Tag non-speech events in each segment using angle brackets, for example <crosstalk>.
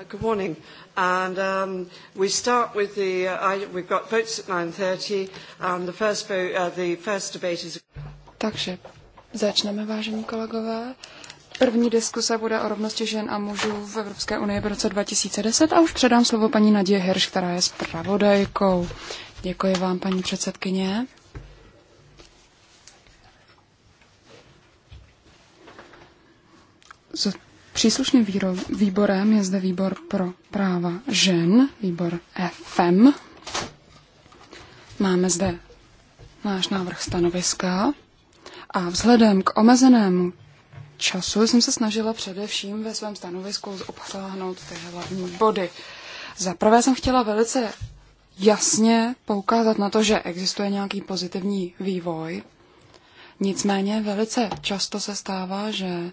Uh, good morning. And um, we start with the, uh, I, we've got votes at 9.30 and the first, vote, uh, the first debate is... Takže začneme, vážení kolegové. První diskuse bude o rovnosti žen a mužů v Evropské unii v roce 2010 a už předám slovo paní Nadě Hirsch, která je zpravodajkou. Děkuji vám, paní předsedkyně. Příslušným výborem je zde výbor pro práva žen, výbor FM. Máme zde náš návrh stanoviska a vzhledem k omezenému času jsem se snažila především ve svém stanovisku obsáhnout ty hlavní body. Za prvé jsem chtěla velice jasně poukázat na to, že existuje nějaký pozitivní vývoj. Nicméně velice často se stává, že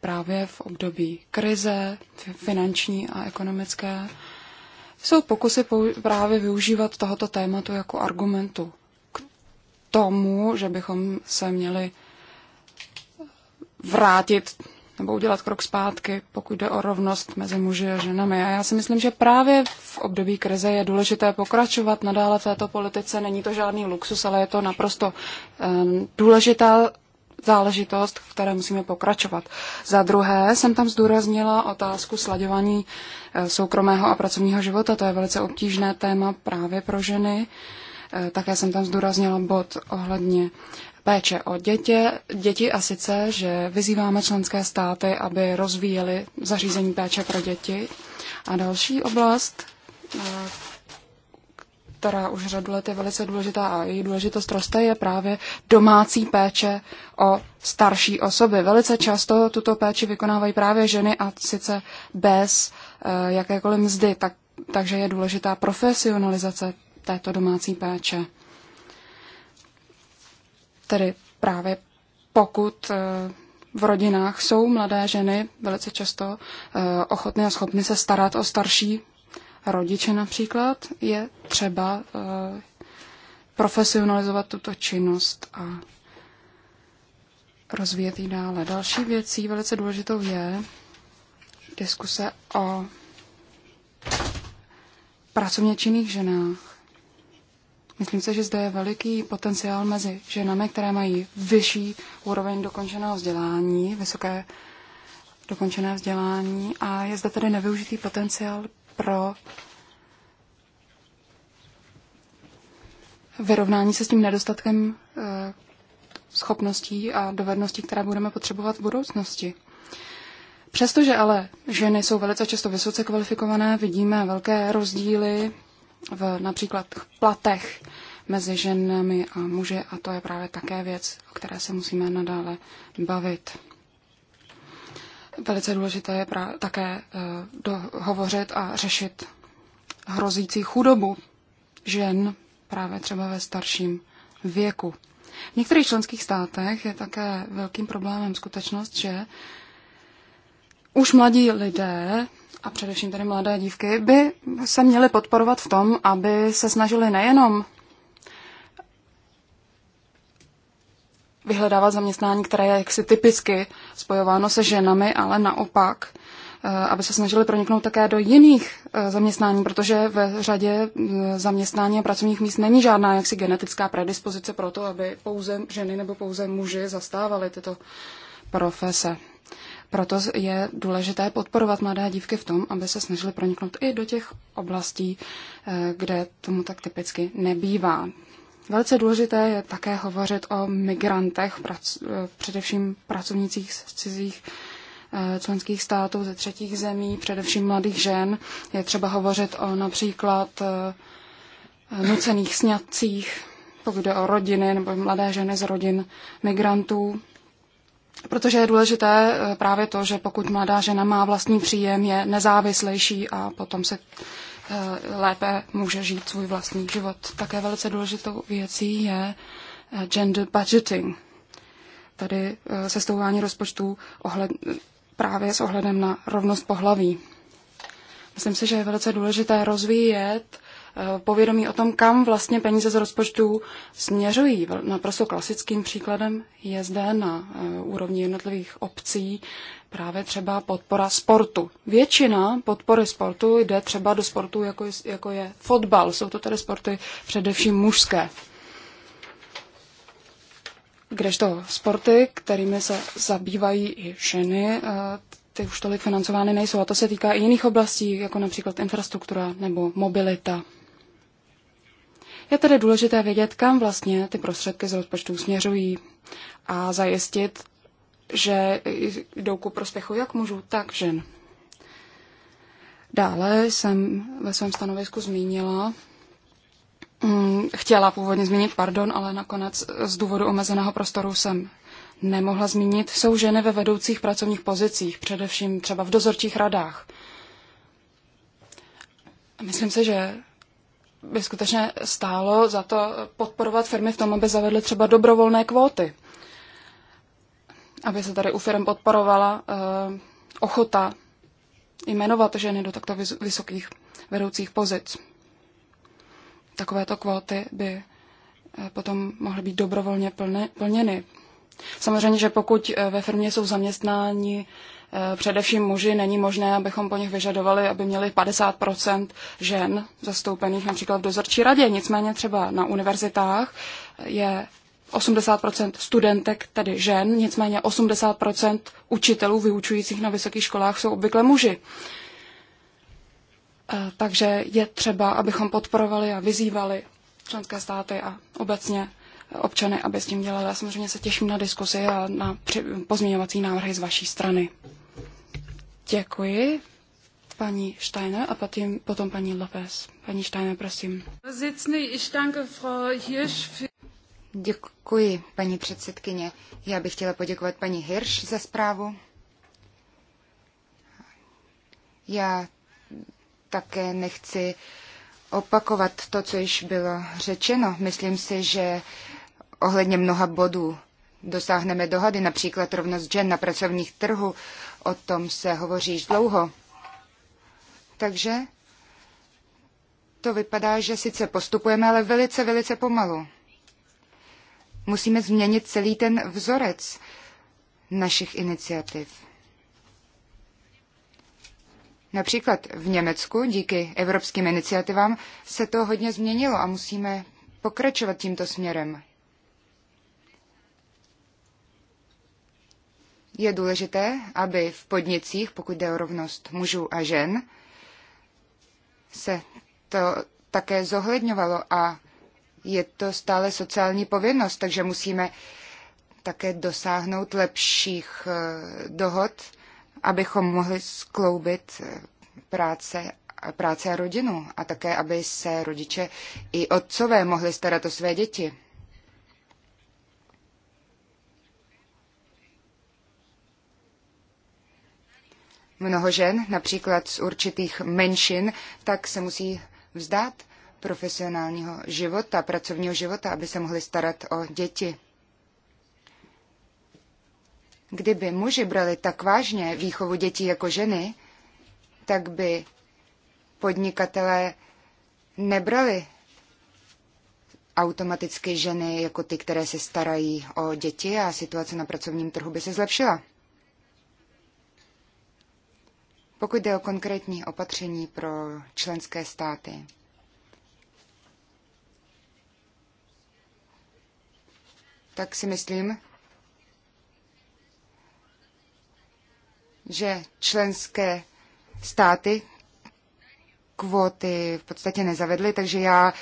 právě v období krize finanční a ekonomické, jsou pokusy právě využívat tohoto tématu jako argumentu k tomu, že bychom se měli vrátit nebo udělat krok zpátky, pokud jde o rovnost mezi muži a ženami. A já si myslím, že právě v období krize je důležité pokračovat nadále v této politice. Není to žádný luxus, ale je to naprosto eh, důležitá záležitost, v které musíme pokračovat. Za druhé jsem tam zdůraznila otázku sladěvání eh, soukromého a pracovního života. To je velice obtížné téma právě pro ženy. Eh, také jsem tam zdůraznila bod ohledně péče o dětě, děti a sice, že vyzýváme členské státy, aby rozvíjeli zařízení péče pro děti. A další oblast, eh, která už řadu let je velice důležitá a její důležitost roste, je právě domácí péče o starší osoby. Velice často tuto péči vykonávají právě ženy a sice bez eh, jakékoliv mzdy, tak, takže je důležitá profesionalizace této domácí péče. Tedy právě pokud eh, v rodinách jsou mladé ženy velice často eh, ochotné a schopny se starat o starší rodiče například, je třeba eh, profesionalizovat tuto činnost a rozvíjet ji dále. Další věcí velice důležitou je diskuse o pracovně činných ženách. Myslím se, že zde je veliký potenciál mezi ženami, které mají vyšší úroveň dokončeného vzdělání, vysoké dokončené vzdělání a je zde tedy nevyužitý potenciál pro vyrovnání se s tím nedostatkem eh, schopností a dovedností, které budeme potřebovat v budoucnosti. Přestože ale ženy jsou velice často vysoce kvalifikované, vidíme velké rozdíly v například platech mezi ženami a muži a to je právě také věc, o které se musíme nadále bavit. Velice důležité je také eh, do, a řešit hrozící chudobu žen právě třeba ve starším věku. V některých členských státech je také velkým problémem skutečnost, že už mladí lidé, a především tedy mladé dívky, by se měly podporovat v tom, aby se snažili nejenom vyhledávat zaměstnání, které je jaksi typicky spojováno se ženami, ale naopak, eh, aby se snažili proniknout také do jiných eh, zaměstnání, protože ve řadě eh, zaměstnání a pracovních míst není žádná jaksi genetická predispozice pro to, aby pouze ženy nebo pouze muži zastávali tyto profese. Proto je důležité podporovat mladé dívky v tom, aby se snažili proniknout i do těch oblastí, kde tomu tak typicky nebývá. Velice důležité je také hovořit o migrantech, eh, především pracovnících z cizích eh, členských států ze třetích zemí, především mladých žen. Je třeba hovořit o například eh, nucených sňatcích, pokud jde o rodiny nebo mladé ženy z rodin migrantů. Protože je důležité právě to, že pokud mladá žena má vlastní příjem, je nezávislejší a potom se Eh, lépe může žít svůj vlastní život. Také velice důležitou věcí je eh, gender budgeting, tedy eh, sestouvání rozpočtů ohled, právě s ohledem na rovnost pohlaví. Myslím si, že je velice důležité rozvíjet povědomí o tom, kam vlastně peníze z rozpočtů směřují. Naprosto klasickým příkladem je zde na úrovni jednotlivých obcí právě třeba podpora sportu. Většina podpory sportu jde třeba do sportu, jako, jako je fotbal. Jsou to tedy sporty především mužské. Kdežto sporty, kterými se zabývají i ženy, eh, ty už tolik financovány nejsou. A to se týká i jiných oblastí, jako například infrastruktura nebo mobilita. Je tedy důležité vědět, kam vlastně ty prostředky z rozpočtu směřují a zajistit že jdou ku prospěchu jak mužů, tak žen. Dále jsem ve svém stanovisku zmínila, mm, chtěla původně zmínit, pardon, ale nakonec z důvodu omezeného prostoru jsem nemohla zmínit, jsou ženy ve vedoucích pracovních pozicích, především třeba v dozorčích radách. Myslím si, že by skutečně stálo za to podporovat firmy v tom, aby zavedly třeba dobrovolné kvóty aby se tady u firm podporovala eh, ochota jmenovat ženy do takto vysokých vedoucích pozic. Takovéto kvóty by eh, potom mohly být dobrovolně plněny. Samozřejmě, že pokud eh, ve firmě jsou zaměstnáni především muži, není možné, abychom po nich vyžadovali, aby měli 50 žen zastoupených například v dozorčí radě. Nicméně třeba na univerzitách je 80% studentek, tedy žen, nicméně 80% učitelů vyučujících na vysokých školách jsou obvykle muži. Eh, takže je třeba, abychom podporovali a vyzývali členské státy a obecně občany, aby s tím dělali. Já samozřejmě se těším na diskusi a na pozměňovací návrhy z vaší strany. Děkuji paní Steiner a potom, paní Lopez. Paní Steiner, prosím. Děkuji, paní předsedkyně. Já bych chtěla poděkovat paní Hirš za zprávu. Já také nechci opakovat to, co již bylo řečeno. Myslím si, že ohledně mnoha bodů dosáhneme dohady, například rovnost žen na pracovních trhu. O tom se hovoří již dlouho. Takže to vypadá, že sice postupujeme, ale velice, velice pomalu. Musíme změnit celý ten vzorec našich iniciativ. Například v Německu díky evropským iniciativám se to hodně změnilo a musíme pokračovat tímto směrem. Je důležité, aby v podnicích, pokud jde o rovnost mužů a žen, se to také zohledňovalo a je to stále sociální povinnost, takže musíme také dosáhnout lepších eh, dohod, abychom mohli skloubit eh, práce, práce a rodinu a také, aby se rodiče i otcové mohli starat o své děti. Mnoho žen, například z určitých menšin, tak se musí vzdát profesionálního života, pracovního života, aby se mohli starat o děti. Kdyby muži brali tak vážně výchovu dětí jako ženy, tak by podnikatelé nebrali automaticky ženy jako ty, které se starají o děti a situace na pracovním trhu by se zlepšila. Pokud jde o konkrétní opatření pro členské státy, tak si myslím, že členské státy kvóty v podstatě nezavedly, takže já e,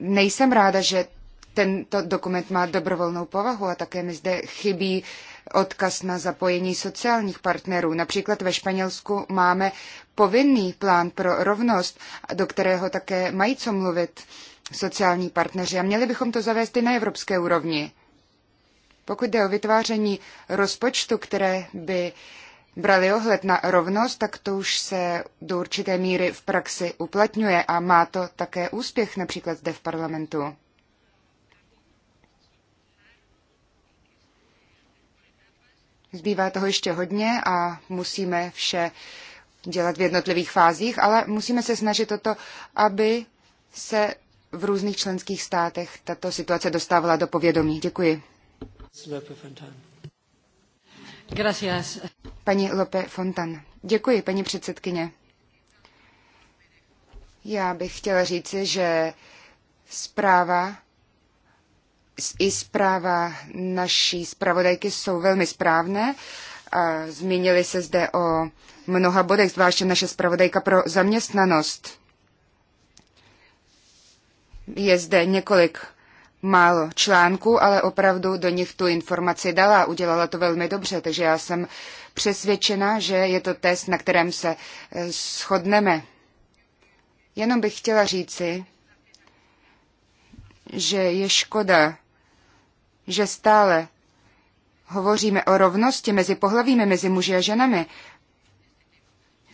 nejsem ráda, že tento dokument má dobrovolnou povahu a také mi zde chybí odkaz na zapojení sociálních partnerů. Například ve Španělsku máme povinný plán pro rovnost, do kterého také mají co mluvit sociální partneři a měli bychom to zavést i na evropské úrovni. Pokud jde o vytváření rozpočtu, které by brali ohled na rovnost, tak to už se do určité míry v praxi uplatňuje a má to také úspěch například zde v parlamentu. Zbývá toho ještě hodně a musíme vše dělat v jednotlivých fázích, ale musíme se snažit o to, aby se v různých členských státech tato situace dostávala do povědomí. Děkuji. Paní Lope Fontan. Děkuji, paní předsedkyně. Já bych chtěla říci, že zpráva i zpráva naší zpravodajky jsou velmi správné. Zmínili se zde o mnoha bodech, zvláště naše zpravodajka pro zaměstnanost je zde několik málo článků, ale opravdu do nich tu informaci dala. Udělala to velmi dobře, takže já jsem přesvědčena, že je to test, na kterém se eh, shodneme. Jenom bych chtěla říci, že je škoda, že stále hovoříme o rovnosti mezi pohlavími, mezi muži a ženami,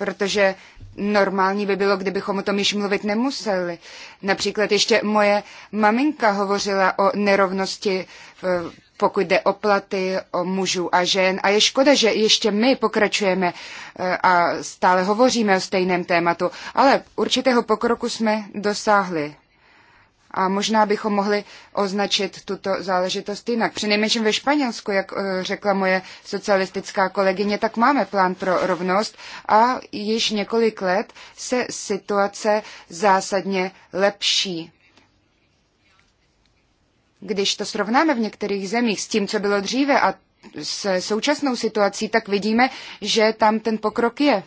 protože normální by bylo, kdybychom o tom již mluvit nemuseli. Například ještě moje maminka hovořila o nerovnosti, e, pokud jde o platy o mužů a žen. A je škoda, že ještě my pokračujeme e, a stále hovoříme o stejném tématu, ale určitého pokroku jsme dosáhli. A možná bychom mohli označit tuto záležitost jinak. Přinejmenším ve Španělsku, jak eh, řekla moje socialistická kolegyně, tak máme plán pro rovnost a již několik let se situace zásadně lepší. Když to srovnáme v některých zemích s tím, co bylo dříve a s současnou situací, tak vidíme, že tam ten pokrok je.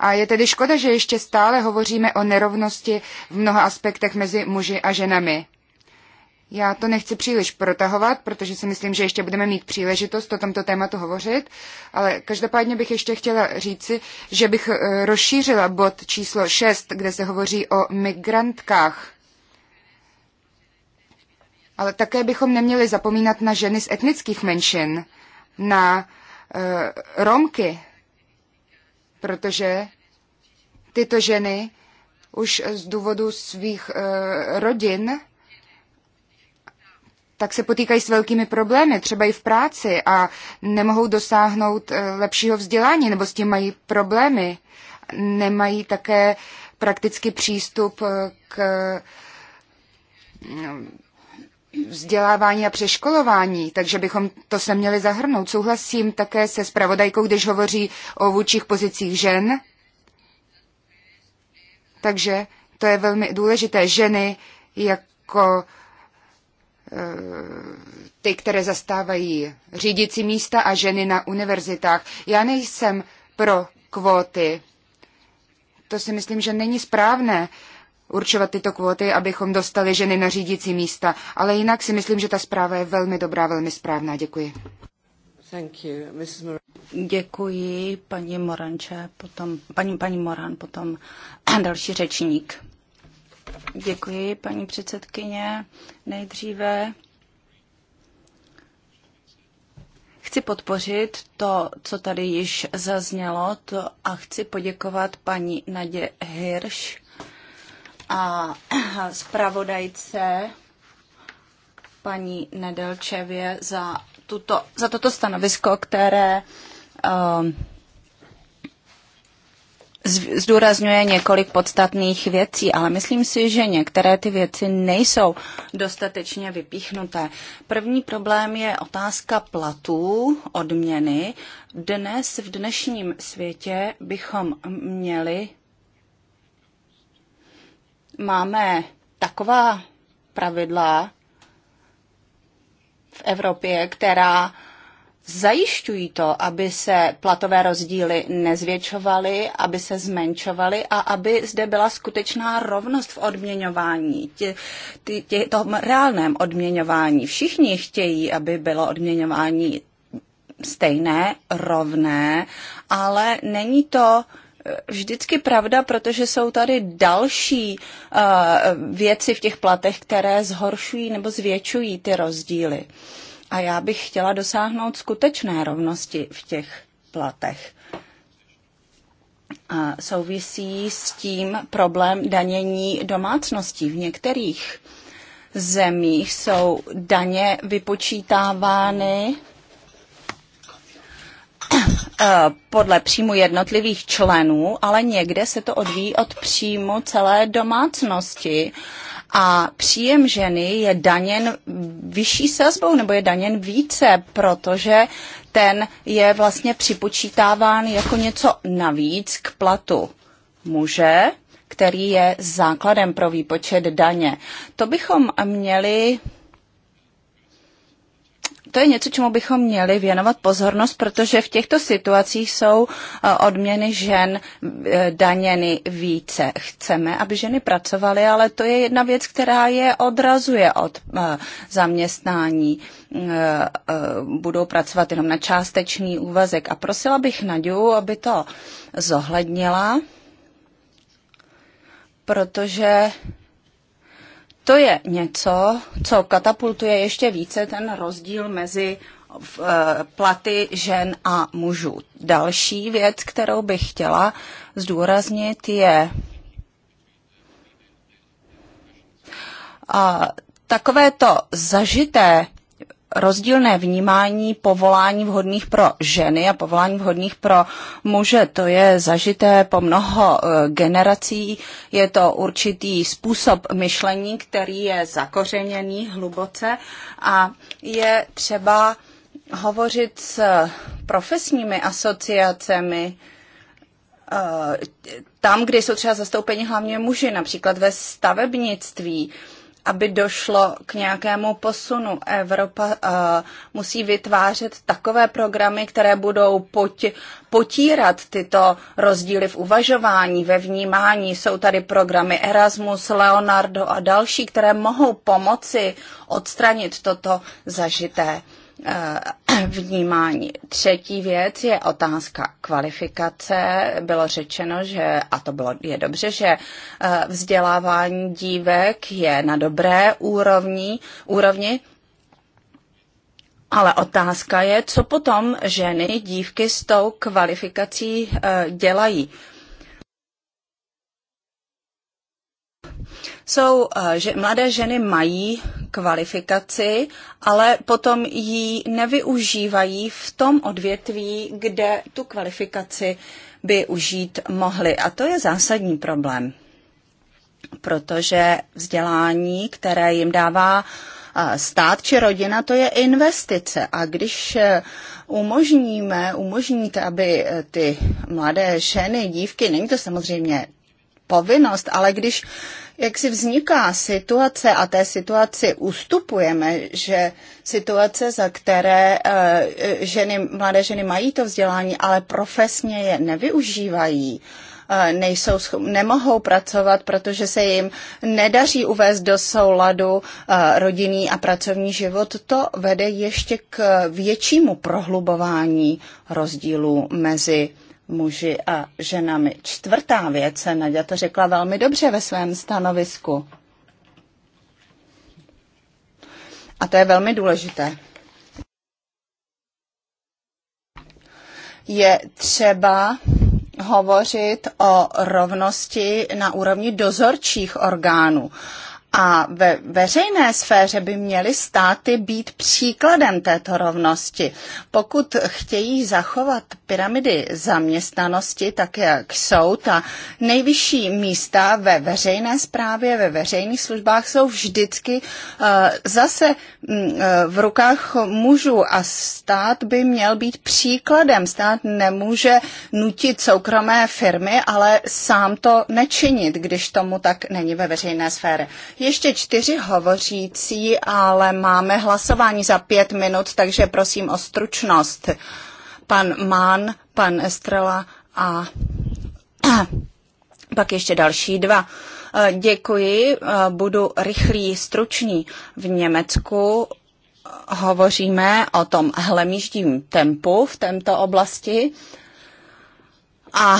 A je tedy škoda, že ještě stále hovoříme o nerovnosti v mnoha aspektech mezi muži a ženami. Já to nechci příliš protahovat, protože si myslím, že ještě budeme mít příležitost o tomto tématu hovořit, ale každopádně bych ještě chtěla říci, že bych eh, rozšířila bod číslo 6, kde se hovoří o migrantkách. Ale také bychom neměli zapomínat na ženy z etnických menšin, na uh, Romky, protože tyto ženy už z důvodu svých uh, rodin tak se potýkají s velkými problémy, třeba i v práci a nemohou dosáhnout eh, lepšího vzdělání nebo s tím mají problémy. Nemají také prakticky přístup eh, k vzdělávání a přeškolování, takže bychom to se měli zahrnout. Souhlasím také se spravodajkou, když hovoří o vůčích pozicích žen. Takže to je velmi důležité. Ženy jako eh, ty, které zastávají řídící místa a ženy na univerzitách. Já nejsem pro kvóty. To si myslím, že není správné. Uh, určovat tyto kvóty, abychom dostali ženy na řídící místa. Ale jinak si myslím, že ta zpráva je velmi dobrá, velmi správná. Děkuji. Děkuji, paní Moranče, potom, paní, paní Moran, potom <clears throat> další řečník. Děkuji, paní předsedkyně. Nejdříve Chci podpořit to, co tady již zaznělo, to a chci poděkovat paní Nadě Hirš a <clears throat> zpravodajce paní Nedelčevě za, tuto, za toto stanovisko, které um, zdůrazňuje několik podstatných věcí, ale myslím si, že některé ty věci nejsou dostatečně vypíchnuté. První problém je otázka platů, odměny. Dnes v dnešním světě bychom měli máme taková pravidla v Evropě, která zajišťují to, aby se platové rozdíly nezvětšovaly, aby se zmenšovaly a aby zde byla skutečná rovnost v odměňování, tě, tě, tě, tom reálném odměňování. Všichni chtějí, aby bylo odměňování stejné, rovné, ale není to uh, vždycky pravda, protože jsou tady další uh, věci v těch platech, které zhoršují nebo zvětšují ty rozdíly. A já bych chtěla dosáhnout skutečné rovnosti v těch platech. A souvisí s tím problém danění domácností. V některých zemích jsou daně vypočítávány Eh, podle příjmu jednotlivých členů, ale někde se to odvíjí od příjmu celé domácnosti a příjem ženy je daněn vyšší sazbou nebo je daněn více, protože ten je vlastně připočítáván jako něco navíc k platu muže, který je základem pro výpočet daně. To bychom měli to je něco, čemu bychom měli věnovat pozornost, protože v těchto situacích jsou e, odměny žen e, daněny více. Chceme, aby ženy pracovaly, ale to je jedna věc, která je odrazuje od e, zaměstnání. Budou pracovat jenom na částečný úvazek. A prosila bych Naďu, aby to zohlednila, protože to je něco, co katapultuje ještě více ten rozdíl mezi eh, platy žen a mužů. Další věc, kterou bych chtěla zdůraznit, je a to zažité rozdílné vnímání povolání vhodných pro ženy a povolání vhodných pro muže. To je zažité po mnoho eh, generací. Je to určitý způsob myšlení, který je zakořeněný hluboce a je třeba hovořit s profesními asociacemi, eh, tam, kde jsou třeba zastoupeni hlavně muži, například ve stavebnictví, aby došlo k nějakému posunu. Evropa uh, musí vytvářet takové programy, které budou poti- potírat tyto rozdíly v uvažování, ve vnímání. Jsou tady programy Erasmus, Leonardo a další, které mohou pomoci odstranit toto zažité Eh, <clears throat> vnímání. Třetí věc je otázka kvalifikace. Bylo řečeno, že, a to bylo, je dobře, že eh, vzdělávání dívek je na dobré úrovni, úrovni ale otázka je, co potom ženy, dívky s tou kvalifikací eh, dělají jsou, eh, že mladé ženy mají kvalifikaci, ale potom ji nevyužívají v tom odvětví, kde tu kvalifikaci by užít mohly. A to je zásadní problém, protože vzdělání, které jim dává eh, stát či rodina, to je investice. A když eh, umožníme, umožníte, aby ty mladé ženy, dívky, není to samozřejmě povinnost, ale když jak si vzniká situace a té situaci ustupujeme, že situace, za které eh, ženy, mladé ženy mají to vzdělání, ale profesně je nevyužívají, eh, nejsou, nemohou pracovat, protože se jim nedaří uvést do souladu eh, rodinný a pracovní život, to vede ještě k většímu prohlubování rozdílu mezi muži a ženami. Čtvrtá věc, Nadia to řekla velmi dobře ve svém stanovisku. A to je velmi důležité. Je třeba hovořit o rovnosti na úrovni dozorčích orgánů a ve veřejné sféře by měly státy být příkladem této rovnosti. Pokud chtějí zachovat pyramidy zaměstnanosti tak, jak jsou, ta nejvyšší místa ve veřejné správě, ve veřejných službách jsou vždycky uh, zase mm, eh, v rukách mužů a stát by měl být příkladem. Stát nemůže nutit soukromé firmy, ale sám to nečinit, když tomu tak není ve veřejné sféře ještě čtyři hovořící, ale máme hlasování za pět minut, takže prosím o stručnost. Pan Mann, pan Estrela a <clears throat> pak ještě další dva. Eh, děkuji, eh, budu rychlý, stručný. V Německu eh, hovoříme o tom hlemíždím tempu v této oblasti a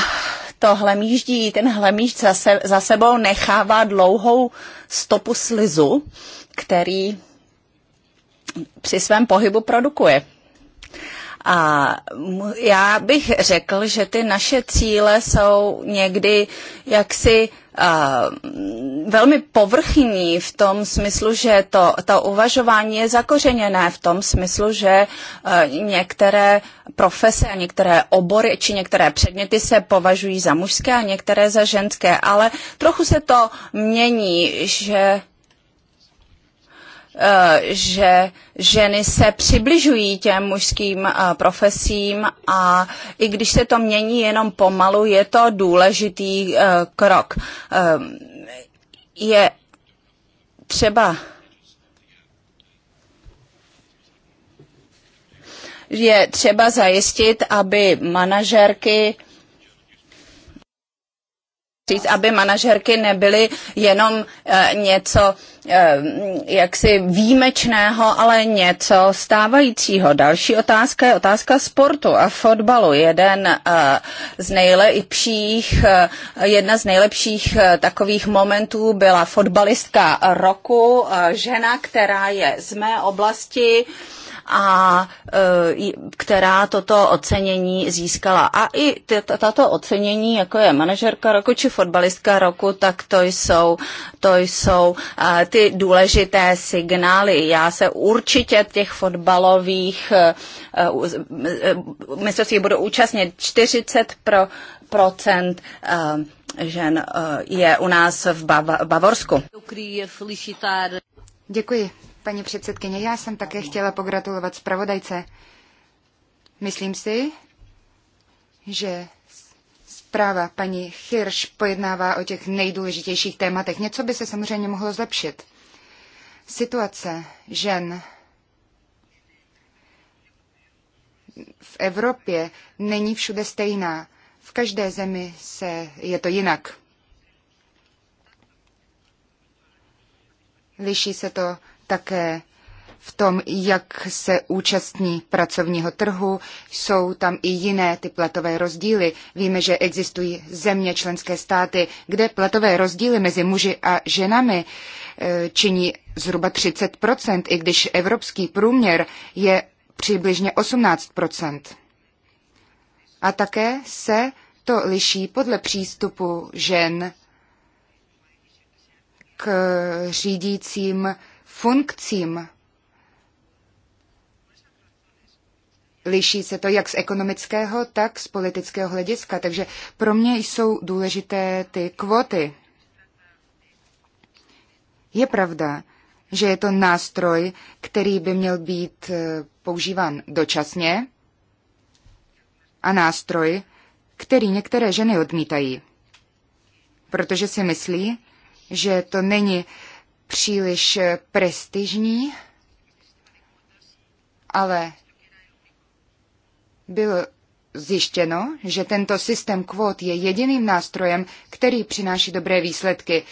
to hlemíždí, ten hlemíž za, se, za sebou nechává dlouhou stopu slizu, který při svém pohybu produkuje. A já bych řekl, že ty naše cíle jsou někdy jaksi Uh, velmi povrchní v tom smyslu, že to, to uvažování je zakořeněné v tom smyslu, že uh, některé profese a některé obory či některé předměty se považují za mužské a některé za ženské, ale trochu se to mění, že Eh, že ženy se přibližují těm mužským eh, profesím a i když se to mění jenom pomalu, je to důležitý eh, krok. Je třeba je třeba zajistit, aby manažerky vstříc, aby manažerky nebyly jenom eh, něco eh, jaksi výjimečného, ale něco stávajícího. Další otázka je otázka sportu a fotbalu. Jeden eh, z nejlepších, jedna z nejlepších takových momentů byla fotbalistka roku, žena, která je z mé oblasti, a e, která toto ocenění získala. A i tato ocenění, jako je manažerka roku či fotbalistka roku, tak to jsou, to jsou e, ty důležité signály. Já se určitě těch fotbalových e, si budu účastnit 40 pro, procent žen je u nás v Bavorsku. Děkuji. Paní předsedkyně, já jsem také chtěla pogratulovat zpravodajce. Myslím si, že zpráva paní Hirsch pojednává o těch nejdůležitějších tématech. Něco by se samozřejmě mohlo zlepšit. Situace žen v Evropě není všude stejná. V každé zemi se, je to jinak. Liší se to také v tom, jak se účastní pracovního trhu. Jsou tam i jiné ty platové rozdíly. Víme, že existují země, členské státy, kde platové rozdíly mezi muži a ženami e, činí zhruba 30%, i když evropský průměr je přibližně 18%. A také se to liší podle přístupu žen k řídícím funkcím. Liší se to jak z ekonomického, tak z politického hlediska, takže pro mě jsou důležité ty kvoty. Je pravda, že je to nástroj, který by měl být eh, používán dočasně a nástroj, který některé ženy odmítají, protože si myslí, že to není příliš prestižní, ale bylo zjištěno, že tento systém kvót je jediným nástrojem, který přináší dobré výsledky.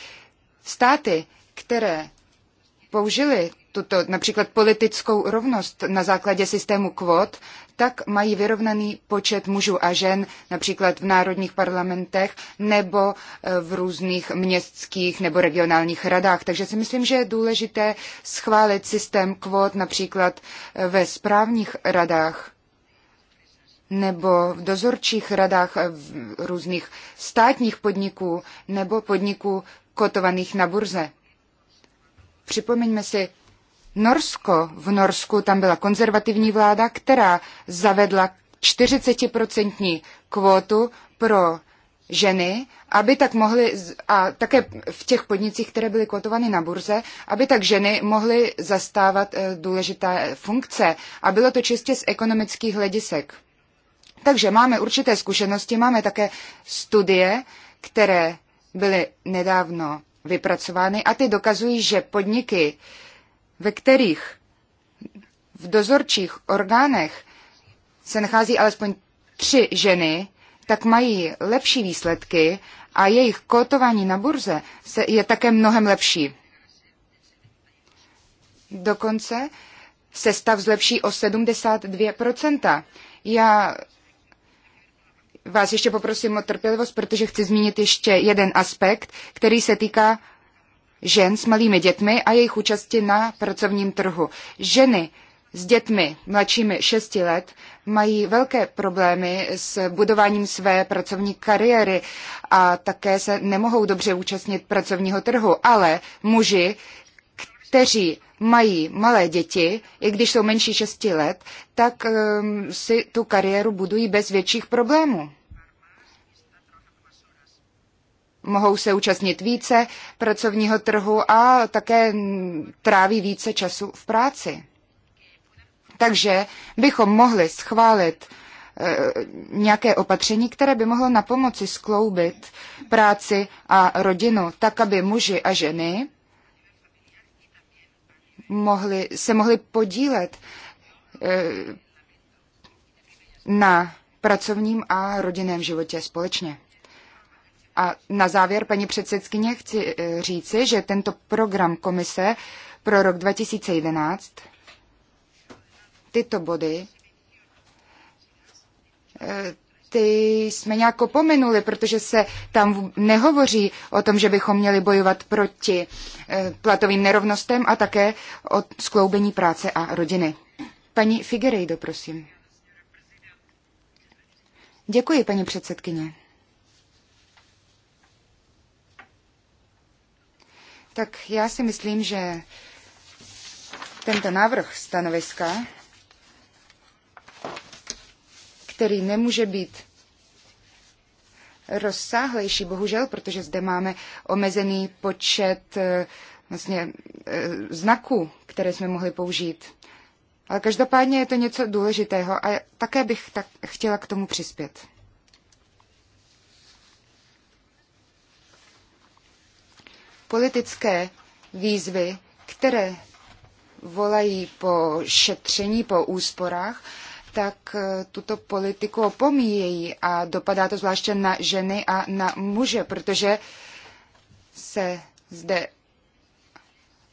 Státy, které použili tuto například politickou rovnost na základě systému kvót, tak mají vyrovnaný počet mužů a žen, například v národních parlamentech nebo e, v různých městských nebo regionálních radách. Takže si myslím, že je důležité schválit systém kvót například e, ve správních radách nebo v dozorčích radách e, v různých státních podniků nebo podniků kotovaných na burze. Připomeňme si Norsko. V Norsku tam byla konzervativní vláda, která zavedla 40% kvótu pro ženy, aby tak mohly, a také v těch podnicích, které byly kotovány na burze, aby tak ženy mohly zastávat eh, důležité funkce. A bylo to čistě z ekonomických hledisek. Takže máme určité zkušenosti, máme také studie, které byly nedávno vypracovány a ty dokazují, že podniky, ve kterých v dozorčích orgánech se nachází alespoň tři ženy, tak mají lepší výsledky a jejich kotování na burze se je také mnohem lepší. Dokonce se stav zlepší o 72%. Já vás ještě poprosím o trpělivost, protože chci zmínit ještě jeden aspekt, který se týká žen s malými dětmi a jejich účasti na pracovním trhu. Ženy s dětmi mladšími 6 let mají velké problémy s budováním své pracovní kariéry a také se nemohou dobře účastnit pracovního trhu, ale muži, kteří mají malé děti, i když jsou menší 6 let, tak um, si tu kariéru budují bez větších problémů. mohou se účastnit více pracovního trhu a také tráví více času v práci. Takže bychom mohli schválit eh, nějaké opatření, které by mohlo na pomoci skloubit práci a rodinu, tak aby muži a ženy mohli, se mohli podílet eh, na pracovním a rodinném životě společně. A na závěr, paní předsedkyně, chci eh, říci, že tento program komise pro rok 2011 tyto body eh, ty jsme nějak opomenuli, protože se tam nehovoří o tom, že bychom měli bojovat proti eh, platovým nerovnostem a také o skloubení práce a rodiny. Paní Figueiredo, prosím. Děkuji, paní předsedkyně. tak já si myslím, že tento návrh stanoviska, který nemůže být rozsáhlejší, bohužel, protože zde máme omezený počet eh, vlastně, eh, znaků, které jsme mohli použít. Ale každopádně je to něco důležitého a také bych tak chtěla k tomu přispět. Politické výzvy, které volají po šetření, po úsporách, tak eh, tuto politiku opomíjejí a dopadá to zvláště na ženy a na muže, protože se zde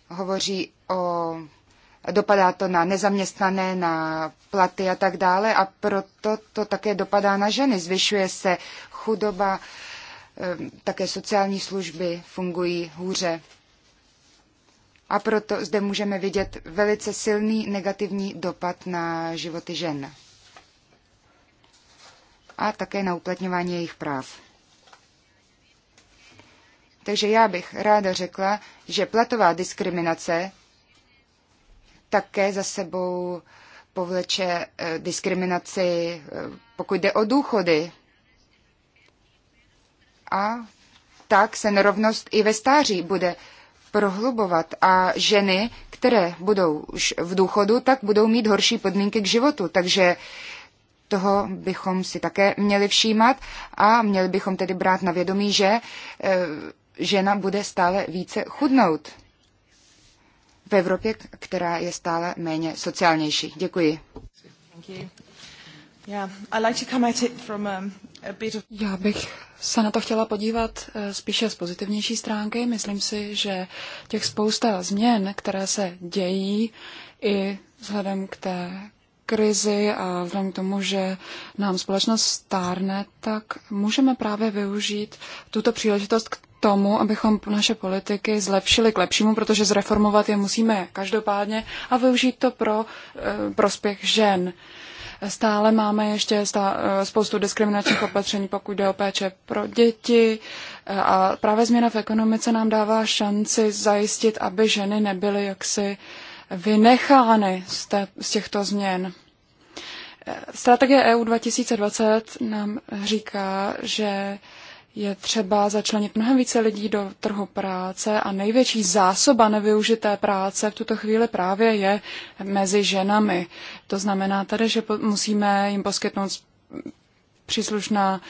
hovoří o dopadá to na nezaměstnané, na platy a tak dále a proto to také dopadá na ženy. Zvyšuje se chudoba, Ehm, také sociální služby fungují hůře. A proto zde můžeme vidět velice silný negativní dopad na životy žen a také na uplatňování jejich práv. Takže já bych ráda řekla, že platová diskriminace také za sebou povleče eh, diskriminaci, eh, pokud jde o důchody, a tak se nerovnost i ve stáří bude prohlubovat a ženy, které budou už v důchodu, tak budou mít horší podmínky k životu. Takže toho bychom si také měli všímat a měli bychom tedy brát na vědomí, že e, žena bude stále více chudnout v Evropě, která je stále méně sociálnější. Děkuji. Děkuji. Um, Já bych se na to chtěla podívat eh, spíše z pozitivnější stránky. Myslím si, že těch spousta změn, které se dějí i vzhledem k té krizi a vzhledem k tomu, že nám společnost stárne, tak můžeme právě využít tuto příležitost k tomu, abychom naše politiky zlepšili k lepšímu, protože zreformovat je musíme každopádně a využít to pro e, prospěch žen. E, Stále máme ještě eh, spoustu diskriminačních opatření, pokud jde o péče pro děti. Eh, a právě změna v ekonomice nám dává šanci zajistit, aby ženy nebyly jaksi vynechány z, z těchto změn. Eh, Strategie EU 2020 nám říká, že je třeba začlenit mnohem více lidí do trhu práce a největší zásoba nevyužité práce v tuto chvíli právě je mezi ženami. To znamená tedy, že musíme jim poskytnout příslušná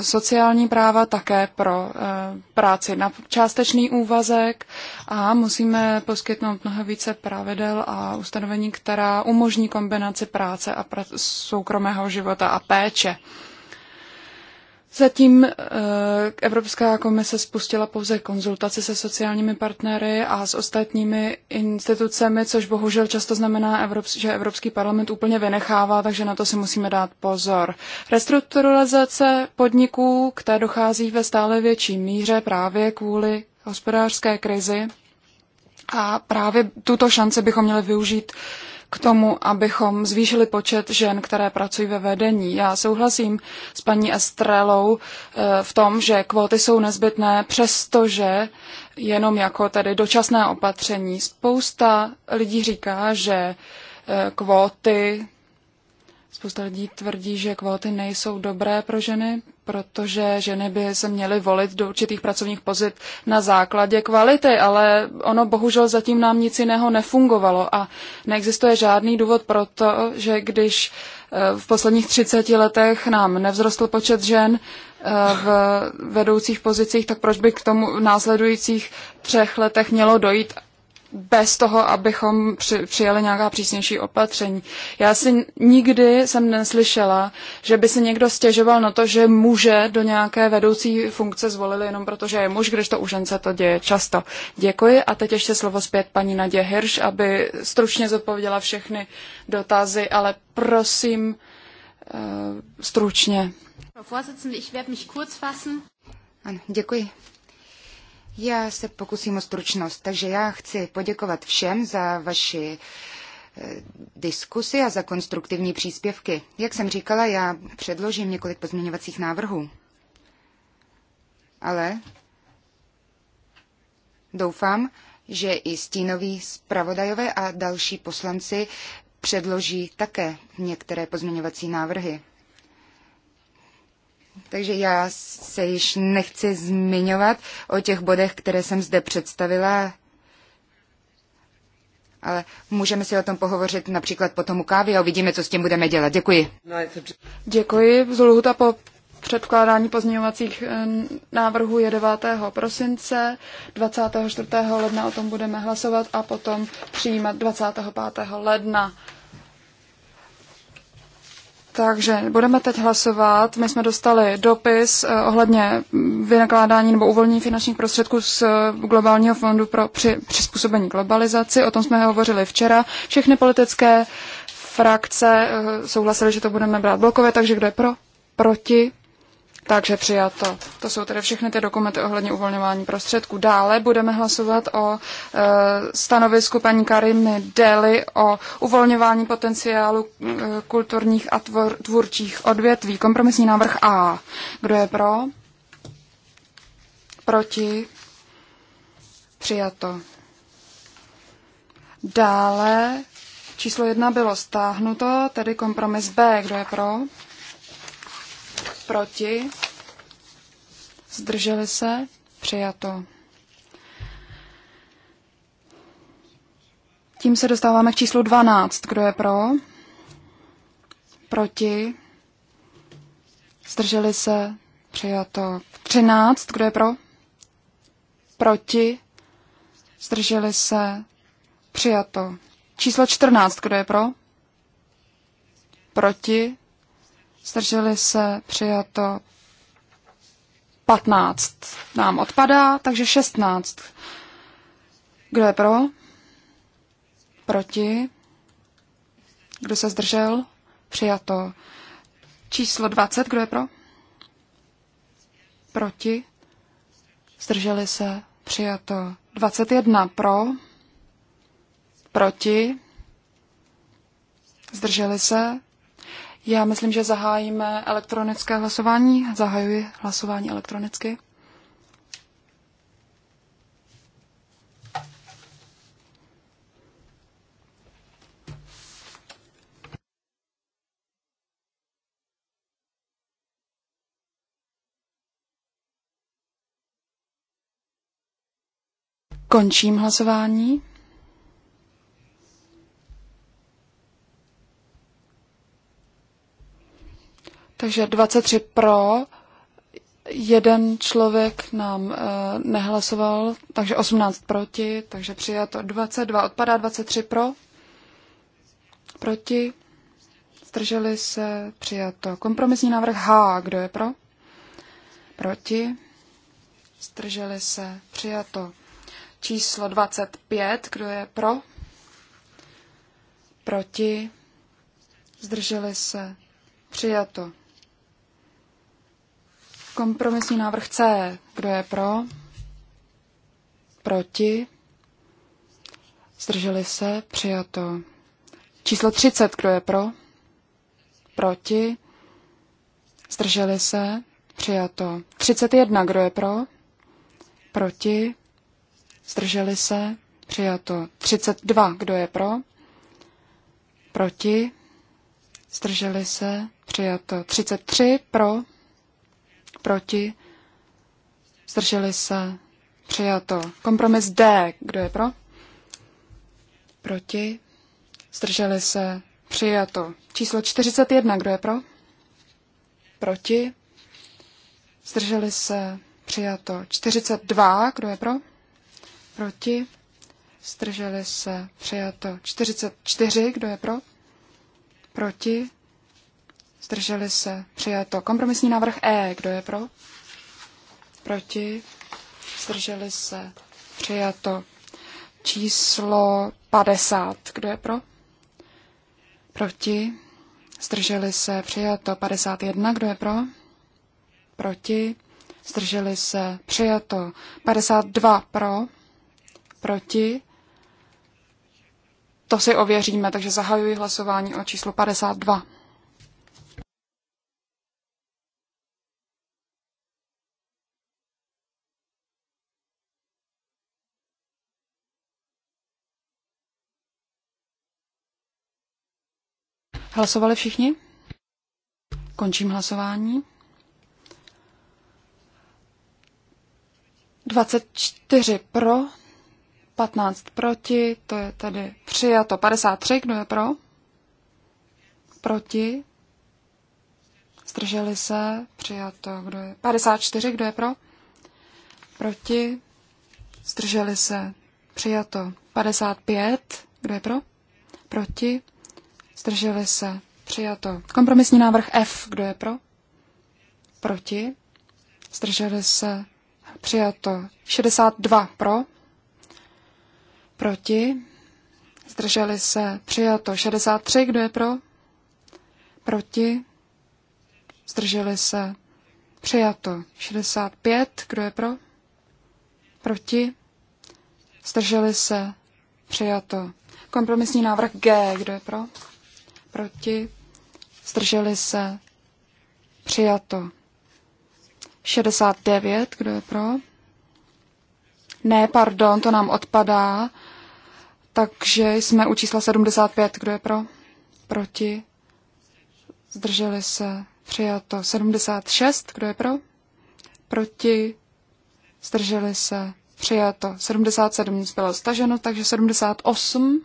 sociální práva také pro eh, práci na částečný úvazek a musíme poskytnout mnohem více pravidel a ustanovení, která umožní kombinaci práce a soukromého života a péče. Zatím eh, Evropská komise spustila pouze konzultaci se sociálními partnery a s ostatními institucemi, což bohužel často znamená, že Evropský parlament úplně vynechává, takže na to si musíme dát pozor. Restrukturalizace podniků, které dochází ve stále větší míře právě kvůli hospodářské krizi a právě tuto šanci bychom měli využít uh, k tomu, abychom zvýšili počet žen, které pracují ve vedení. Já souhlasím s paní Estrelou eh, v tom, že kvóty jsou nezbytné, přestože jenom jako tedy dočasné opatření. Spousta lidí říká, že eh, kvóty Spousta lidí tvrdí, že kvóty nejsou dobré pro ženy, protože ženy by se měly volit do určitých pracovních pozit na základě kvality, ale ono bohužel zatím nám nic jiného nefungovalo a neexistuje žádný důvod pro to, že když eh, v posledních 30 letech nám nevzrostl počet žen eh, v vedoucích pozicích, tak proč by k tomu v následujících třech letech mělo dojít bez toho, abychom při, přijali nějaká přísnější opatření. Já si nikdy jsem neslyšela, že by si někdo stěžoval na to, že muže do nějaké vedoucí funkce zvolili jenom proto, že je muž, když to u žen se to děje často. Děkuji a teď ještě slovo zpět paní Nadě Hirš, aby stručně zodpověděla všechny dotazy, ale prosím eh, stručně. Ano, děkuji. Já se pokusím o stručnost, takže já chci poděkovat všem za vaši eh, diskusy a za konstruktivní příspěvky. Jak jsem říkala, já předložím několik pozměňovacích návrhů. Ale doufám, že i stínoví zpravodajové a další poslanci předloží také některé pozměňovací návrhy. Takže já se již nechci zmiňovat o těch bodech, které jsem zde představila, ale můžeme si o tom pohovořit například po tomu kávě a uvidíme, co s tím budeme dělat. Děkuji. Děkuji. Zluhuta po předkládání pozměňovacích eh, návrhů je 9. prosince, 24. ledna o tom budeme hlasovat a potom přijímat 25. ledna. Takže budeme teď hlasovat. My jsme dostali dopis eh, ohledně vynakládání nebo uvolnění finančních prostředků z eh, Globálního fondu pro při, přizpůsobení globalizaci. O tom jsme hovořili včera. Všechny politické frakce eh, souhlasily, že to budeme brát blokové, takže kdo je pro? Proti? Takže přijato. To jsou tedy všechny ty dokumenty ohledně uvolňování prostředků. Dále budeme hlasovat o e, stanovisku paní Kariny Deli o uvolňování potenciálu e, kulturních a tvor, tvůrčích odvětví. Kompromisní návrh A. Kdo je pro? Proti? Přijato. Dále číslo jedna bylo stáhnuto, tedy kompromis B. Kdo je pro? proti, zdrželi se, přijato. Tím se dostáváme k číslu 12. Kdo je pro? Proti? Zdrželi se? Přijato. 13. Kdo je pro? Proti? Zdrželi se? Přijato. Číslo 14. Kdo je pro? Proti? zdrželi se, přijato 15 nám odpadá, takže 16. Kdo je pro? Proti? Kdo se zdržel? Přijato. Číslo 20, kdo je pro? Proti? Zdrželi se? Přijato. 21 pro? Proti? Zdrželi se? Já myslím, že zahájíme elektronické hlasování. Zahajuji hlasování elektronicky. Končím hlasování. Takže 23 pro, jeden člověk nám uh, nehlasoval, takže 18 proti, takže přijato 22, odpadá 23 pro, proti, zdrželi se, přijato kompromisní návrh H, kdo je pro, proti, zdrželi se, přijato číslo 25, kdo je pro, proti, zdrželi se, přijato Kompromisní návrh C. Kdo je pro? Proti? Zdrželi se? Přijato. Číslo 30. Kdo je pro? Proti? Zdrželi se? Přijato. 31. Kdo je pro? Proti? Zdrželi se? Přijato. 32. Kdo je pro? Proti? Zdrželi se? Přijato. 33. Pro? proti, zdrželi se, přijato. Kompromis D, kdo je pro, proti, zdrželi se, přijato. Číslo 41, kdo je pro, proti, zdrželi se, přijato. 42, kdo je pro, proti, zdrželi se, přijato. 44, kdo je pro, proti, Zdrželi se. Přijato. Kompromisní návrh E. Kdo je pro? Proti? Zdrželi se. Přijato. Číslo 50. Kdo je pro? Proti? Zdrželi se. Přijato. 51. Kdo je pro? Proti? Zdrželi se. Přijato. 52. Pro? Proti? To si ověříme, takže zahajuji hlasování o číslu 52. Hlasovali všichni? Končím hlasování. 24 pro, 15 proti, to je tedy přijato. 53, kdo je pro? Proti? Zdrželi se, přijato. Kdo je? 54, kdo je pro? Proti? Zdrželi se, přijato. 55, kdo je pro? Proti? Zdrželi se. Přijato. Kompromisní návrh F. Kdo je pro? Proti. Zdrželi se. Přijato. 62 pro. Proti. Zdrželi se. Přijato. 63. Kdo je pro? Proti. Zdrželi se. Přijato. 65. Kdo je pro? Proti. Zdrželi se. Přijato. Kompromisní návrh G. Kdo je pro? proti, zdrželi se, přijato. 69, kdo je pro? Ne, pardon, to nám odpadá. Takže jsme u čísla 75, kdo je pro? Proti, zdrželi se, přijato. 76, kdo je pro? Proti, zdrželi se, přijato. 77 bylo staženo, takže 78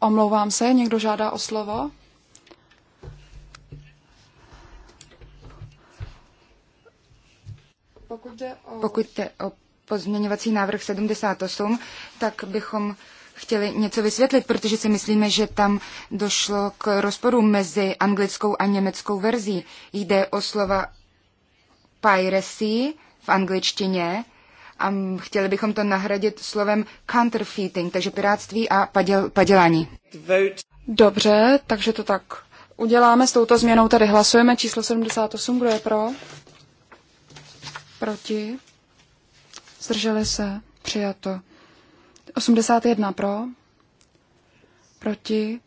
Omlouvám se, někdo žádá o slovo? Pokud jde o, Pokud jde o pozměňovací návrh 78, tak bychom chtěli něco vysvětlit, protože si myslíme, že tam došlo k rozporu mezi anglickou a německou verzí. Jde o slova piracy v angličtině a chtěli bychom to nahradit slovem counterfeiting, takže piráctví a paděl, padělání. Dobře, takže to tak uděláme s touto změnou. Tady hlasujeme číslo 78. Kdo je pro? Proti? Zdrželi se? Přijato. 81 pro? Proti?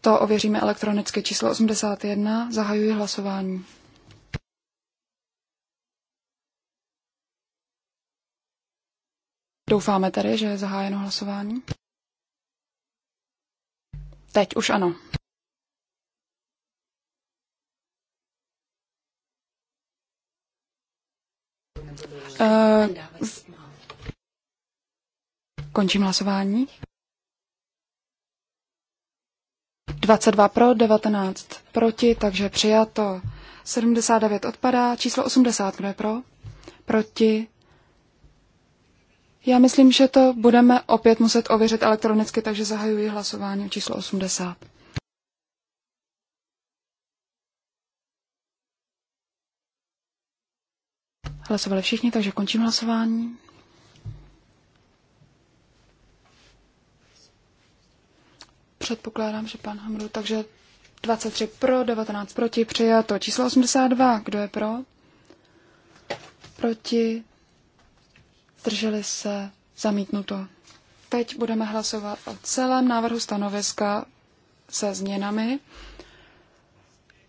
To ověříme elektronicky. Číslo 81. Zahajuji hlasování. Doufáme tedy, že je zahájeno hlasování. Teď už ano. Uh, končím hlasování. 22 pro, 19 proti, takže přijato. 79 odpadá. Číslo 80, kdo je pro? Proti. Já myslím, že to budeme opět muset ověřit elektronicky, takže zahajuji hlasování o číslo 80. Hlasovali všichni, takže končím hlasování. Předpokládám, že pan Hamru, takže 23 pro, 19 proti, přijato číslo 82. Kdo je pro? Proti, Drželi se? Zamítnuto. Teď budeme hlasovat o celém návrhu stanoviska se změnami.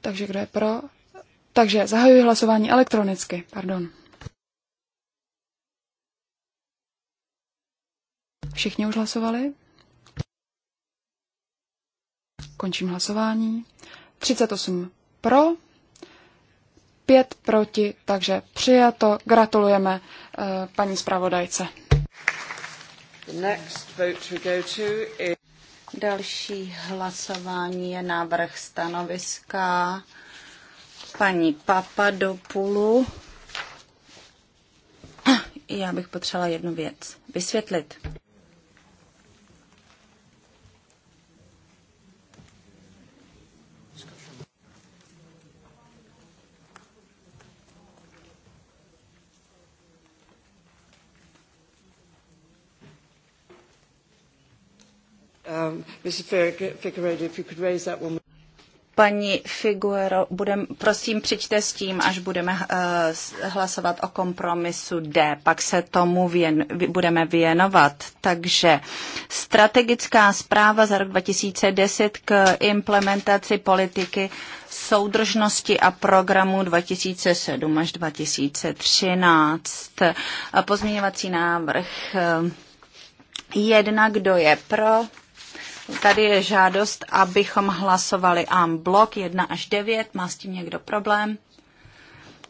Takže kdo je pro? Takže zahajuji hlasování elektronicky. Pardon. Všichni už hlasovali? Končím hlasování. 38 pro, pět proti, takže přijato. Gratulujeme eh, paní zpravodajce. Další hlasování je návrh stanoviska paní Papadopulu. Já bych potřebovala jednu věc vysvětlit. Um, Paní Figuero, budem, prosím, přijďte s tím, až budeme uh, hlasovat o kompromisu D, pak se tomu věn, budeme věnovat. Takže strategická zpráva za rok 2010 k implementaci politiky soudržnosti a programu 2007 až 2013. Pozměňovací návrh uh, jedna, kdo je pro, Tady je žádost, abychom hlasovali en blok 1 až 9. Má s tím někdo problém?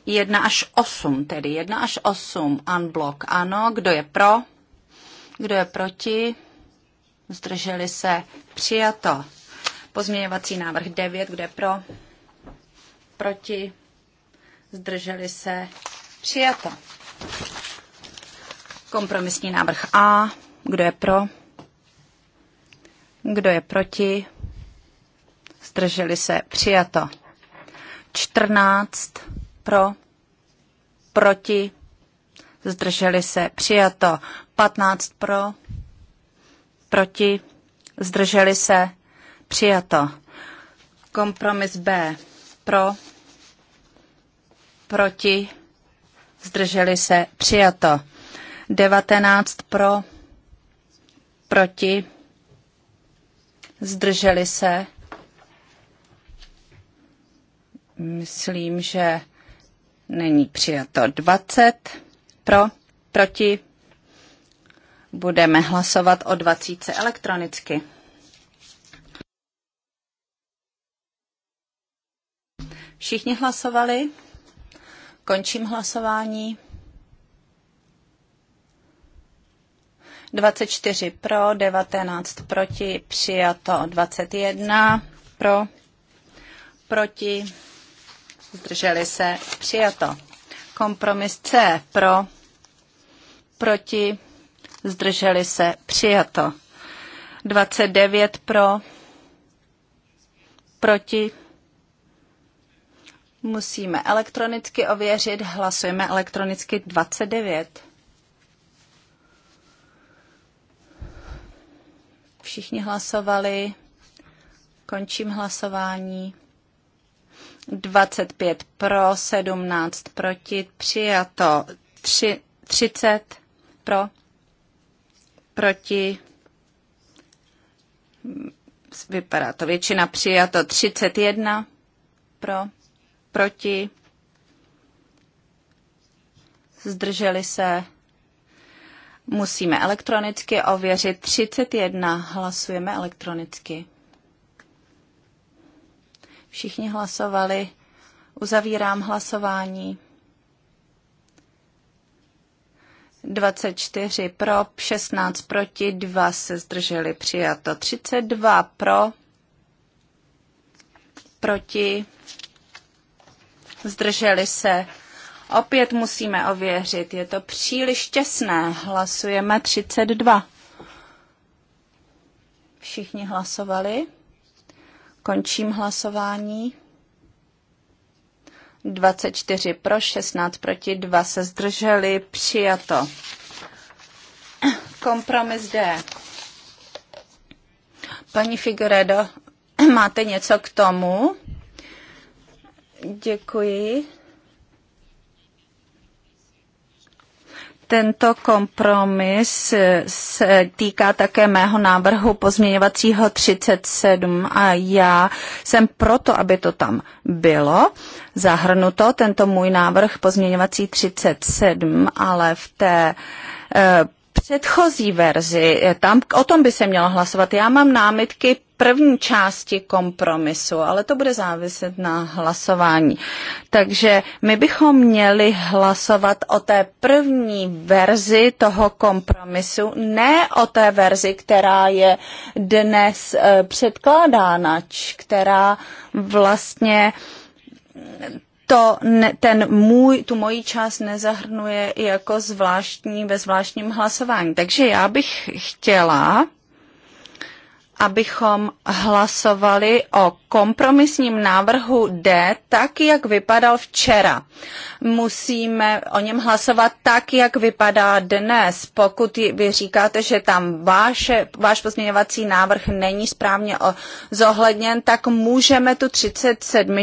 1 až 8, tedy 1 až 8 en blok. Ano, kdo je pro? Kdo je proti? Zdrželi se? Přijato. Pozměňovací návrh 9, kde pro? Proti? Zdrželi se? Přijato. Kompromisní návrh A, kdo je pro? Kdo je proti? Zdrželi se. Přijato. 14 pro, proti, zdrželi se. Přijato. 15 pro, proti, zdrželi se. Přijato. Kompromis B. Pro, proti, zdrželi se. Přijato. 19 pro, proti, zdrželi se. Myslím, že není přijato 20 pro, proti. Budeme hlasovat o 20 elektronicky. Všichni hlasovali? Končím hlasování. 24 pro, 19 proti, přijato 21 pro, proti, zdrželi se, přijato. Kompromis C pro, proti, zdrželi se, přijato. 29 pro, proti, musíme elektronicky ověřit, hlasujeme elektronicky 29. Všichni hlasovali. Končím hlasování. 25 pro, 17 proti, přijato 3, 30 pro, proti, vypadá to většina přijato 31 pro, proti, zdrželi se Musíme elektronicky ověřit 31. Hlasujeme elektronicky. Všichni hlasovali. Uzavírám hlasování. 24 pro, 16 proti, 2 se zdrželi přijato. 32 pro, proti, zdrželi se Opět musíme ověřit, je to příliš těsné. Hlasujeme 32. Všichni hlasovali. Končím hlasování. 24 pro, 16 proti, 2 se zdrželi, přijato. Kompromis D. Paní Figueredo, <clears throat> máte něco k tomu? Děkuji. Tento kompromis se týká také mého návrhu pozměňovacího 37 a já jsem proto, aby to tam bylo zahrnuto, tento můj návrh pozměňovací 37, ale v té eh, předchozí verzi, eh, tam o tom by se mělo hlasovat. Já mám námitky první části kompromisu, ale to bude záviset na hlasování. Takže my bychom měli hlasovat o té první verzi toho kompromisu, ne o té verzi, která je dnes eh, předkládána, která vlastně to, ten můj, tu moji část nezahrnuje jako zvláštní ve zvláštním hlasování. Takže já bych chtěla abychom hlasovali o kompromisním návrhu D, tak jak vypadal včera. Musíme o něm hlasovat tak, jak vypadá dnes. Pokud vy říkáte, že tam váše, váš pozměňovací návrh není správně zohledněn, tak můžeme tu 37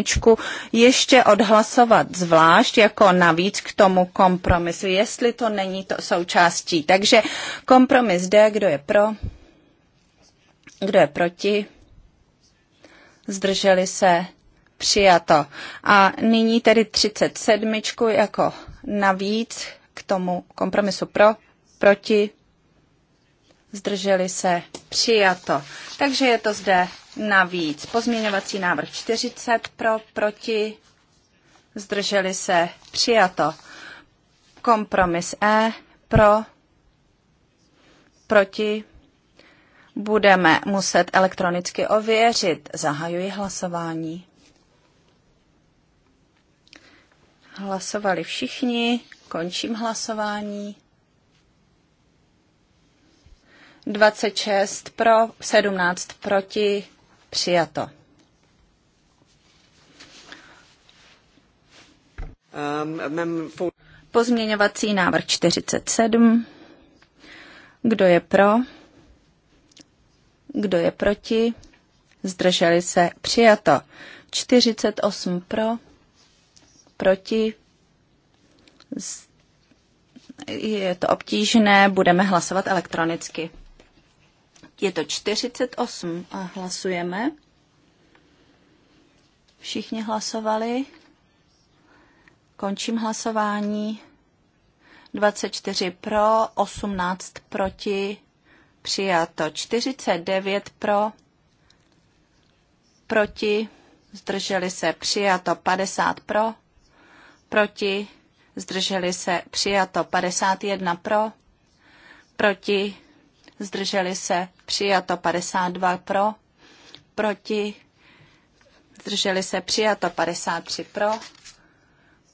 ještě odhlasovat zvlášť jako navíc k tomu kompromisu, jestli to není to součástí. Takže kompromis D, kdo je pro? Kdo je proti? Zdrželi se? Přijato. A nyní tedy 37 jako navíc k tomu kompromisu pro, proti, zdrželi se, přijato. Takže je to zde navíc. Pozměňovací návrh 40 pro, proti, zdrželi se, přijato. Kompromis E pro, proti, budeme muset elektronicky ověřit. Zahajuji hlasování. Hlasovali všichni, končím hlasování. 26 pro, 17 proti, přijato. Um, Pozměňovací návrh 47. Kdo je pro? Kdo je proti? Zdrželi se. Přijato. 48 pro. Proti. Je to obtížné, budeme hlasovat elektronicky. Je to 48 a hlasujeme. Všichni hlasovali. Končím hlasování. 24 pro, 18 proti, Přijato 49 pro, proti, zdrželi se, přijato 50 pro, proti, zdrželi se, přijato 51 pro, proti, zdrželi se, přijato 52 pro, proti, zdrželi se, přijato 53 pro,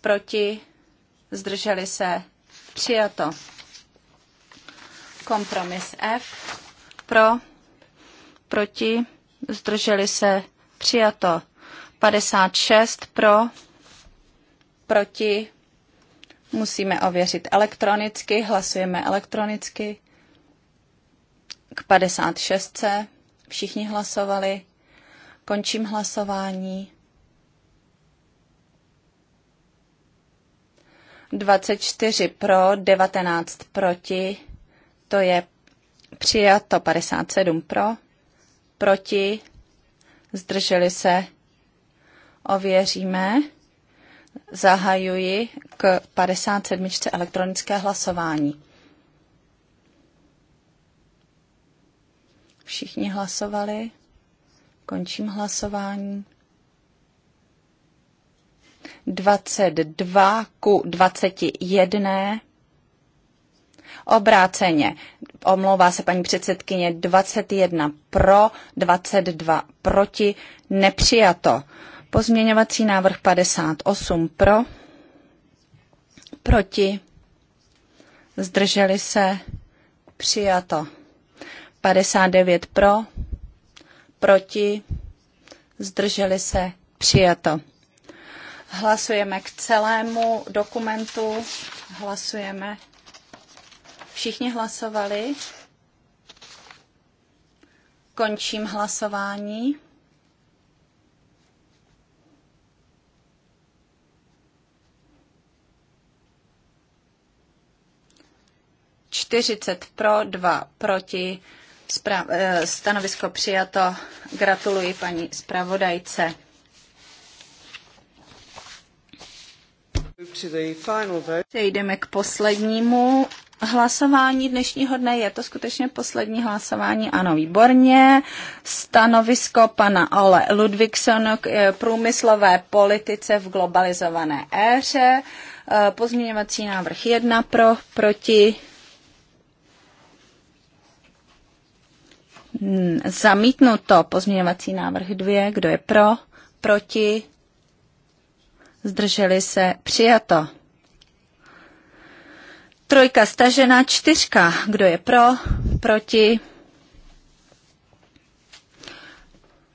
proti, zdrželi se, přijato Kompromis F. Pro, proti, zdrželi se, přijato. 56 pro, proti, musíme ověřit elektronicky, hlasujeme elektronicky. K 56. Všichni hlasovali. Končím hlasování. 24 pro, 19 proti. To je přijato 57 pro, proti, zdrželi se, ověříme. Zahajuji k 57. elektronické hlasování. Všichni hlasovali. Končím hlasování. 22 ku 21 obráceně. Omlouvá se paní předsedkyně 21 pro, 22 proti, nepřijato. Pozměňovací návrh 58 pro, proti, zdrželi se, přijato. 59 pro, proti, zdrželi se, přijato. Hlasujeme k celému dokumentu. Hlasujeme. Všichni hlasovali. Končím hlasování. Čtyřicet pro, dva proti. Spra- eh, stanovisko přijato. Gratuluji paní zpravodajce. Přejdeme k poslednímu hlasování dnešního dne. Je to skutečně poslední hlasování? Ano, výborně. Stanovisko pana Ole. Ludvigson k e, průmyslové politice v globalizované éře. E, pozměňovací návrh 1 pro, proti. Hmm, zamítnuto pozměňovací návrh 2. Kdo je pro? Proti? Zdrželi se? Přijato. Trojka stažena, čtyřka. Kdo je pro? Proti?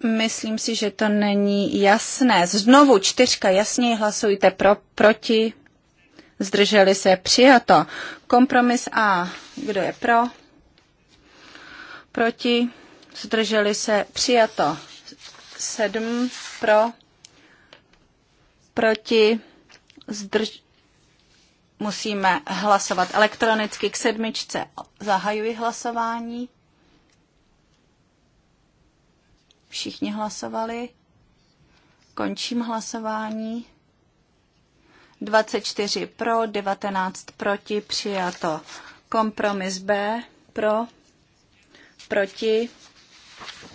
Myslím si, že to není jasné. Znovu čtyřka, jasněji hlasujte pro, proti. Zdrželi se, přijato. Kompromis A. Kdo je pro? Proti. Zdrželi se, přijato. Sedm pro. Proti. Zdrž Musíme hlasovat elektronicky k sedmičce. Zahajuji hlasování. Všichni hlasovali. Končím hlasování. 24 pro, 19 proti, přijato. Kompromis B pro, proti,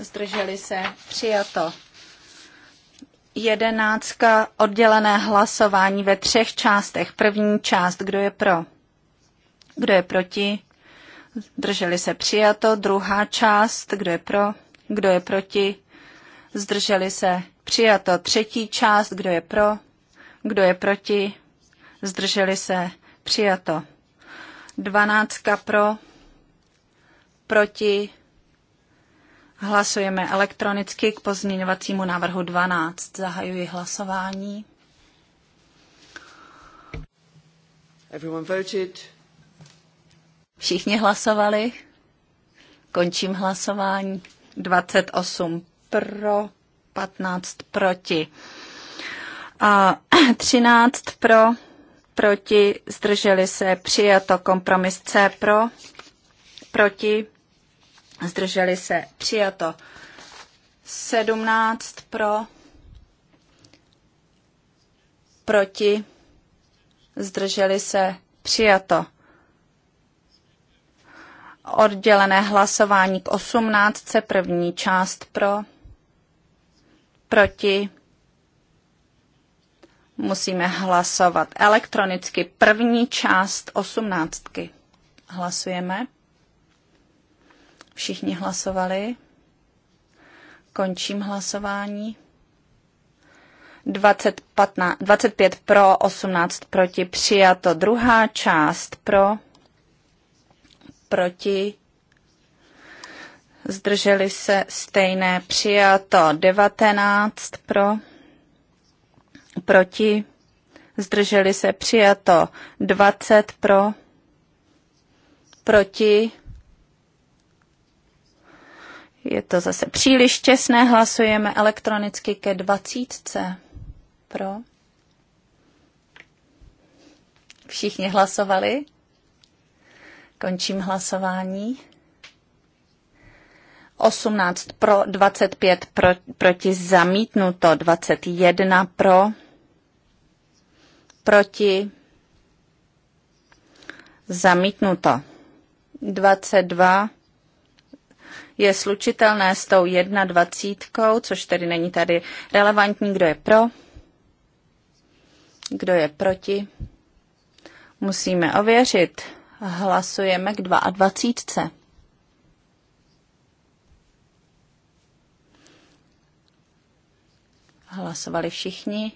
zdrželi se, přijato jedenáctka oddělené hlasování ve třech částech. První část, kdo je pro? Kdo je proti? Zdrželi se přijato. Druhá část, kdo je pro? Kdo je proti? Zdrželi se přijato. Třetí část, kdo je pro? Kdo je proti? Zdrželi se přijato. Dvanáctka pro, proti, Hlasujeme elektronicky k pozměňovacímu návrhu 12. Zahajuji hlasování. Všichni hlasovali. Končím hlasování. 28 pro, 15 proti. A 13 <clears throat> pro, proti, zdrželi se, přijato kompromis C pro, proti, zdrželi se, přijato. 17 pro, proti, zdrželi se, přijato. Oddělené hlasování k 18. první část pro, proti, musíme hlasovat elektronicky. První část osmnáctky. Hlasujeme. Všichni hlasovali. Končím hlasování. 20, 15, 25 pro, 18 proti, přijato. Druhá část pro, proti, zdrželi se stejné, přijato. 19 pro, proti, zdrželi se, přijato. 20 pro, proti, je to zase příliš těsné, hlasujeme elektronicky ke dvacítce. Pro. Všichni hlasovali. Končím hlasování. 18 pro, 25 pro, proti zamítnuto, 21 pro, proti zamítnuto, 22 je slučitelné s tou 21, což tedy není tady relevantní, kdo je pro, kdo je proti. Musíme ověřit. Hlasujeme k 22. Hlasovali všichni.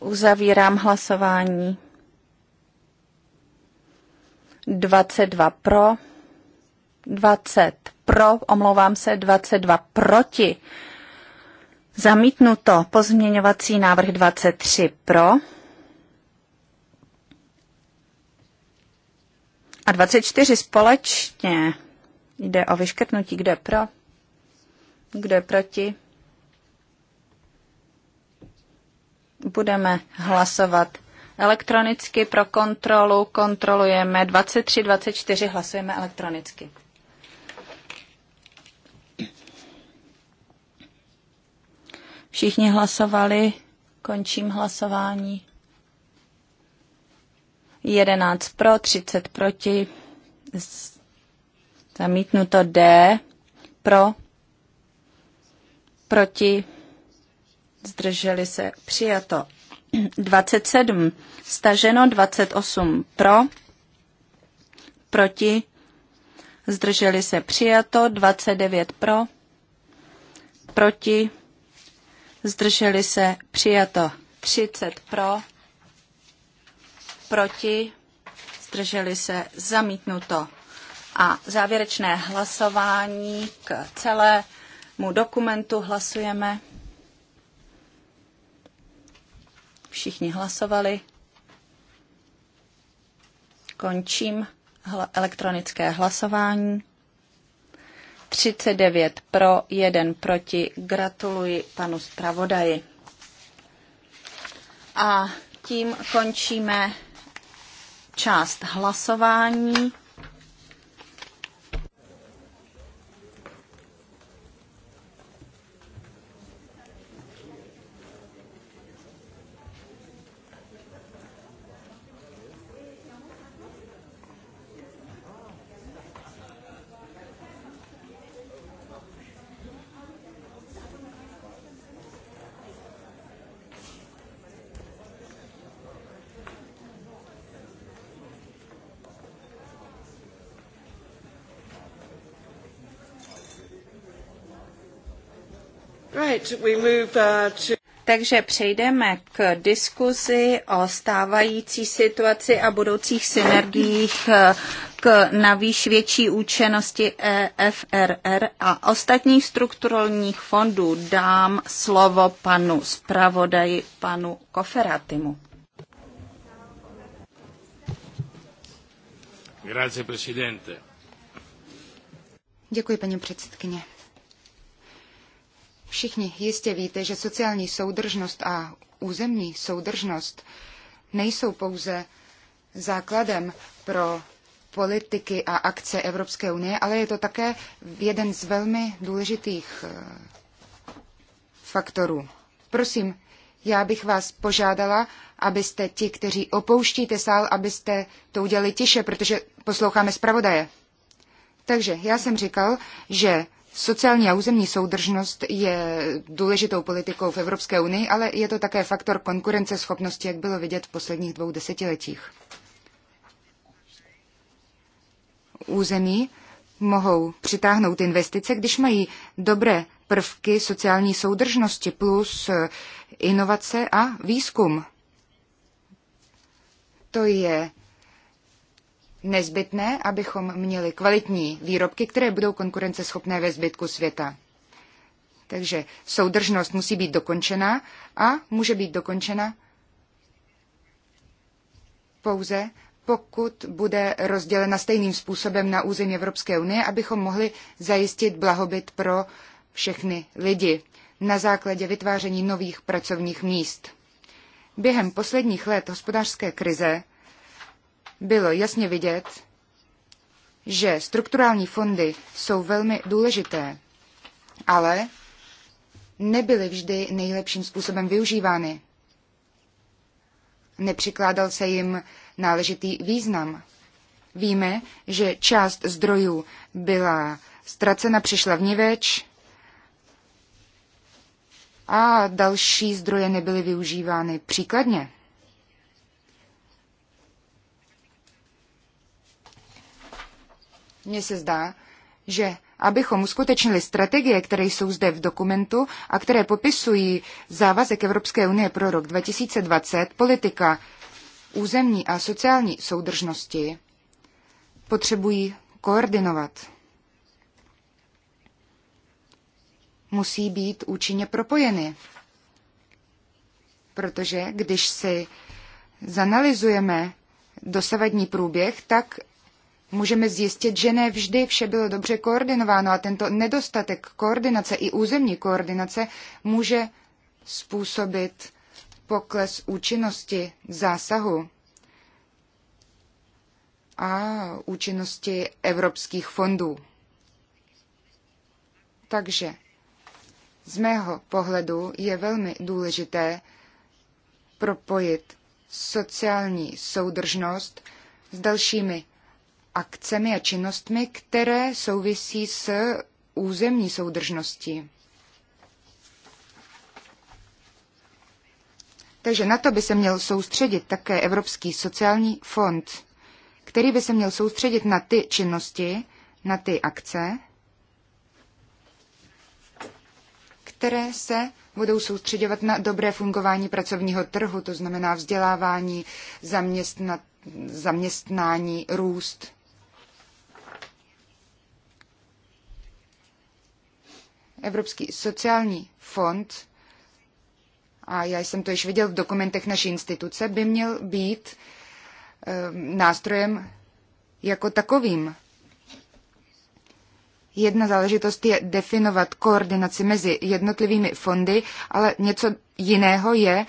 Uzavírám hlasování. 22 pro, 20 pro, omlouvám se, 22 proti. Zamítnuto pozměňovací návrh 23 pro a 24 společně. Jde o vyškrtnutí, kde pro, kde proti. Budeme hlasovat elektronicky pro kontrolu. Kontrolujeme 23, 24, hlasujeme elektronicky. Všichni hlasovali. Končím hlasování. 11 pro, 30 proti. Zamítnuto D. Pro. Proti. Zdrželi se. Přijato. 27. Staženo 28. Pro. Proti. Zdrželi se. Přijato. 29 pro. Proti zdrželi se, přijato 30 pro, proti, zdrželi se, zamítnuto. A závěrečné hlasování k celému dokumentu hlasujeme. Všichni hlasovali. Končím elektronické hlasování. 39 pro, 1 proti. Gratuluji panu zpravodaji. A tím končíme část hlasování. Uh, Takže přejdeme k diskuzi o stávající situaci a budoucích synergiích eh, k navýš větší účinnosti EFRR a ostatních strukturálních fondů. Dám slovo panu zpravodaji, panu Koferatimu. Grazie, presidente. Děkuji, paní předsedkyně. Všichni jistě víte, že sociální soudržnost a územní soudržnost nejsou pouze základem pro politiky a akce Evropské unie, ale je to také jeden z velmi důležitých eh, faktorů. Prosím, já bych vás požádala, abyste ti, kteří opouštíte sál, abyste to udělali tiše, protože posloucháme zpravodaje. Takže já jsem říkal, že Sociální a územní soudržnost je důležitou politikou v Evropské unii, ale je to také faktor konkurenceschopnosti, jak bylo vidět v posledních dvou desetiletích. Území mohou přitáhnout investice, když mají dobré prvky sociální soudržnosti plus inovace a výzkum. To je nezbytné, abychom měli kvalitní výrobky, které budou konkurenceschopné ve zbytku světa. Takže soudržnost musí být dokončena a může být dokončena pouze pokud bude rozdělena stejným způsobem na území Evropské unie, abychom mohli zajistit blahobyt pro všechny lidi na základě vytváření nových pracovních míst. Během posledních let hospodářské krize bylo jasně vidět, že strukturální fondy jsou velmi důležité, ale nebyly vždy nejlepším způsobem využívány. Nepřikládal se jim náležitý význam. Víme, že část zdrojů byla ztracena, přišla vniveč a další zdroje nebyly využívány příkladně. Mně se zdá, že abychom uskutečnili strategie, které jsou zde v dokumentu a které popisují závazek Evropské unie pro rok 2020, politika územní a sociální soudržnosti, potřebují koordinovat. Musí být účinně propojeny. Protože když si zanalizujeme dosavadní průběh, tak můžeme zjistit, že ne vždy vše bylo dobře koordinováno a tento nedostatek koordinace i územní koordinace může způsobit pokles účinnosti zásahu a účinnosti evropských fondů. Takže z mého pohledu je velmi důležité propojit sociální soudržnost s dalšími akcemi a činnostmi, které souvisí s územní soudržností. Takže na to by se měl soustředit také Evropský sociální fond, který by se měl soustředit na ty činnosti, na ty akce, které se budou soustředovat na dobré fungování pracovního trhu, to znamená vzdělávání, zaměstna, zaměstnání, růst. Evropský sociální fond, a já jsem to již viděl v dokumentech naší instituce, by měl být ehm, nástrojem jako takovým. Jedna záležitost je definovat koordinaci mezi jednotlivými fondy, ale něco jiného je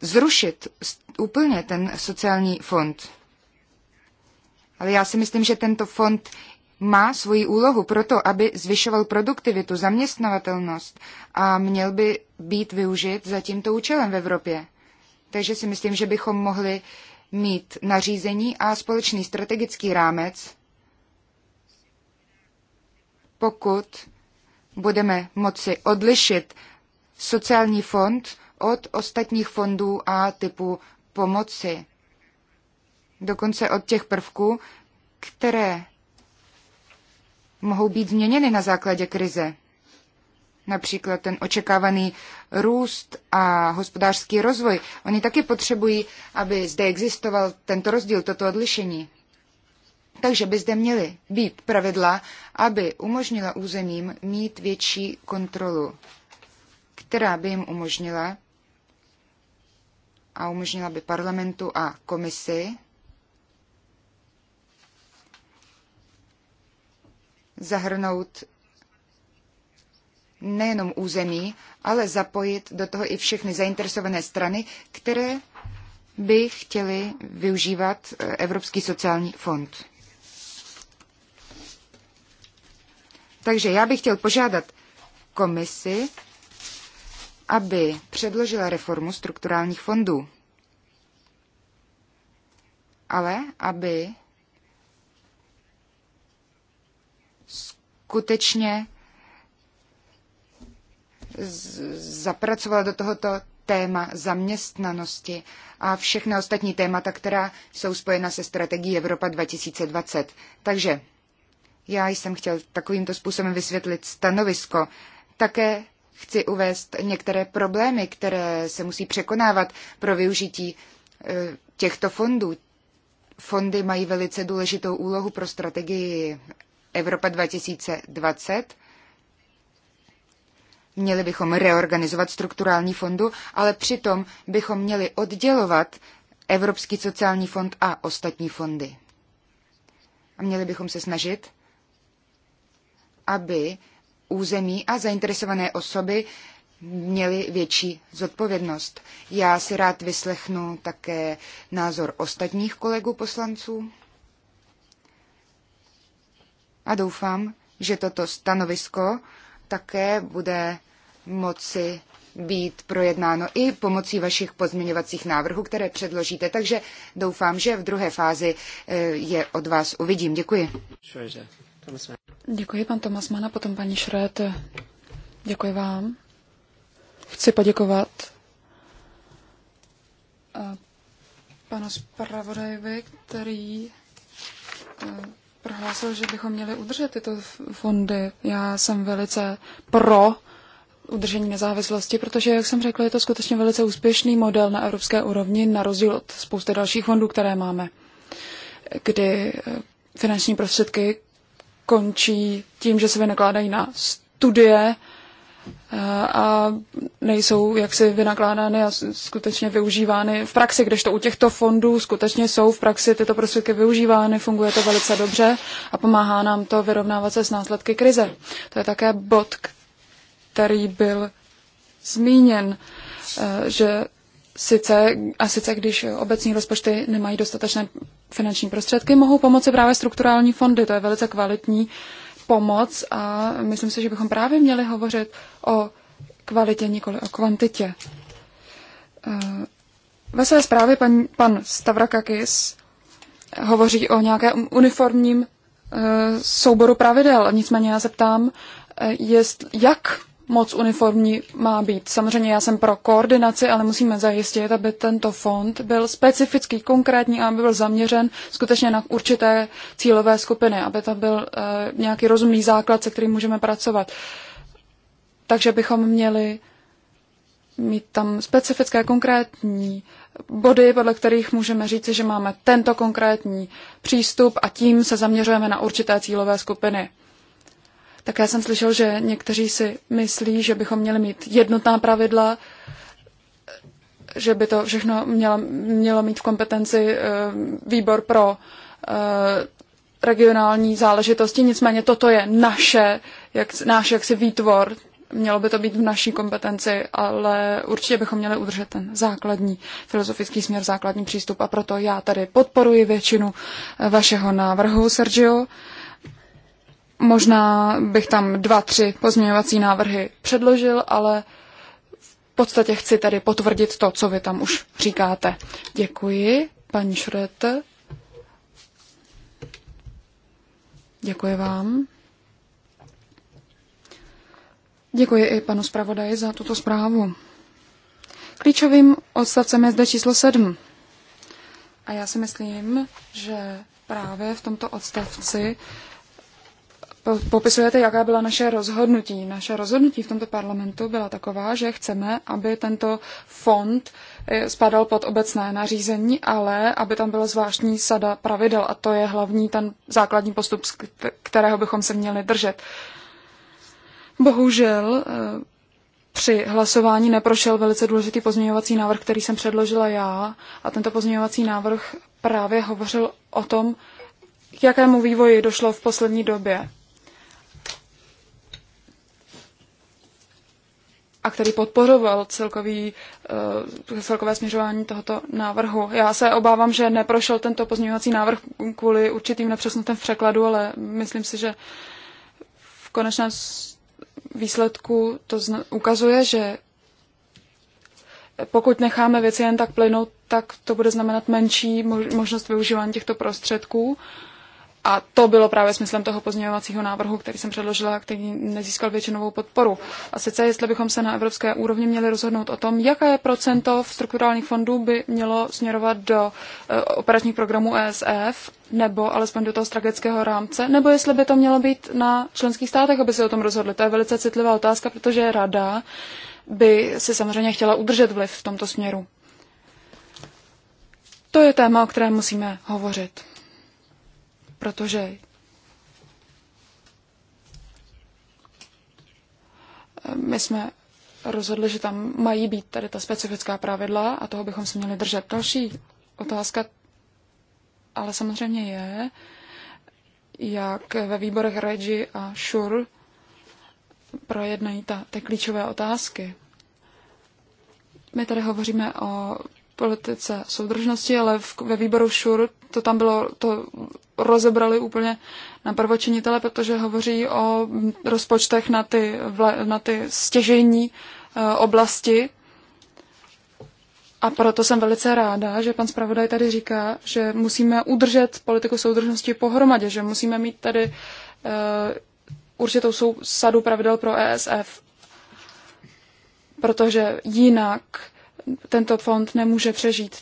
zrušit úplně ten sociální fond. Ale já si myslím, že tento fond má svoji úlohu proto, aby zvyšoval produktivitu, zaměstnavatelnost a měl by být využit za tímto účelem v Evropě. Takže si myslím, že bychom mohli mít nařízení a společný strategický rámec, pokud budeme moci odlišit sociální fond od ostatních fondů a typu pomoci. Dokonce od těch prvků, které mohou být změněny na základě krize. Například ten očekávaný růst a hospodářský rozvoj. Oni taky potřebují, aby zde existoval tento rozdíl, toto odlišení. Takže by zde měly být pravidla, aby umožnila územím mít větší kontrolu, která by jim umožnila a umožnila by parlamentu a komisi zahrnout nejenom území, ale zapojit do toho i všechny zainteresované strany, které by chtěly využívat eh, Evropský sociální fond. Takže já bych chtěl požádat komisi, aby předložila reformu strukturálních fondů, ale aby skutečně zapracovala do tohoto téma zaměstnanosti a všechny ostatní témata, která jsou spojena se strategií Evropa 2020. Takže já jsem chtěl takovýmto způsobem vysvětlit stanovisko. Také chci uvést některé problémy, které se musí překonávat pro využití e, těchto fondů. Fondy mají velice důležitou úlohu pro strategii Evropa 2020. Měli bychom reorganizovat strukturální fondu, ale přitom bychom měli oddělovat Evropský sociální fond a ostatní fondy. A měli bychom se snažit, aby území a zainteresované osoby měli větší zodpovědnost. Já si rád vyslechnu také názor ostatních kolegů poslanců a doufám, že toto stanovisko také bude moci být projednáno i pomocí vašich pozměňovacích návrhů, které předložíte. Takže doufám, že v druhé fázi eh, je od vás uvidím. Děkuji. Děkuji, pan Tomasman a potom paní Šret. Děkuji vám. Chci poděkovat eh, panu zpravodajovi, který eh, prohlásil, že bychom měli udržet tyto fondy. Já jsem velice pro udržení nezávislosti, protože, jak jsem řekla, je to skutečně velice úspěšný model na evropské úrovni, na rozdíl od spousty dalších fondů, které máme, kdy eh, finanční prostředky končí tím, že se vynakládají na studie a nejsou jaksi vynakládány a skutečně využívány v praxi, kdežto u těchto fondů skutečně jsou v praxi tyto prostředky využívány, funguje to velice dobře a pomáhá nám to vyrovnávat se s následky krize. To je také bod, který byl zmíněn, eh, že sice, a sice když obecní rozpočty nemají dostatečné finanční prostředky, mohou pomoci právě strukturální fondy. To je velice kvalitní uh, pomoc a myslím si, že bychom právě měli hovořit o kvalitě, nikoli o kvantitě. Eh, ve své zprávě pan, pan Stavrakakis hovoří o nějakém uniformním eh, souboru pravidel. Nicméně já se ptám, eh, jest, jak moc uniformní má být. Samozřejmě já jsem pro koordinaci, ale musíme zajistit, aby tento fond byl specifický, konkrétní a aby byl zaměřen skutečně na určité cílové skupiny, aby to byl e, nějaký rozumný základ, se kterým můžeme pracovat. Takže bychom měli mít tam specifické, konkrétní body, podle kterých můžeme říci, že máme tento konkrétní přístup a tím se zaměřujeme na určité cílové skupiny. Tak já jsem slyšel, že někteří si myslí, že bychom měli mít jednotná pravidla, že by to všechno mělo, mělo mít v kompetenci eh, výbor pro eh, regionální záležitosti. Nicméně toto je naše, jak, náš jaksi výtvor, mělo by to být v naší kompetenci, ale určitě bychom měli udržet ten základní filozofický směr, základní přístup a proto já tady podporuji většinu eh, vašeho návrhu, Sergio. Možná bych tam dva, tři pozměňovací návrhy předložil, ale v podstatě chci tady potvrdit to, co vy tam už říkáte. Děkuji, paní Šret. Děkuji vám. Děkuji i panu zpravodaji za tuto zprávu. Klíčovým odstavcem je zde číslo 7. A já si myslím, že právě v tomto odstavci popisujete, jaká byla naše rozhodnutí. Naše rozhodnutí v tomto parlamentu byla taková, že chceme, aby tento fond eh, spadal pod obecné nařízení, ale aby tam byla zvláštní sada pravidel a to je hlavní ten základní postup, kterého bychom se měli držet. Bohužel eh, při hlasování neprošel velice důležitý pozměňovací návrh, který jsem předložila já a tento pozměňovací návrh právě hovořil o tom, k jakému vývoji došlo v poslední době. a který podporoval celkový, eh, celkové směřování tohoto návrhu. Já se obávám, že neprošel tento pozměňovací návrh kvůli určitým nepřesnotem v překladu, ale myslím si, že v konečném výsledku to ukazuje, že pokud necháme věci jen tak plynout, tak to bude znamenat menší možnost využívání těchto prostředků a to bylo právě smyslem toho pozměňovacího návrhu, který jsem předložila který nezískal většinovou podporu. A sice, jestli bychom se na evropské úrovni měli rozhodnout o tom, jaké procento v strukturálních fondů by mělo směrovat do e, operačních programů ESF nebo alespoň do toho strategického rámce, nebo jestli by to mělo být na členských státech, aby se o tom rozhodli. To je velice citlivá otázka, protože rada by si samozřejmě chtěla udržet vliv v tomto směru. To je téma, o kterém musíme hovořit protože eh, my jsme rozhodli, že tam mají být tady ta specifická pravidla a toho bychom se měli držet. Další otázka ale samozřejmě je, jak ve výborech Regi a Šur projednají ta, ty klíčové otázky. My tady hovoříme o politice soudržnosti, ale v, ve výboru ŠUR to tam bylo, to rozebrali úplně na prvočinitele, protože hovoří o rozpočtech na ty, na ty stěžení eh, oblasti. A proto jsem velice ráda, že pan zpravodaj tady říká, že musíme udržet politiku soudržnosti pohromadě, že musíme mít tady eh, určitou sadu pravidel pro ESF, protože jinak tento fond nemůže přežít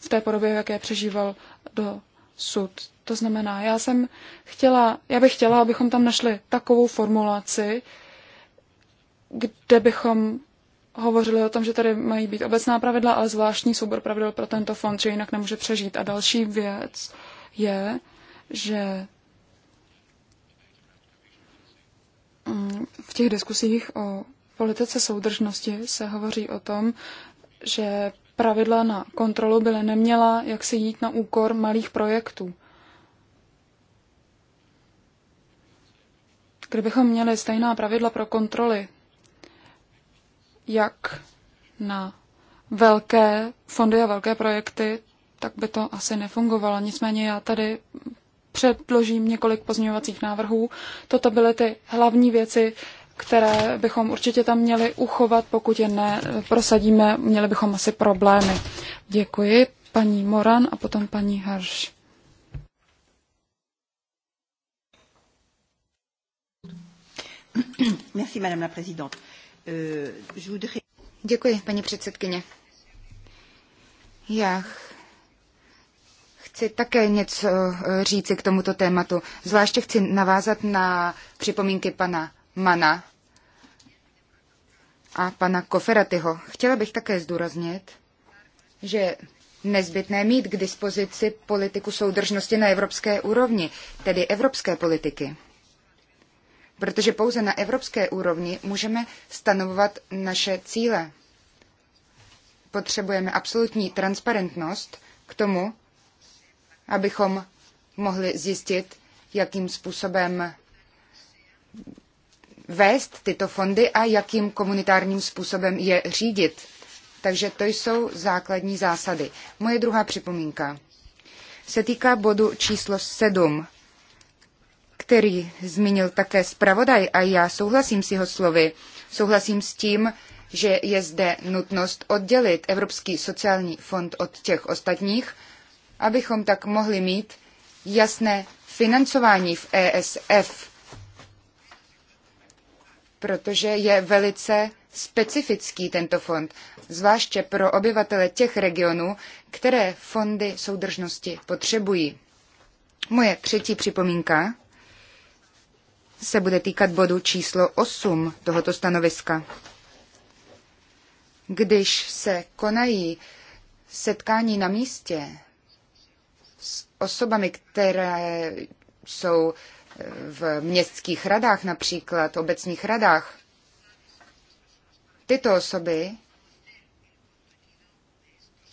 v té podobě, jaké přežíval do sud. To znamená, já jsem chtěla, já bych chtěla, abychom tam našli takovou formulaci, kde bychom hovořili o tom, že tady mají být obecná pravidla, ale zvláštní soubor pravidel pro tento fond, že jinak nemůže přežít. A další věc je, že mm, v těch diskusích o politice soudržnosti se hovoří o tom, že pravidla na kontrolu byly neměla jak se jít na úkor malých projektů. Kdybychom měli stejná pravidla pro kontroly, jak na velké fondy a velké projekty, tak by to asi nefungovalo. Nicméně já tady předložím několik pozměňovacích návrhů. Toto byly ty hlavní věci, které bychom určitě tam měli uchovat, pokud je ne, prosadíme, měli bychom asi problémy. Děkuji paní Moran a potom paní Harš. Merci, madame la présidente. Euh, Děkuji, paní předsedkyně. Já chci také něco eh, říci k tomuto tématu. Zvláště chci navázat na připomínky pana Mana a pana Koferatyho. Chtěla bych také zdůraznit, že nezbytné mít k dispozici politiku soudržnosti na evropské úrovni, tedy evropské politiky. Protože pouze na evropské úrovni můžeme stanovovat naše cíle. Potřebujeme absolutní transparentnost k tomu, abychom mohli zjistit, jakým způsobem vést tyto fondy a jakým komunitárním způsobem je řídit. Takže to jsou základní zásady. Moje druhá připomínka se týká bodu číslo 7, který zmínil také zpravodaj a já souhlasím s jeho slovy. Souhlasím s tím, že je zde nutnost oddělit Evropský sociální fond od těch ostatních, abychom tak mohli mít jasné financování v ESF protože je velice specifický tento fond, zvláště pro obyvatele těch regionů, které fondy soudržnosti potřebují. Moje třetí připomínka se bude týkat bodu číslo 8 tohoto stanoviska. Když se konají setkání na místě s osobami, které jsou v městských radách například, obecních radách. Tyto osoby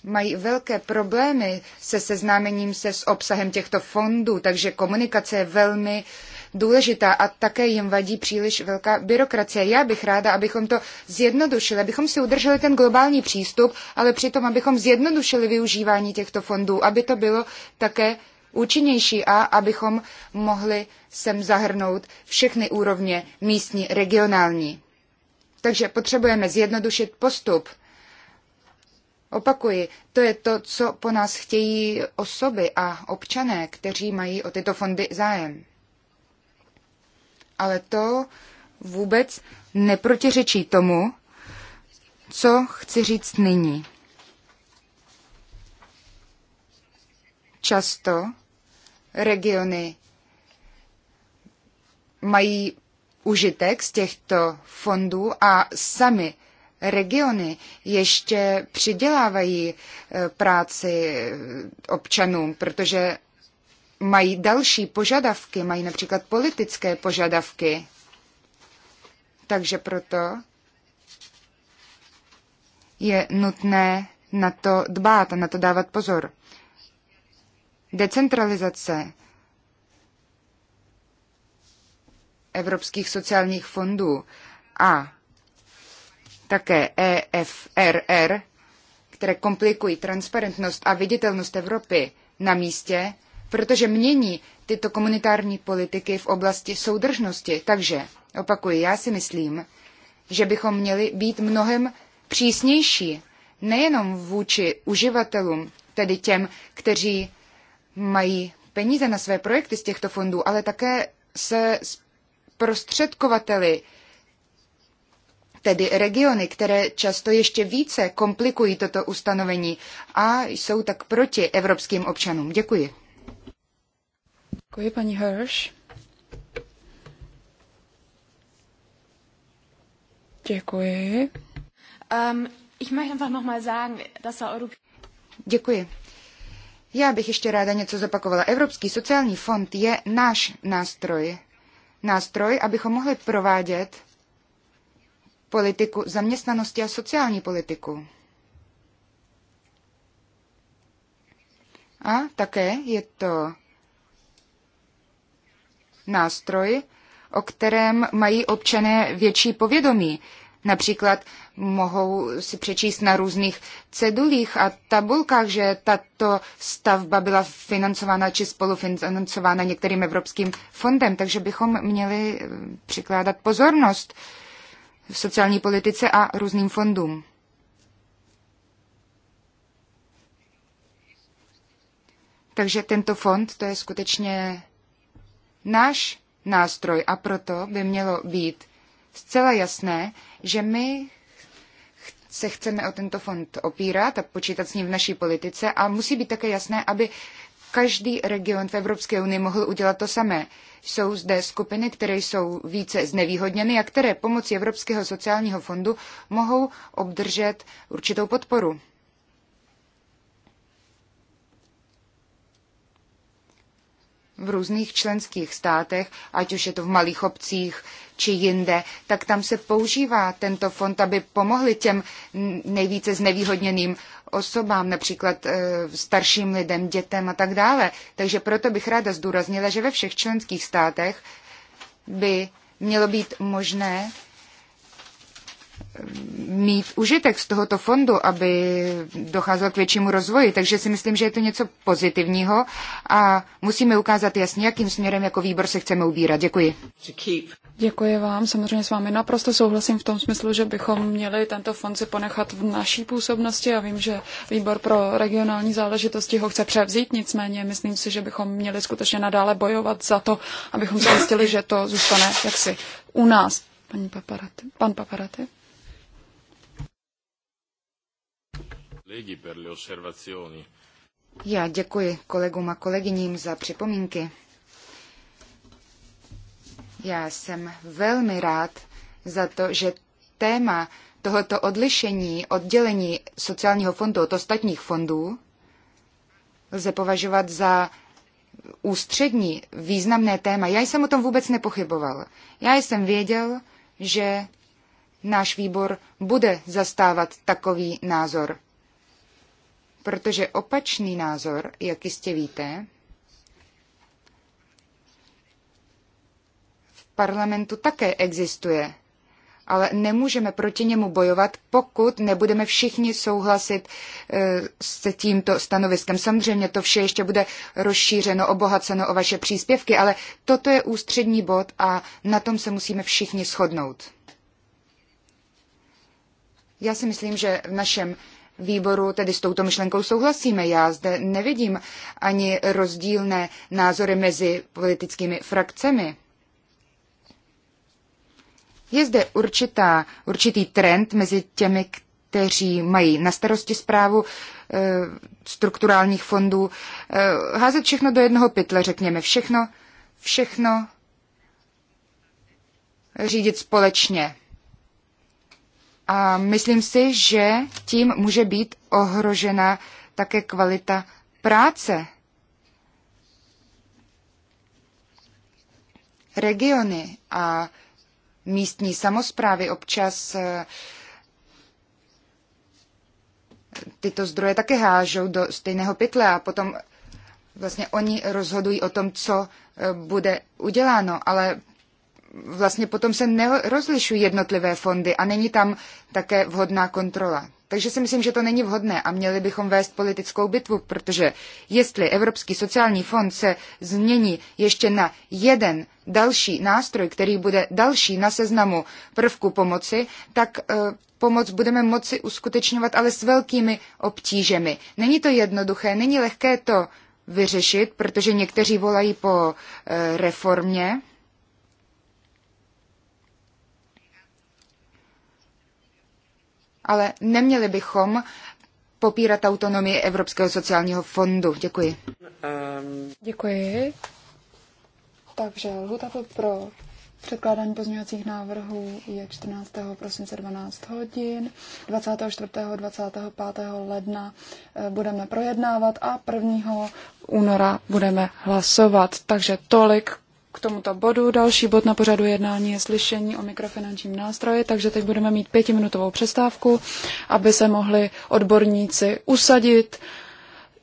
mají velké problémy se seznámením se s obsahem těchto fondů, takže komunikace je velmi důležitá a také jim vadí příliš velká byrokracie. Já bych ráda, abychom to zjednodušili, abychom si udrželi ten globální přístup, ale přitom, abychom zjednodušili využívání těchto fondů, aby to bylo také účinnější a abychom mohli sem zahrnout všechny úrovně místní, regionální. Takže potřebujeme zjednodušit postup. Opakuji, to je to, co po nás chtějí osoby a občané, kteří mají o tyto fondy zájem. Ale to vůbec neprotiřečí tomu, co chci říct nyní. Často regiony mají užitek z těchto fondů a sami regiony ještě přidělávají eh, práci eh, občanům, protože mají další požadavky, mají například politické požadavky. Takže proto je nutné na to dbát a na to dávat pozor decentralizace evropských sociálních fondů a také EFRR, které komplikují transparentnost a viditelnost Evropy na místě, protože mění tyto komunitární politiky v oblasti soudržnosti. Takže, opakuji, já si myslím, že bychom měli být mnohem přísnější, nejenom vůči uživatelům, tedy těm, kteří mají peníze na své projekty z těchto fondů, ale také se prostředkovateli, tedy regiony, které často ještě více komplikují toto ustanovení a jsou tak proti evropským občanům. Děkuji. Děkuji, paní Hirsch. Děkuji. Um, ich möchte einfach sagen, dass der Děkuji. Já bych ještě ráda něco zopakovala. Evropský sociální fond je náš nástroj. Nástroj, abychom mohli provádět politiku zaměstnanosti a sociální politiku. A také je to nástroj, o kterém mají občané větší povědomí. Například mohou si přečíst na různých cedulích a tabulkách, že tato stavba byla financována či spolufinancována některým evropským fondem, takže bychom měli eh, přikládat pozornost v sociální politice a různým fondům. Takže tento fond to je skutečně náš nástroj a proto by mělo být zcela jasné, že my se chceme o tento fond opírat a počítat s ním v naší politice a musí být také jasné, aby každý region v Evropské unii mohl udělat to samé. Jsou zde skupiny, které jsou více znevýhodněny a které pomocí Evropského sociálního fondu mohou obdržet určitou podporu. v různých členských státech, ať už je to v malých obcích či jinde, tak tam se používá tento fond, aby pomohli těm nejvíce znevýhodněným osobám, například e, starším lidem, dětem a tak dále. Takže proto bych ráda zdůraznila, že ve všech členských státech by mělo být možné mít užitek z tohoto fondu, aby docházelo k většímu rozvoji. Takže si myslím, že je to něco pozitivního a musíme ukázat jasně, jakým směrem jako výbor se chceme ubírat. Děkuji. Děkuji vám. Samozřejmě s vámi naprosto souhlasím v tom smyslu, že bychom měli tento fond si ponechat v naší působnosti a vím, že výbor pro regionální záležitosti ho chce převzít, nicméně myslím si, že bychom měli skutečně nadále bojovat za to, abychom zajistili, že to zůstane jaksi u nás. Paní Paparaty. Pan Paparaty. Já děkuji kolegům a kolegyním za připomínky. Já jsem velmi rád za to, že téma tohoto odlišení, oddělení sociálního fondu od ostatních fondů lze považovat za ústřední, významné téma. Já jsem o tom vůbec nepochyboval. Já jsem věděl, že náš výbor bude zastávat takový názor protože opačný názor, jak jistě víte, v parlamentu také existuje, ale nemůžeme proti němu bojovat, pokud nebudeme všichni souhlasit e, s tímto stanoviskem. Samozřejmě to vše ještě bude rozšířeno, obohaceno o vaše příspěvky, ale toto je ústřední bod a na tom se musíme všichni shodnout. Já si myslím, že v našem výboru tedy s touto myšlenkou souhlasíme. Já zde nevidím ani rozdílné názory mezi politickými frakcemi. Je zde určitá, určitý trend mezi těmi, kteří mají na starosti zprávu e, strukturálních fondů. E, házet všechno do jednoho pytle, řekněme, všechno, všechno řídit společně. A myslím si, že tím může být ohrožena také kvalita práce. Regiony a místní samozprávy občas eh, tyto zdroje také hážou do stejného pytle a potom vlastně oni rozhodují o tom, co eh, bude uděláno, ale vlastně potom se nerozlišují jednotlivé fondy a není tam také vhodná kontrola. Takže si myslím, že to není vhodné a měli bychom vést politickou bitvu, protože jestli Evropský sociální fond se změní ještě na jeden další nástroj, který bude další na seznamu prvku pomoci, tak eh, pomoc budeme moci uskutečňovat, ale s velkými obtížemi. Není to jednoduché, není lehké to vyřešit, protože někteří volají po eh, reformě ale neměli bychom popírat autonomii Evropského sociálního fondu. Děkuji. Ehm. Děkuji. Takže lhuta pro Předkládání pozměňovacích návrhů je 14. prosince 12 hodin. 24. 25. ledna eh, budeme projednávat a 1. února budeme hlasovat. Takže tolik k tomuto bodu. Další bod na pořadu jednání je slyšení o mikrofinančním nástroji, takže teď budeme mít pětiminutovou přestávku, aby se mohli odborníci usadit.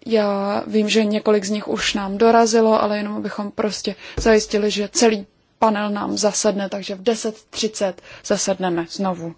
Já vím, že několik z nich už nám dorazilo, ale jenom abychom prostě zajistili, že celý panel nám zasedne, takže v 10.30 zasedneme znovu.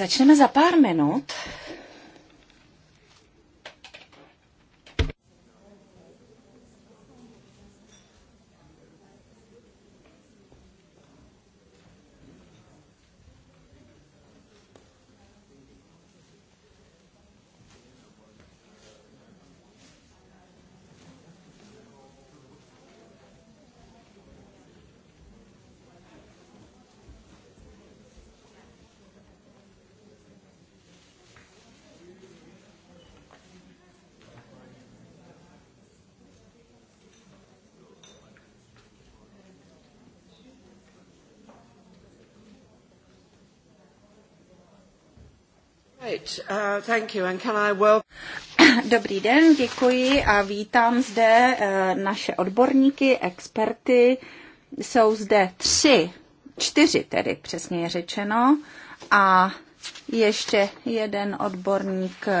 Začneme za pár minut. Uh, <coughs> Dobrý den, děkuji a vítám zde uh, naše odborníky, experty. Jsou zde tři, čtyři tedy přesně je řečeno a ještě jeden odborník uh,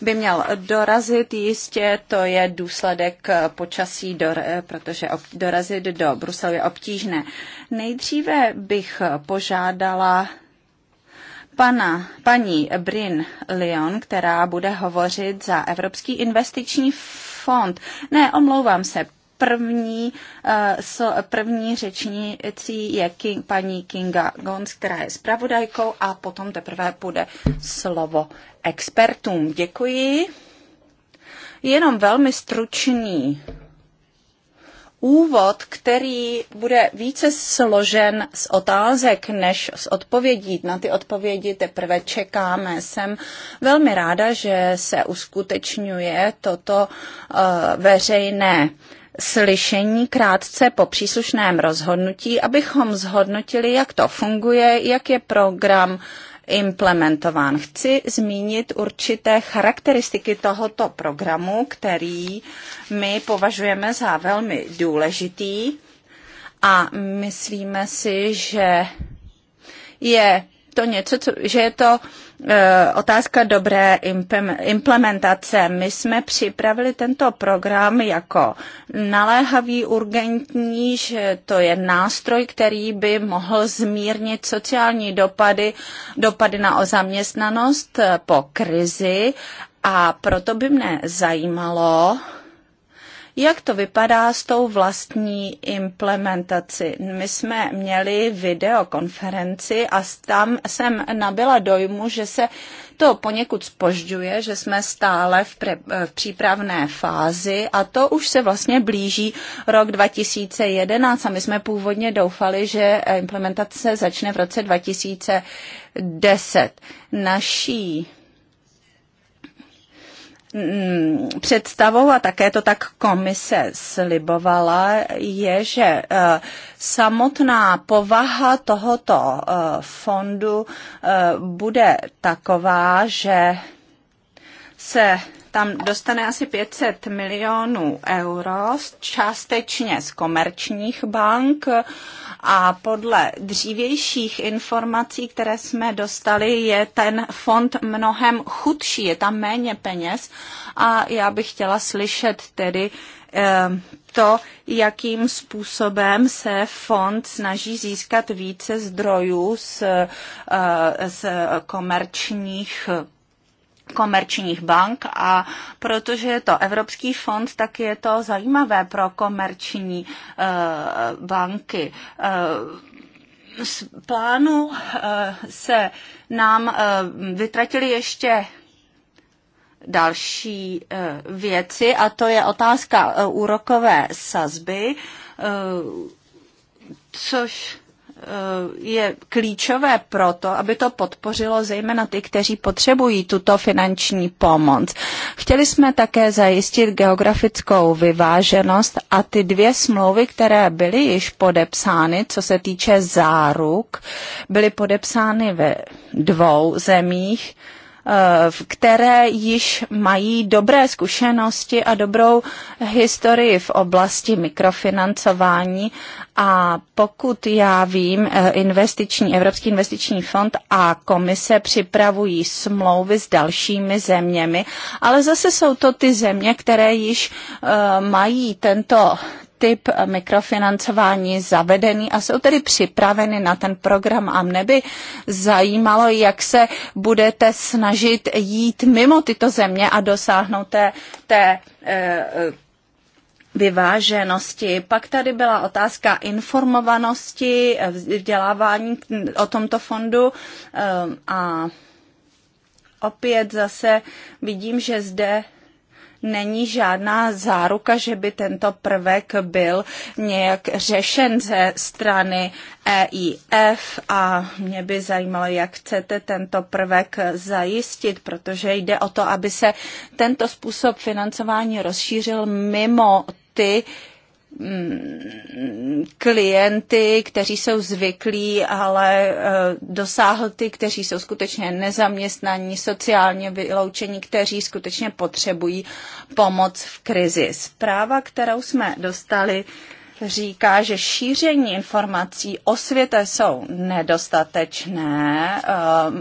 by měl dorazit, jistě to je důsledek počasí, protože dorazit do Bruselu je obtížné. Nejdříve bych požádala pana, paní Brin Leon, která bude hovořit za Evropský investiční fond. Ne, omlouvám se, první, eh, so, první řečnící je King, paní Kinga Gons, která je zpravodajkou a potom teprve bude slovo expertům. Děkuji. Jenom velmi stručný úvod, který bude více složen z otázek než z odpovědí. Na ty odpovědi teprve čekáme. Jsem velmi ráda, že se uskutečňuje toto uh, veřejné slyšení krátce po příslušném rozhodnutí, abychom zhodnotili, jak to funguje, jak je program implementován. Chci zmínit určité charakteristiky tohoto programu, který my považujeme za velmi důležitý a myslíme si, že je to něco, co, že je to Eh, otázka dobré implementace. My jsme připravili tento program jako naléhavý, urgentní, že to je nástroj, který by mohl zmírnit sociální dopady, dopady na zaměstnanost eh, po krizi a proto by mne zajímalo, jak to vypadá s tou vlastní implementací? My jsme měli videokonferenci a tam jsem nabila dojmu, že se to poněkud spožďuje, že jsme stále v, pre, v přípravné fázi a to už se vlastně blíží rok 2011 a my jsme původně doufali, že implementace začne v roce 2010. Naší Mm, představou, a také to tak komise slibovala, je, že eh, samotná povaha tohoto eh, fondu eh, bude taková, že se tam dostane asi 500 milionů euro, částečně z komerčních bank a podle dřívějších informací, které jsme dostali, je ten fond mnohem chudší, je tam méně peněz a já bych chtěla slyšet tedy eh, to, jakým způsobem se fond snaží získat více zdrojů z, eh, z komerčních komerčních bank a protože je to Evropský fond, tak je to zajímavé pro komerční uh, banky. Uh, z plánu uh, se nám uh, vytratili ještě další uh, věci a to je otázka uh, úrokové sazby, uh, což Eh, je klíčové proto, aby to podpořilo zejména ty, kteří potřebují tuto finanční pomoc. Chtěli jsme také zajistit geografickou vyváženost a ty dvě smlouvy, které byly již podepsány, co se týče záruk, byly podepsány ve dvou zemích které již mají dobré zkušenosti a dobrou historii v oblasti mikrofinancování. A pokud já vím, eh, investiční, Evropský investiční fond a komise připravují smlouvy s dalšími zeměmi, ale zase jsou to ty země, které již eh, mají tento typ mikrofinancování zavedený a jsou tedy připraveny na ten program a mne by zajímalo, jak se budete snažit jít mimo tyto země a dosáhnout té, té eh, eh, vyváženosti. Pak tady byla otázka informovanosti, eh, vzdělávání o tomto fondu a opět zase vidím, že zde není žádná záruka, že by tento prvek byl nějak řešen ze strany EIF a mě by zajímalo, jak chcete tento prvek zajistit, protože jde o to, aby se tento způsob financování rozšířil mimo ty klienty, kteří jsou zvyklí, ale eh, dosáhl ty, kteří jsou skutečně nezaměstnaní, sociálně vyloučení, kteří skutečně potřebují pomoc v krizi. Zpráva, kterou jsme dostali, říká, že šíření informací o světě jsou nedostatečné eh,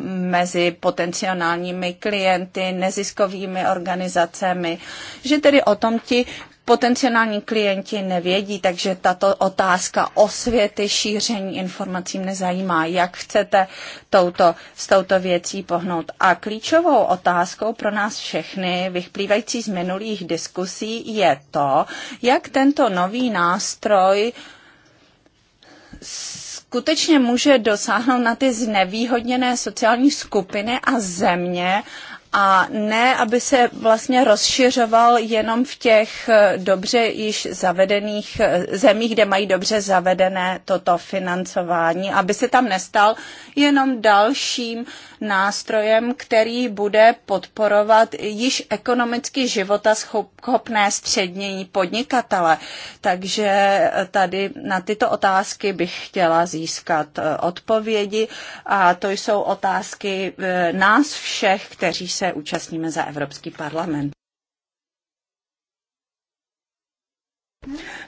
mezi potenciálními klienty, neziskovými organizacemi, že tedy o tom ti potenciální klienti nevědí, takže tato otázka osvěty, šíření informací nezajímá. jak chcete touto, s touto věcí pohnout. A klíčovou otázkou pro nás všechny, vyplývající z minulých diskusí, je to, jak tento nový nástroj skutečně může dosáhnout na ty znevýhodněné sociální skupiny a země a ne, aby se vlastně rozšiřoval jenom v těch eh, dobře již zavedených eh, zemích, kde mají dobře zavedené toto financování, aby se tam nestal jenom dalším nástrojem, který bude podporovat již ekonomicky života schopné střední podnikatele. Takže tady na tyto otázky bych chtěla získat eh, odpovědi a to jsou otázky eh, nás všech, kteří se účastníme za Evropský parlament.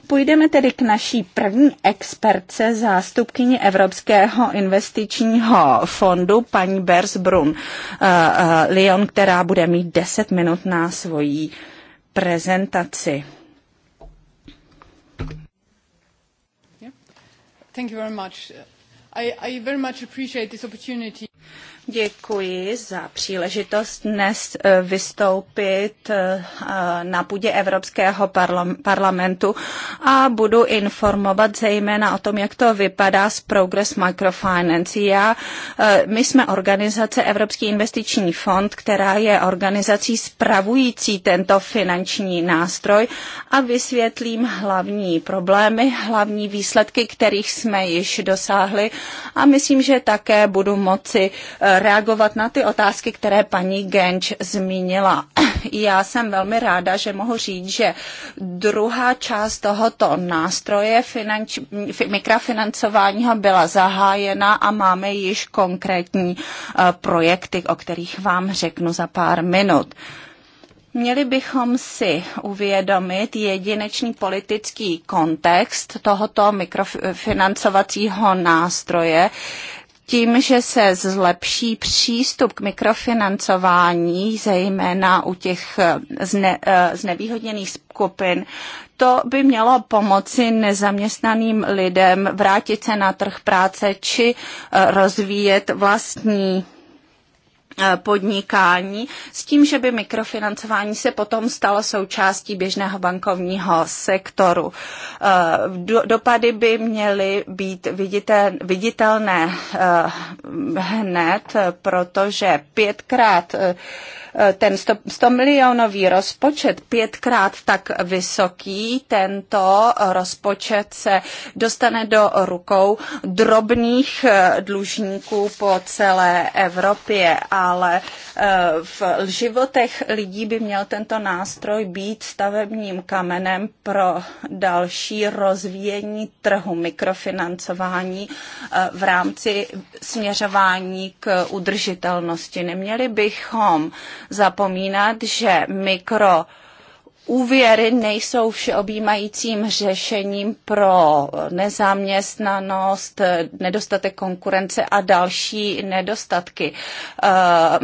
Půjdeme tedy k naší první expertce, zástupkyni Evropského investičního fondu, paní Bersbrun uh, uh, Lyon, která bude mít 10 minut na svoji prezentaci. Thank you very much. I, I very much appreciate this opportunity. Děkuji za příležitost dnes eh, vystoupit eh, na půdě Evropského parlamentu a budu informovat zejména o tom, jak to vypadá s Progress Microfinance. Já, eh, my jsme organizace Evropský investiční fond, která je organizací spravující tento finanční nástroj a vysvětlím hlavní problémy, hlavní výsledky, kterých jsme již dosáhli a myslím, že také budu moci reagovat na ty otázky, které paní Genč zmínila. <clears throat> Já jsem velmi ráda, že mohu říct, že druhá část tohoto nástroje finanč, mikrofinancování byla zahájena a máme již konkrétní eh, projekty, o kterých vám řeknu za pár minut. Měli bychom si uvědomit jedinečný politický kontext tohoto mikrofinancovacího nástroje, tím, že se zlepší přístup k mikrofinancování, zejména u těch eh, zne, eh, znevýhodněných skupin, to by mělo pomoci nezaměstnaným lidem vrátit se na trh práce či eh, rozvíjet vlastní Eh, podnikání s tím, že by mikrofinancování se potom stalo součástí běžného bankovního sektoru. Eh, dopady by měly být viditelné eh, hned, protože pětkrát ten 100 milionový rozpočet pětkrát tak vysoký, tento rozpočet se dostane do rukou drobných eh, dlužníků po celé Evropě, ale eh, v životech lidí by měl tento nástroj být stavebním kamenem pro další rozvíjení trhu mikrofinancování eh, v rámci směřování k udržitelnosti. Neměli bychom zapomínat, že mikro úvěry nejsou všeobjímajícím řešením pro nezaměstnanost, nedostatek konkurence a další nedostatky. Eh,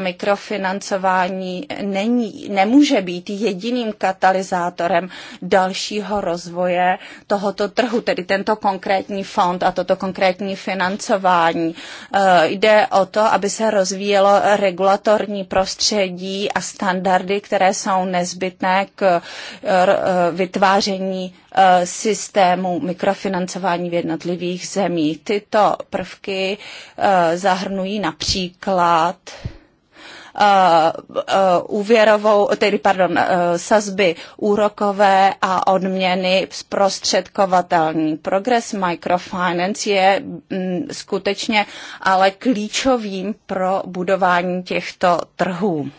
mikrofinancování není, nemůže být jediným katalyzátorem dalšího rozvoje tohoto trhu, tedy tento konkrétní fond a toto konkrétní financování. Eh, jde o to, aby se rozvíjelo regulatorní prostředí a standardy, které jsou nezbytné k E, vytváření e, systému mikrofinancování v jednotlivých zemích. Tyto prvky e, zahrnují například úvěrovou, tedy pardon, sazby úrokové a odměny zprostředkovatelní. Progress Microfinance je skutečně ale klíčovým pro budování těchto trhů.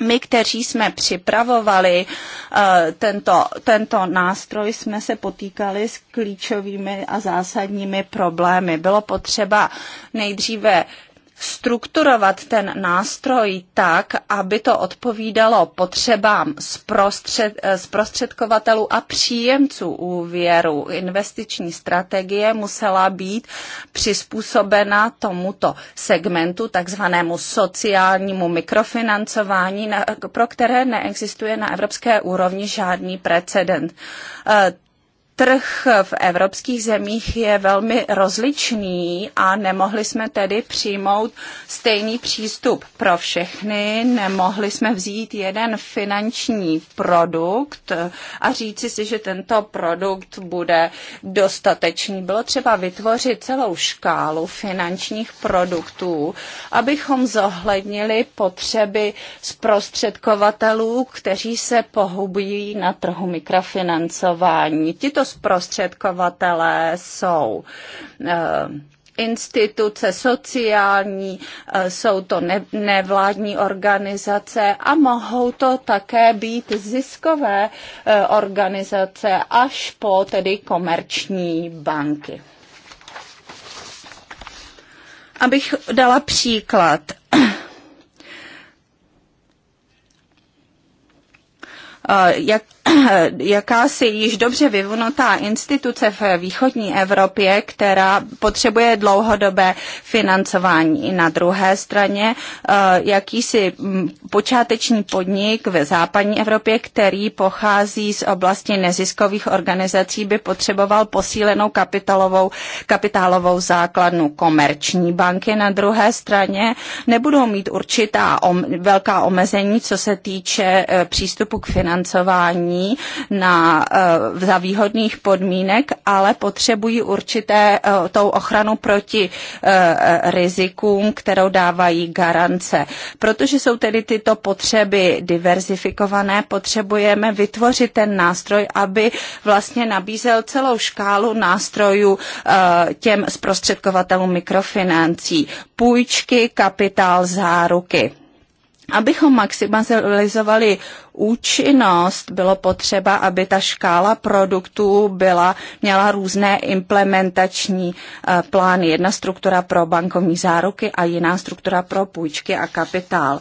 My, kteří jsme připravovali eh, tento, tento nástroj, jsme se potýkali s klíčovými a zásadními problémy. Bylo potřeba nejdříve strukturovat ten nástroj tak, aby to odpovídalo potřebám zprostřed, zprostředkovatelů a příjemců úvěru. Investiční strategie musela být přizpůsobena tomuto segmentu, takzvanému sociálnímu mikrofinancování, pro které neexistuje na evropské úrovni žádný precedent. Eh, trh v evropských zemích je velmi rozličný a nemohli jsme tedy přijmout stejný přístup pro všechny, nemohli jsme vzít jeden finanční produkt a říci si, že tento produkt bude dostatečný. Bylo třeba vytvořit celou škálu finančních produktů, abychom zohlednili potřeby zprostředkovatelů, kteří se pohubují na trhu mikrofinancování. Tito zprostředkovatelé jsou eh, instituce sociální, eh, jsou to nevládní organizace a mohou to také být ziskové eh, organizace až po tedy komerční banky. Abych dala příklad. Jak <clears throat> jakási již dobře vyvnutá instituce v východní Evropě, která potřebuje dlouhodobé financování. Na druhé straně eh, jakýsi mm, počáteční podnik ve západní Evropě, který pochází z oblasti neziskových organizací, by potřeboval posílenou kapitalovou, kapitálovou základnu. Komerční banky na druhé straně nebudou mít určitá om, velká omezení, co se týče eh, přístupu k financování zaměstnaní na, eh, za výhodných podmínek, ale potřebují určité eh, tou ochranu proti eh, rizikům, kterou dávají garance. Protože jsou tedy tyto potřeby diverzifikované, potřebujeme vytvořit ten nástroj, aby vlastně nabízel celou škálu nástrojů těm zprostředkovatelům mikrofinancí. Půjčky, kapitál, záruky. Abychom maximalizovali účinnost, bylo potřeba, aby ta škála produktů byla, měla různé implementační eh, plány. Jedna struktura pro bankovní záruky a jiná struktura pro půjčky a kapitál.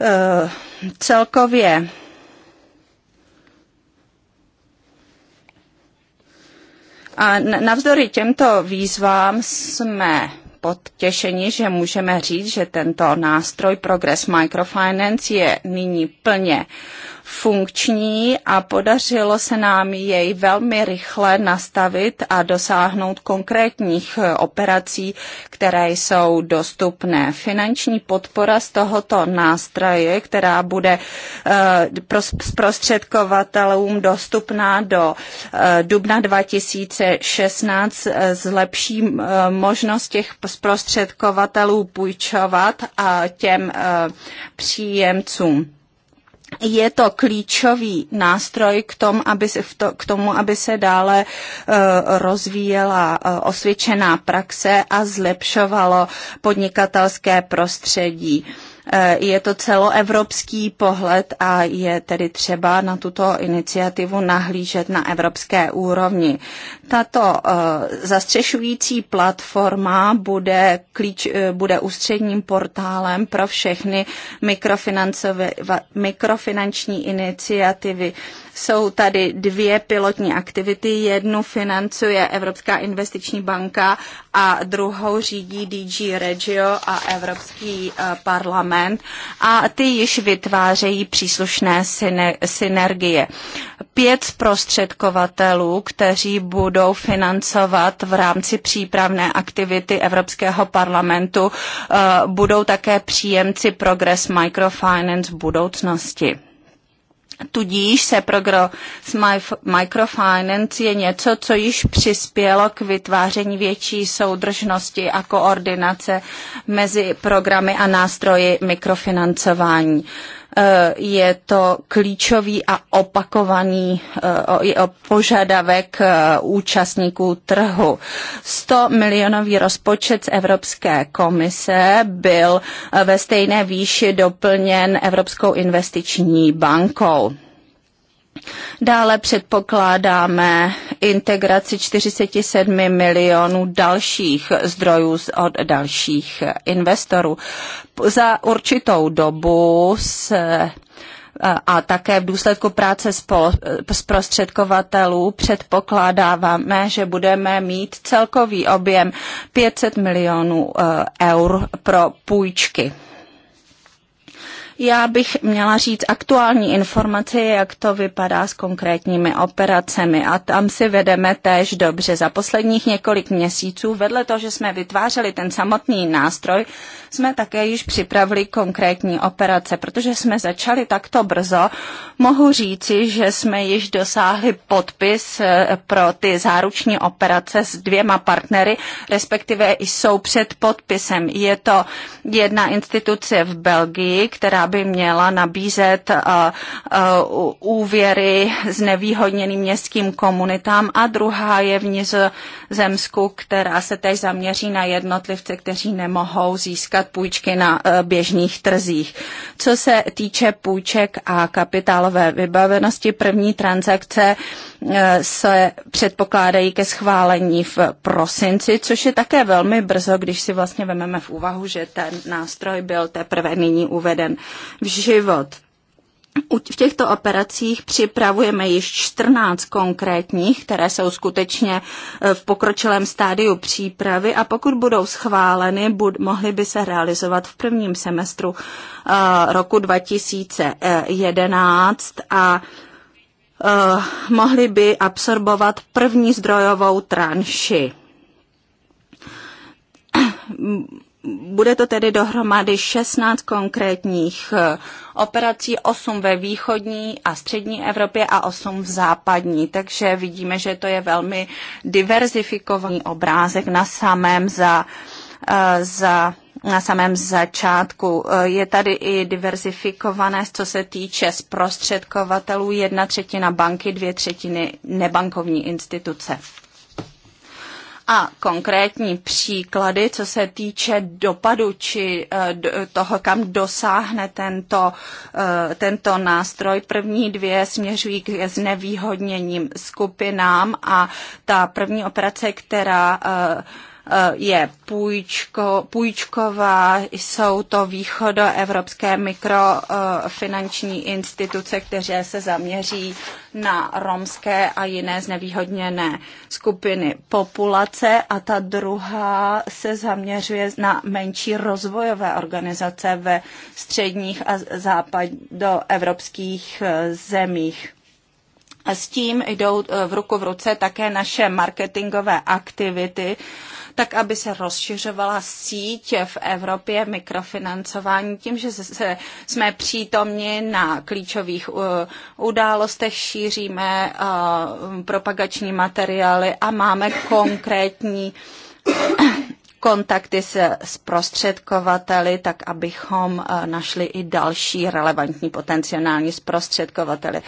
Eh, celkově a navzdory těmto výzvám jsme potěšení, že můžeme říct, že tento nástroj Progress Microfinance je nyní plně funkční a podařilo se nám jej velmi rychle nastavit a dosáhnout konkrétních eh, operací, které jsou dostupné. Finanční podpora z tohoto nástroje, která bude eh, zprostředkovatelům dostupná do eh, dubna 2016, zlepší možnost těch zprostředkovatelů půjčovat a těm příjemcům je to klíčový nástroj k tomu, aby se, to, k tomu, aby se dále eh, rozvíjela eh, osvědčená praxe a zlepšovalo podnikatelské prostředí. Eh, je to celoevropský pohled a je tedy třeba na tuto iniciativu nahlížet na evropské úrovni. Tato eh, zastřešující platforma bude, klíč, eh, bude ústředním portálem pro všechny mikrofinanční iniciativy jsou tady dvě pilotní aktivity. Jednu financuje Evropská investiční banka a druhou řídí DG Regio a Evropský eh, parlament a ty již vytvářejí příslušné synergie. Pět zprostředkovatelů, kteří budou financovat v rámci přípravné aktivity Evropského parlamentu, eh, budou také příjemci Progress Microfinance v budoucnosti. Tudíž se program microfinance je něco, co již přispělo k vytváření větší soudržnosti a koordinace mezi programy a nástroji mikrofinancování. Uh, Eh, je to klíčový a opakovaný eh, požadavek eh, účastníků trhu. 100 milionový rozpočet z Evropské komise byl ve stejné výši doplněn Evropskou investiční bankou. Dále předpokládáme integraci 47 milionů dalších zdrojů od dalších investorů. Za určitou dobu se a také v důsledku práce zprostředkovatelů předpokládáváme, že budeme mít celkový objem 500 milionů eh, eur pro půjčky já bych měla říct aktuální informaci, jak to vypadá s konkrétními operacemi a tam si vedeme též dobře. Za posledních několik měsíců, vedle toho, že jsme vytvářeli ten samotný nástroj, jsme také již připravili konkrétní operace, protože jsme začali takto brzo. Mohu říci, že jsme již dosáhli podpis eh, pro ty záruční operace s dvěma partnery, respektive jsou před podpisem. Je to jedna instituce v Belgii, která by měla nabízet eh, eh, úvěry nevýhodněným městským komunitám a druhá je v Nizozemsku, která se teď zaměří na jednotlivce, kteří nemohou získat půjčky na eh, běžných trzích. Co se týče půjček a kapitálové vybavenosti, první transakce se předpokládají ke schválení v prosinci, což je také velmi brzo, když si vlastně vememe v úvahu, že ten nástroj byl teprve nyní uveden v život. V těchto operacích připravujeme již 14 konkrétních, které jsou skutečně e, v pokročilém stádiu přípravy a pokud budou schváleny, bud, mohly by se realizovat v prvním semestru uh, roku 2011 a uh, mohly by absorbovat první zdrojovou tranši bude to tedy dohromady 16 konkrétních eh, operací, 8 ve východní a střední Evropě a 8 v západní. Takže vidíme, že to je velmi diverzifikovaný obrázek na samém za, eh, za na samém začátku. Eh, je tady i diverzifikované, co se týče zprostředkovatelů, jedna třetina banky, dvě třetiny nebankovní instituce a konkrétní příklady, co se týče dopadu či eh, toho, kam dosáhne tento, eh, tento nástroj. První dvě směřují k znevýhodněním skupinám a ta první operace, která eh, Eh, je půjčko, půjčková, jsou to východoevropské mikrofinanční instituce, které se zaměří na romské a jiné znevýhodněné skupiny populace a ta druhá se zaměřuje na menší rozvojové organizace ve středních a západoevropských eh, zemích. A s tím jdou eh, v ruku v ruce také naše marketingové aktivity, tak aby se rozšiřovala síť v Evropě mikrofinancování tím, že se, jsme přítomni na klíčových uh, událostech, šíříme uh, propagační materiály a máme konkrétní <coughs> kontakty se zprostředkovateli, tak abychom uh, našli i další relevantní potenciální zprostředkovateli.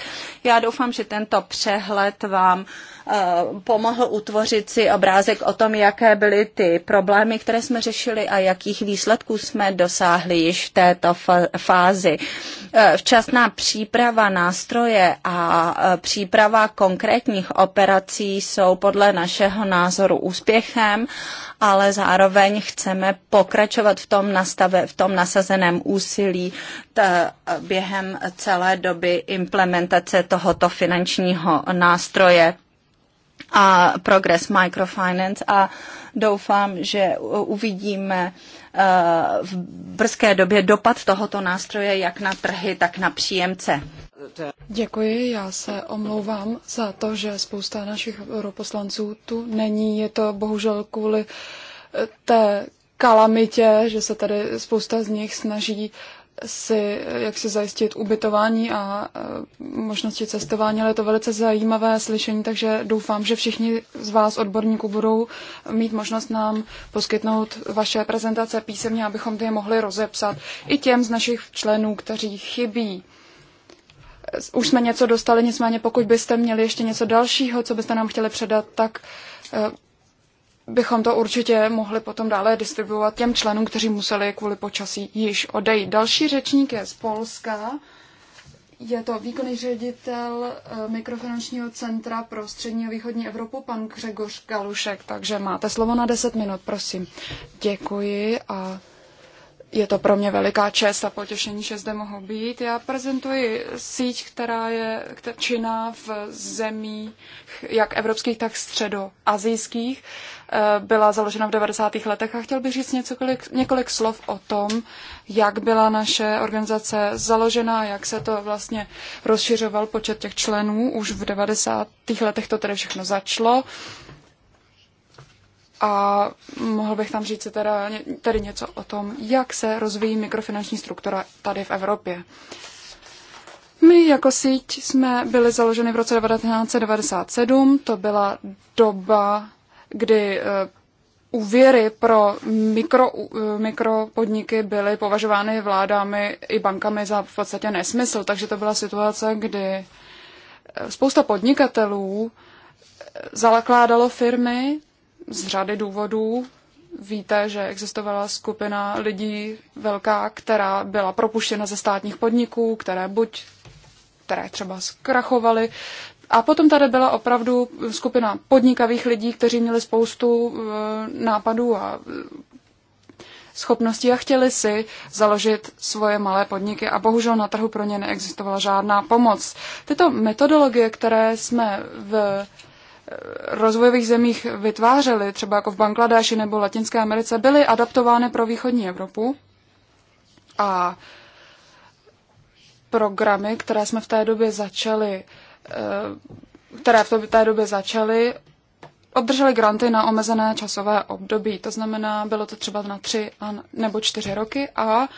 Já doufám, že tento přehled vám uh, Eh, pomohl utvořit si obrázek o tom, jaké byly ty problémy, které jsme řešili a jakých výsledků jsme dosáhli již v této fázi. Eh, včasná příprava nástroje a eh, příprava konkrétních operací jsou podle našeho názoru úspěchem, ale zároveň chceme pokračovat v tom, nastave, v tom nasazeném úsilí t, během celé doby implementace tohoto finančního nástroje a Progress Microfinance a doufám, že uvidíme eh, v brzké době dopad tohoto nástroje jak na trhy, tak na příjemce. Děkuji, já se omlouvám za to, že spousta našich europoslanců tu není. Je to bohužel kvůli eh, té kalamitě, že se tady spousta z nich snaží si, jak si zajistit ubytování a e, možnosti cestování, ale je to velice zajímavé slyšení, takže doufám, že všichni z vás odborníků budou mít možnost nám poskytnout vaše prezentace písemně, abychom ty je mohli rozepsat i těm z našich členů, kteří chybí. Už jsme něco dostali, nicméně pokud byste měli ještě něco dalšího, co byste nám chtěli předat, tak e, bychom to určitě mohli potom dále distribuovat těm členům, kteří museli kvůli počasí již odejít. Další řečník je z Polska. Je to výkonný ředitel eh, mikrofinančního centra pro střední a východní Evropu, pan Křegoř Galušek. Takže máte slovo na 10 minut, prosím. Děkuji a je to pro mě veliká čest a potěšení, že zde mohu být. Já prezentuji síť, která je činná v zemích jak evropských, tak středoazijských. Eh, byla založena v 90. letech a chtěl bych říct několik, několik slov o tom, jak byla naše organizace založena, jak se to vlastně rozšiřoval počet těch členů. Už v 90. letech to tedy všechno začalo a mohl bych tam říct teda, tady něco o tom, jak se rozvíjí mikrofinanční struktura tady v Evropě. My jako síť jsme byli založeny v roce 1997, to byla doba, kdy e, úvěry pro mikro, e, mikropodniky byly považovány vládami i bankami za v podstatě nesmysl, takže to byla situace, kdy e, spousta podnikatelů zakládalo firmy z řady důvodů. Víte, že existovala skupina lidí velká, která byla propuštěna ze státních podniků, které buď které třeba zkrachovaly. A potom tady byla opravdu skupina podnikavých lidí, kteří měli spoustu eh, nápadů a eh, schopností a chtěli si založit svoje malé podniky a bohužel na trhu pro ně neexistovala žádná pomoc. Tyto metodologie, které jsme v rozvojových zemích vytvářely, třeba jako v Bangladáši nebo Latinské Americe, byly adaptovány pro východní Evropu. A programy, které jsme v té době začali, eh, které v té době začaly, obdrželi granty na omezené časové období. To znamená, bylo to třeba na tři nebo čtyři roky a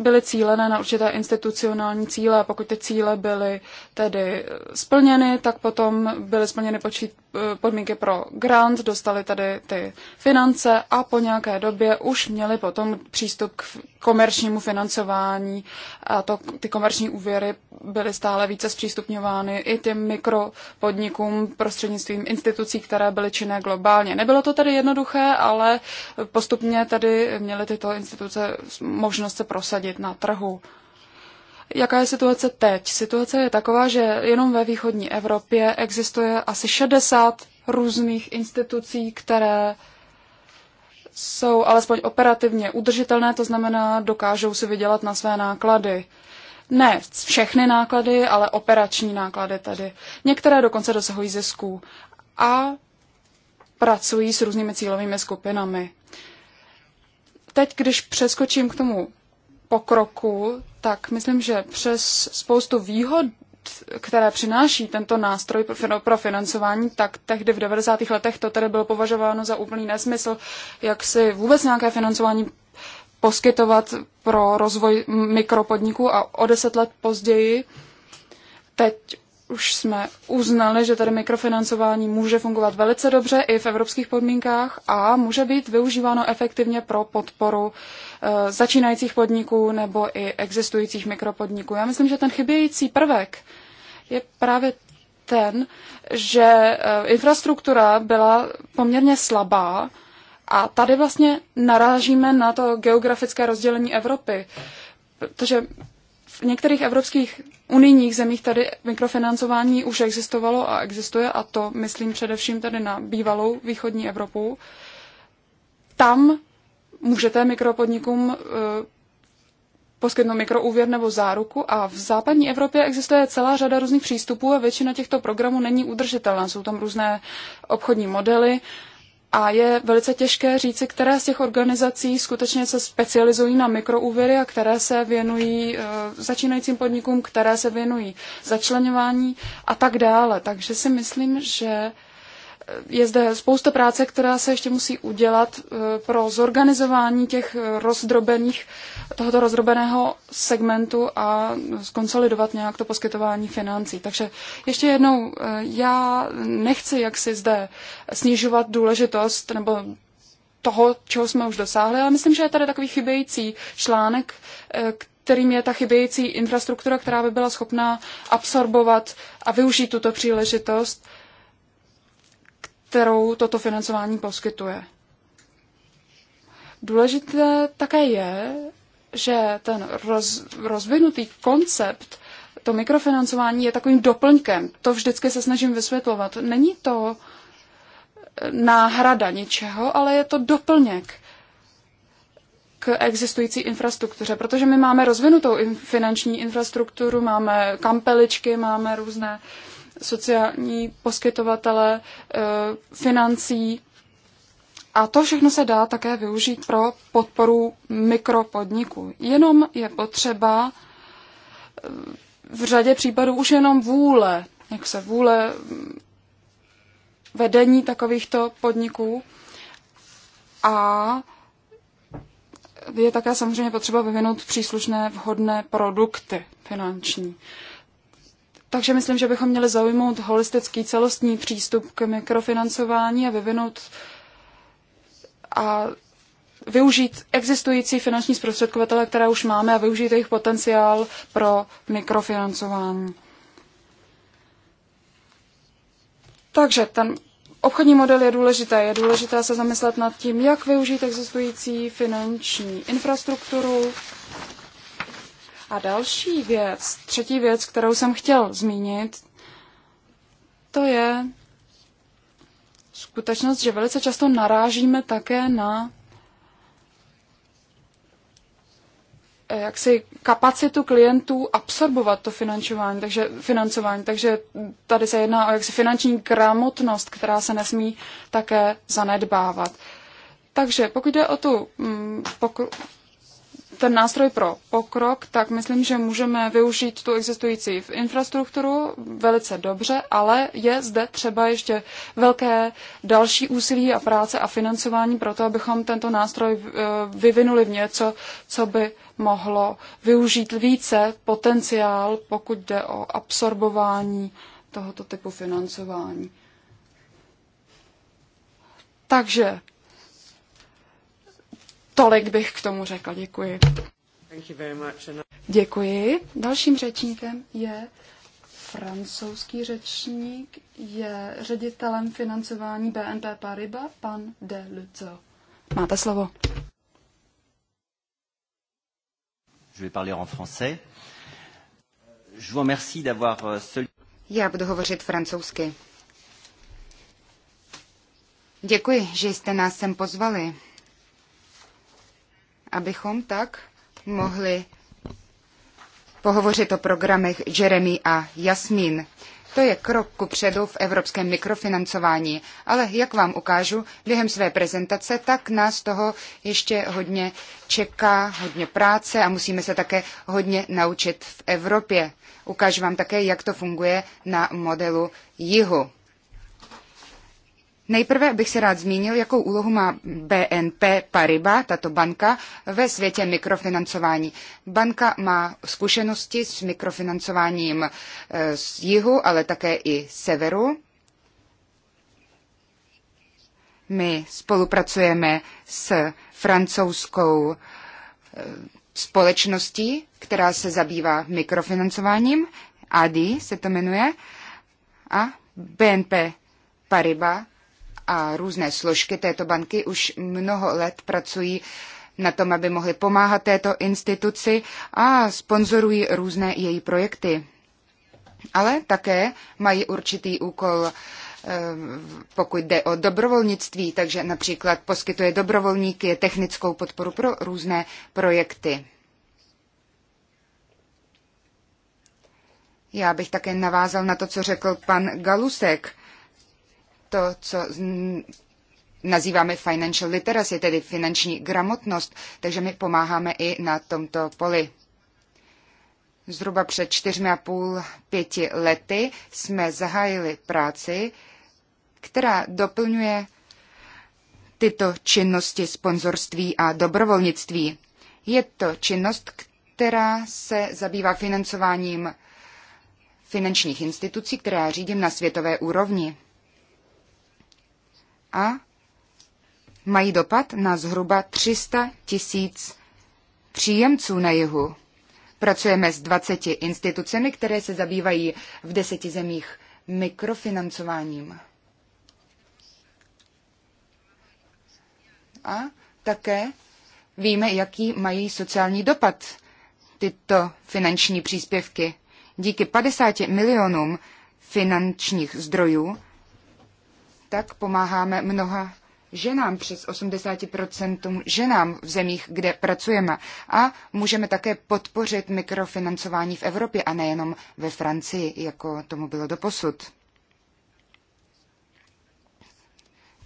byly cílené na určité institucionální cíle a pokud ty cíle byly tedy splněny, tak potom byly splněny počít, podmínky pro grant, dostali tady ty finance a po nějaké době už měli potom přístup k komerčnímu financování a to, ty komerční úvěry byly stále více zpřístupňovány i těm mikropodnikům prostřednictvím institucí, které byly činné globálně. Nebylo to tady jednoduché, ale postupně tady měly tyto instituce možnost se prosadit na trhu. Jaká je situace teď? Situace je taková, že jenom ve východní Evropě existuje asi 60 různých institucí, které jsou alespoň operativně udržitelné, to znamená, dokážou si vydělat na své náklady. Ne všechny náklady, ale operační náklady tady. Některé dokonce dosahují zisků a pracují s různými cílovými skupinami. Teď, když přeskočím k tomu pokroku, tak myslím, že přes spoustu výhod, které přináší tento nástroj pro financování, tak tehdy v 90. letech to tedy bylo považováno za úplný nesmysl, jak si vůbec nějaké financování poskytovat pro rozvoj mikropodniků a o deset let později teď už jsme uznali, že tady mikrofinancování může fungovat velice dobře i v evropských podmínkách a může být využíváno efektivně pro podporu eh, začínajících podniků nebo i existujících mikropodniků. Já myslím, že ten chybějící prvek je právě ten, že eh, infrastruktura byla poměrně slabá a tady vlastně narážíme na to geografické rozdělení Evropy protože v některých evropských unijních zemích tady mikrofinancování už existovalo a existuje, a to myslím především tady na bývalou východní Evropu. Tam můžete mikropodnikům eh, poskytnout mikroúvěr nebo záruku a v západní Evropě existuje celá řada různých přístupů a většina těchto programů není udržitelná. Jsou tam různé obchodní modely, a je velice těžké říci, které z těch organizací skutečně se specializují na mikroúvěry a které se věnují eh, začínajícím podnikům, které se věnují začlenování a tak dále. Takže si myslím, že je zde spousta práce, která se ještě musí udělat eh, pro zorganizování těch rozdrobených, tohoto rozdrobeného segmentu a skonsolidovat nějak to poskytování financí. Takže ještě jednou, eh, já nechci jaksi zde snižovat důležitost nebo toho, čeho jsme už dosáhli, ale myslím, že je tady takový chybějící článek, eh, kterým je ta chybějící infrastruktura, která by byla schopná absorbovat a využít tuto příležitost kterou toto financování poskytuje. Důležité také je, že ten roz, rozvinutý koncept, to mikrofinancování je takovým doplňkem. To vždycky se snažím vysvětlovat. Není to náhrada ničeho, ale je to doplněk k existující infrastruktuře, protože my máme rozvinutou finanční infrastrukturu, máme kampeličky, máme různé uh, sociální poskytovatele eh, financí. A to všechno se dá také využít pro podporu mikropodniku. Jenom je potřeba eh, v řadě případů už jenom vůle, jak se vůle vedení takovýchto podniků a je také samozřejmě potřeba vyvinout příslušné vhodné produkty finanční. Takže myslím, že bychom měli zaujmout holistický celostní přístup k mikrofinancování a vyvinout a využít existující finanční zprostředkovatele, které už máme a využít jejich potenciál pro mikrofinancování. Takže ten obchodní model je důležité. Je důležité se zamyslet nad tím, jak využít existující finanční infrastrukturu, a další věc, třetí věc, kterou jsem chtěl zmínit, to je skutečnost, že velice často narážíme také na eh, jaksi kapacitu klientů absorbovat to financování, takže, financování, takže tady se jedná o jaksi finanční gramotnost, která se nesmí také zanedbávat. Takže pokud jde o tu mm, ten nástroj pro pokrok, tak myslím, že můžeme využít tu existující v infrastrukturu velice dobře, ale je zde třeba ještě velké další úsilí a práce a financování pro to, abychom tento nástroj eh, vyvinuli v něco, co by mohlo využít více potenciál, pokud jde o absorbování tohoto typu financování. Takže Tolik bych k tomu řekla. Děkuji. Děkuji. Dalším řečníkem je francouzský řečník, je ředitelem financování BNP Paribas, pan de Luzo. Máte slovo. Je vais parler en français. Je vous remercie d'avoir euh, Já budu hovořit francouzsky. Děkuji, že jste nás sem pozvali abychom tak mohli pohovořit o programech Jeremy a Jasmin. To je krok ku předu v evropském mikrofinancování, ale jak vám ukážu během své prezentace, tak nás toho ještě hodně čeká, hodně práce a musíme se také hodně naučit v Evropě. Ukážu vám také, jak to funguje na modelu jihu. Nejprve bych se rád zmínil, jakou úlohu má BNP Paribas, tato banka, ve světě mikrofinancování. Banka má zkušenosti s mikrofinancováním e, z jihu, ale také i severu. My spolupracujeme s francouzskou e, společností, která se zabývá mikrofinancováním. ADI se to jmenuje. A BNP Paribas a různé složky této banky už mnoho let pracují na tom, aby mohli pomáhat této instituci a sponzorují různé její projekty. Ale také mají určitý úkol, eh, pokud jde o dobrovolnictví, takže například poskytuje dobrovolníky technickou podporu pro různé projekty. Já bych také navázal na to, co řekl pan Galusek to, co nazýváme financial literacy, tedy finanční gramotnost, takže my pomáháme i na tomto poli. Zhruba před čtyřmi a půl, pěti lety jsme zahájili práci, která doplňuje tyto činnosti sponzorství a dobrovolnictví. Je to činnost, která se zabývá financováním finančních institucí, která řídím na světové úrovni a mají dopad na zhruba 300 tisíc příjemců na jihu. Pracujeme s 20 institucemi, které se zabývají v deseti zemích mikrofinancováním. A také víme, jaký mají sociální dopad tyto finanční příspěvky. Díky 50 milionům finančních zdrojů tak pomáháme mnoha ženám, přes 80% ženám v zemích, kde pracujeme. A můžeme také podpořit mikrofinancování v Evropě a nejenom ve Francii, jako tomu bylo doposud.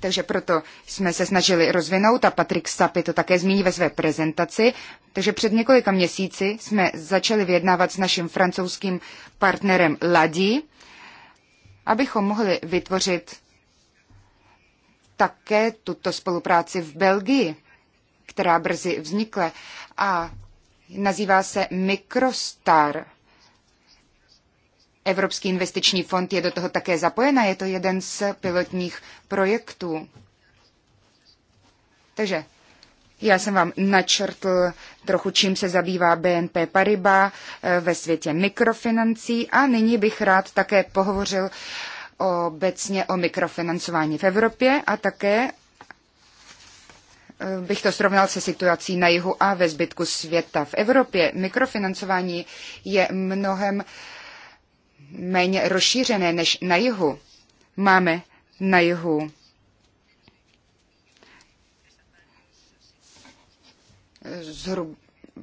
takže proto jsme se snažili rozvinout a Patrik Sapy to také zmíní ve své prezentaci. Takže před několika měsíci jsme začali vyjednávat s naším francouzským partnerem Ladí, abychom mohli vytvořit také tuto spolupráci v Belgii, která brzy vznikle a nazývá se Microstar. Evropský investiční fond je do toho také zapojen a je to jeden z pilotních projektů. Takže já jsem vám načrtl trochu, čím se zabývá BNP Paribas eh, ve světě mikrofinancí a nyní bych rád také pohovořil obecně o mikrofinancování v Evropě a také eh, bych to srovnal se situací na jihu a ve zbytku světa. V Evropě mikrofinancování je mnohem méně rozšířené než na jihu. Máme na jihu zhruba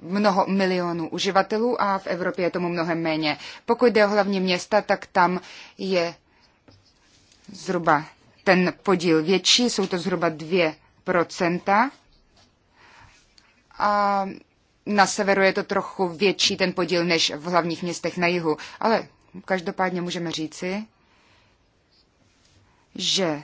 mnoho milionů uživatelů a v Evropě je tomu mnohem méně. Pokud jde o hlavní města, tak tam je zhruba ten podíl větší, jsou to zhruba 2%. A na severu je to trochu větší ten podíl než v hlavních městech na jihu. Ale každopádně můžeme říci, že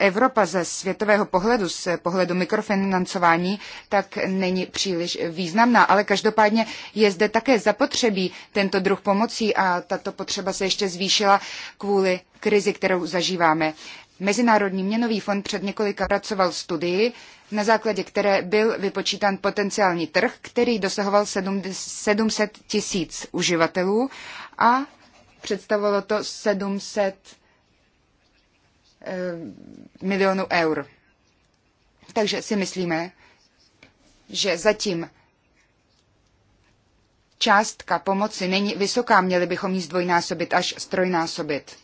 Evropa ze světového pohledu, z pohledu mikrofinancování, tak není příliš významná, ale každopádně je zde také zapotřebí tento druh pomocí a tato potřeba se ještě zvýšila kvůli krizi, kterou zažíváme. Mezinárodní měnový fond před několika pracoval studii, na základě které byl vypočítán potenciální trh, který dosahoval 700 tisíc uživatelů a představovalo to 700 Eh, milionů eur. Takže si myslíme, že zatím částka pomoci není vysoká, měli bychom ji zdvojnásobit až strojnásobit.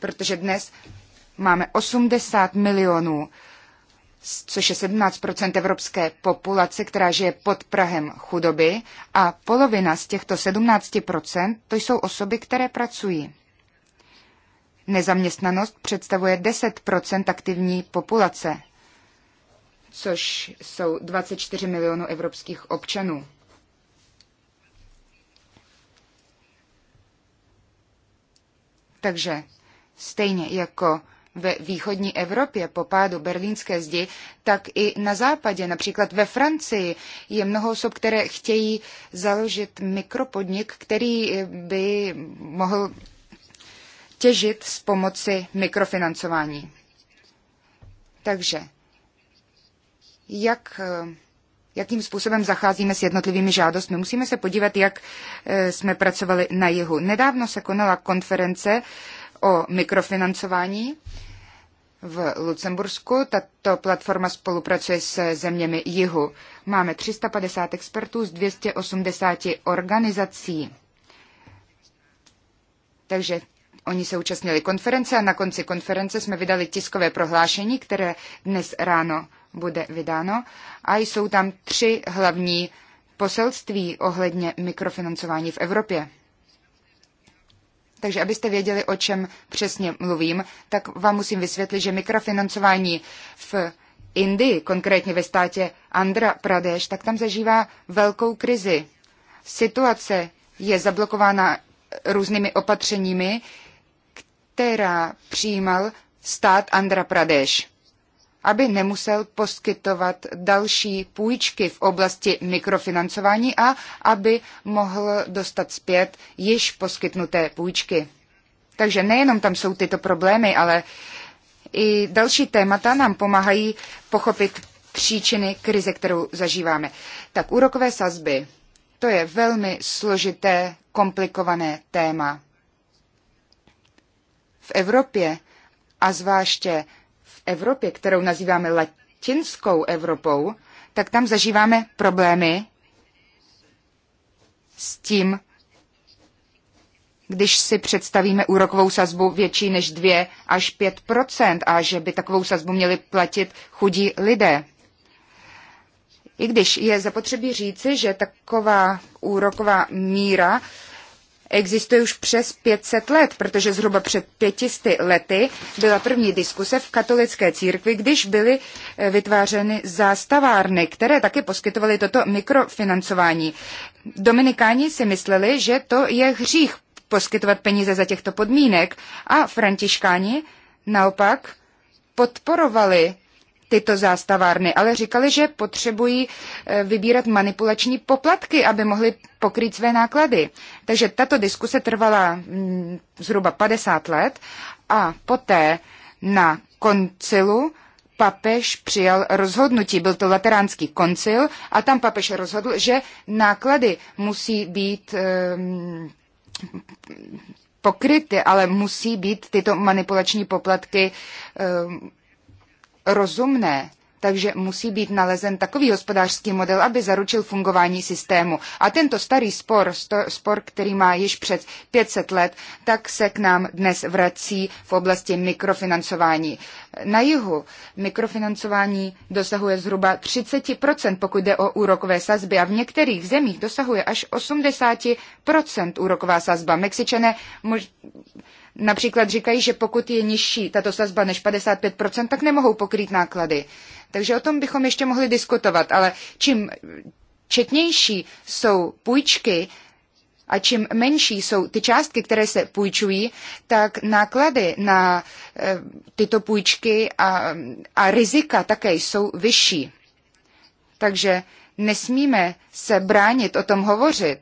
Protože dnes máme 80 milionů, což je 17 evropské populace, která žije pod Prahem chudoby a polovina z těchto 17 to jsou osoby, které pracují. Nezaměstnanost představuje 10 aktivní populace, což jsou 24 milionů evropských občanů. Takže stejně jako ve východní Evropě po pádu berlínské zdi, tak i na západě, například ve Francii, je mnoho osob, které chtějí založit mikropodnik, který by mohl těžit s pomoci mikrofinancování. Takže jak, jakým způsobem zacházíme s jednotlivými žádostmi. Musíme se podívat, jak eh, jsme pracovali na jihu. Nedávno se konala konference o mikrofinancování v Lucembursku. Tato platforma spolupracuje se zeměmi jihu. Máme 350 expertů z 280 organizací. Takže Oni se účastnili konference a na konci konference jsme vydali tiskové prohlášení, které dnes ráno bude vydáno. A jsou tam tři hlavní poselství ohledně mikrofinancování v Evropě. Takže abyste věděli, o čem přesně mluvím, tak vám musím vysvětlit, že mikrofinancování v Indii, konkrétně ve státě Andhra Pradesh, tak tam zažívá velkou krizi. Situace je zablokována různými opatřeními, která přijímal stát Andhra Pradesh, aby nemusel poskytovat další půjčky v oblasti mikrofinancování a aby mohl dostat zpět již poskytnuté půjčky. Takže nejenom tam jsou tyto problémy, ale i další témata nám pomáhají pochopit příčiny krize, kterou zažíváme. Tak úrokové sazby, to je velmi složité, komplikované téma v Evropě a zvláště v Evropě, kterou nazýváme latinskou Evropou, tak tam zažíváme problémy s tím, když si představíme úrokovou sazbu větší než 2 až 5 a že by takovou sazbu měli platit chudí lidé. I když je zapotřebí říci, že taková úroková míra existuje už přes 500 let, protože zhruba před 500 lety byla první diskuse v katolické církvi, když byly eh, vytvářeny zástavárny, které taky poskytovaly toto mikrofinancování. Dominikáni si mysleli, že to je hřích poskytovat peníze za těchto podmínek a františkáni naopak podporovali tyto zástavárny, ale říkali, že potřebují eh, vybírat manipulační poplatky, aby mohli pokrýt své náklady. Takže tato diskuse trvala mm, zhruba 50 let a poté na koncilu papež přijal rozhodnutí. Byl to lateránský koncil a tam papež rozhodl, že náklady musí být um, pokryty, ale musí být tyto manipulační poplatky um, rozumné. Takže musí být nalezen takový hospodářský model, aby zaručil fungování systému. A tento starý spor, sto, spor, který má již před 500 let, tak se k nám dnes vrací v oblasti mikrofinancování. Na jihu mikrofinancování dosahuje zhruba 30%, pokud jde o úrokové sazby a v některých zemích dosahuje až 80% úroková sazba. Mexičané mož Například říkají, že pokud je nižší tato sazba než 55%, tak nemohou pokrýt náklady. Takže o tom bychom ještě mohli diskutovat, ale čím četnější jsou půjčky a čím menší jsou ty částky, které se půjčují, tak náklady na eh, tyto půjčky a, a rizika také jsou vyšší. Takže nesmíme se bránit o tom hovořit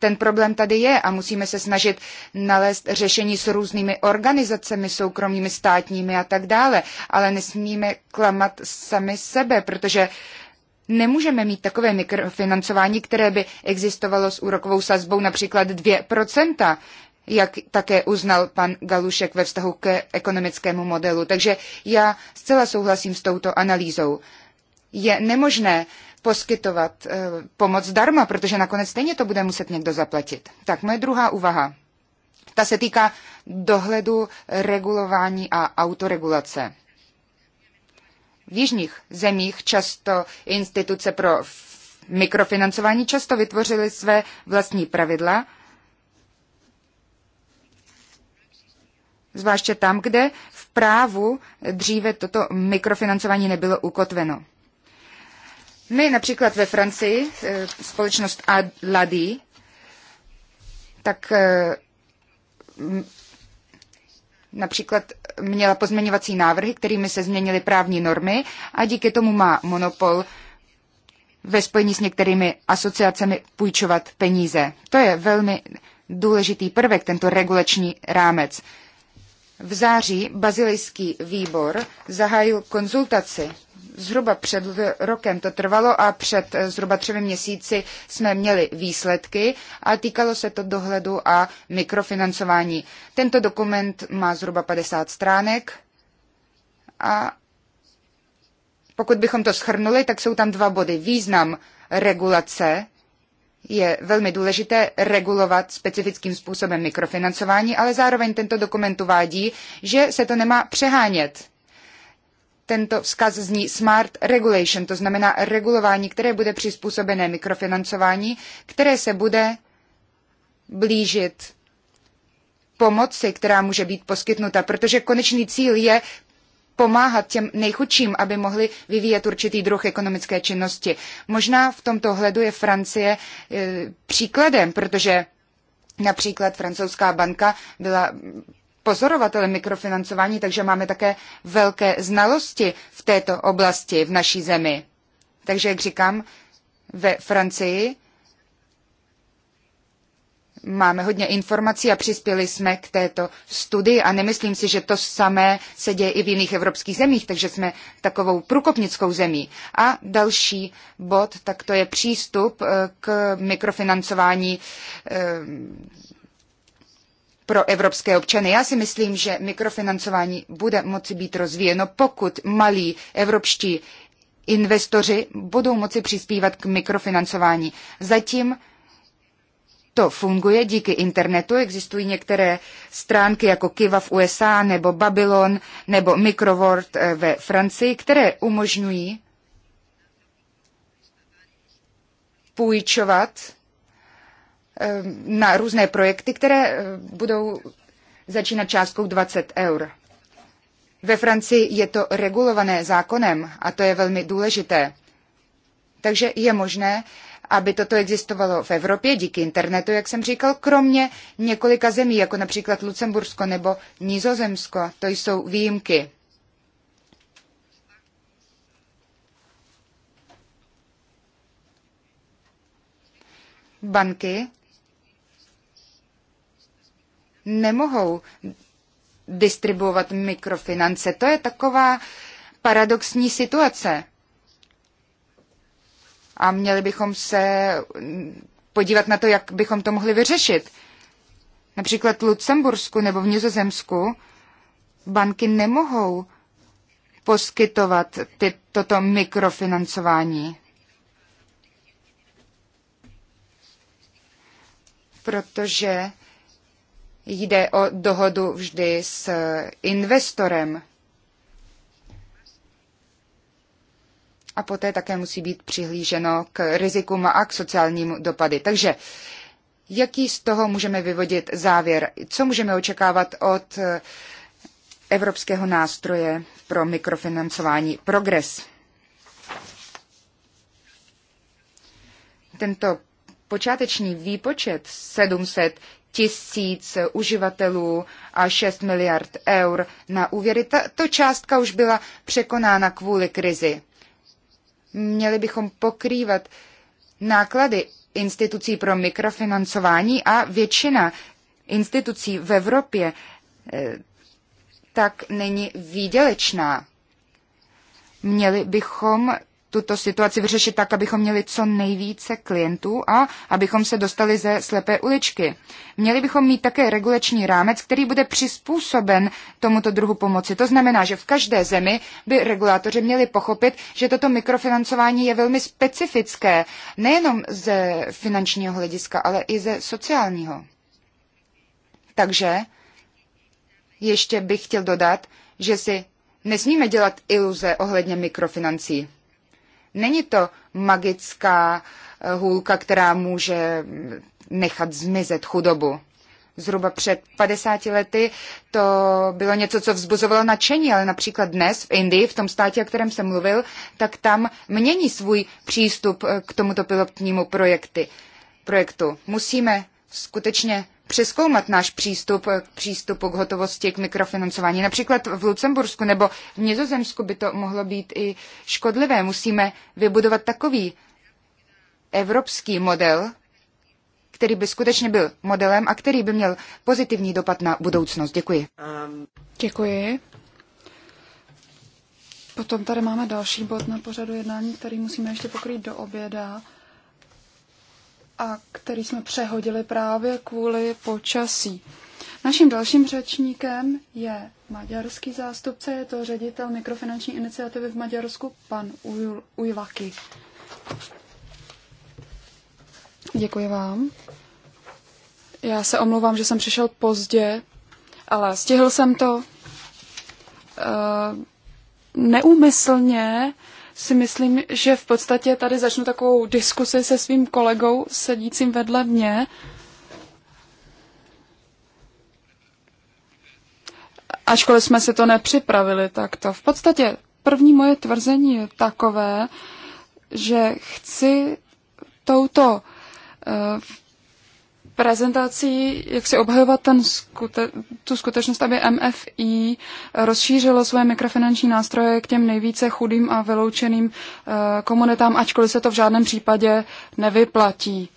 ten problém tady je a musíme se snažit nalézt řešení s různými organizacemi, soukromými, státními a tak dále. Ale nesmíme klamat sami sebe, protože nemůžeme mít takové mikrofinancování, které by existovalo s úrokovou sazbou například 2%, jak také uznal pan Galušek ve vztahu k ekonomickému modelu. Takže já zcela souhlasím s touto analýzou. Je nemožné poskytovat eh, pomoc zdarma, protože nakonec stejně to bude muset někdo zaplatit. Tak moje druhá úvaha. Ta se týká dohledu, regulování a autoregulace. V jižních zemích často instituce pro mikrofinancování často vytvořily své vlastní pravidla, zvláště tam, kde v právu dříve toto mikrofinancování nebylo ukotveno. My například ve Francii, eh, společnost Ladi, tak eh, například měla pozměňovací návrhy, kterými se změnily právní normy a díky tomu má monopol ve spojení s některými asociacemi půjčovat peníze. To je velmi důležitý prvek, tento regulační rámec. V září bazilejský výbor zahájil konzultaci Zhruba před rokem to trvalo a před eh, zhruba třemi měsíci jsme měli výsledky a týkalo se to dohledu a mikrofinancování. Tento dokument má zhruba 50 stránek a pokud bychom to schrnuli, tak jsou tam dva body. Význam regulace je velmi důležité regulovat specifickým způsobem mikrofinancování, ale zároveň tento dokument uvádí, že se to nemá přehánět. Tento vzkaz zní Smart Regulation, to znamená regulování, které bude přizpůsobené mikrofinancování, které se bude blížit pomoci, která může být poskytnuta, protože konečný cíl je pomáhat těm nejchudším, aby mohli vyvíjet určitý druh ekonomické činnosti. Možná v tomto hledu je Francie e, příkladem, protože Například francouzská banka byla Pozorovatele mikrofinancování, takže máme také velké znalosti v této oblasti v naší zemi. Takže, jak říkám, ve Francii máme hodně informací a přispěli jsme k této studii a nemyslím si, že to samé se děje i v jiných evropských zemích, takže jsme takovou průkopnickou zemí. A další bod, tak to je přístup eh, k mikrofinancování eh, pro evropské občany. Já si myslím, že mikrofinancování bude moci být rozvíjeno, pokud malí evropští investoři budou moci přispívat k mikrofinancování. Zatím to funguje díky internetu. Existují některé stránky jako Kiva v USA nebo Babylon nebo Microworld eh, ve Francii, které umožňují půjčovat Eh, na různé projekty, které eh, budou začínat částkou 20 eur. Ve Francii je to regulované zákonem a to je velmi důležité. Takže je možné, aby toto existovalo v Evropě díky internetu, jak jsem říkal, kromě několika zemí, jako například Lucembursko nebo Nizozemsko. To jsou výjimky. Banky nemohou distribuovat mikrofinance. To je taková paradoxní situace. A měli bychom se podívat na to, jak bychom to mohli vyřešit. Například v Lucembursku nebo v Nizozemsku banky nemohou poskytovat ty, toto mikrofinancování. Protože jde o dohodu vždy s investorem. A poté také musí být přihlíženo k rizikům a k sociálním dopady. Takže jaký z toho můžeme vyvodit závěr? Co můžeme očekávat od Evropského nástroje pro mikrofinancování Progres? Tento počáteční výpočet 700 tisíc uživatelů a 6 miliard eur na úvěry. Tato částka už byla překonána kvůli krizi. Měli bychom pokrývat náklady institucí pro mikrofinancování a většina institucí v Evropě eh, tak není výdělečná. Měli bychom tuto situaci vyřešit tak, abychom měli co nejvíce klientů a abychom se dostali ze slepé uličky. Měli bychom mít také regulační rámec, který bude přizpůsoben tomuto druhu pomoci. To znamená, že v každé zemi by regulátoři měli pochopit, že toto mikrofinancování je velmi specifické, nejenom ze finančního hlediska, ale i ze sociálního. Takže ještě bych chtěl dodat, že si nesmíme dělat iluze ohledně mikrofinancí. Není to magická eh, hůlka, která může nechat zmizet chudobu. Zhruba před 50 lety to bylo něco, co vzbuzovalo nadšení, ale například dnes v Indii, v tom státě, o kterém jsem mluvil, tak tam mění svůj přístup eh, k tomuto pilotnímu projekty, projektu. Musíme skutečně přeskoumat náš přístup k přístupu k hotovosti, k mikrofinancování. Například v Lucembursku nebo v Nizozemsku by to mohlo být i škodlivé. Musíme vybudovat takový evropský model, který by skutečně byl modelem a který by měl pozitivní dopad na budoucnost. Děkuji. Um. Děkuji. Potom tady máme další bod na pořadu jednání, který musíme ještě pokrýt do oběda a který jsme přehodili právě kvůli počasí. Naším dalším řečníkem je maďarský zástupce, je to ředitel mikrofinanční iniciativy v Maďarsku, pan Ujl, Ujlaki. Děkuji vám. Já se omlouvám, že jsem přišel pozdě, ale stihl jsem to. Uh, neúmyslně si myslím, že v podstatě tady začnu takovou diskusi se svým kolegou sedícím vedle mě. Ačkoliv jsme si to nepřipravili to. V podstatě první moje tvrzení je takové, že chci touto eh, prezentací, jak si obhajovat ten skute- tu skutečnost, aby MFI rozšířilo své mikrofinanční nástroje k těm nejvíce chudým a vyloučeným uh, komunitám, ačkoliv se to v žádném případě nevyplatí.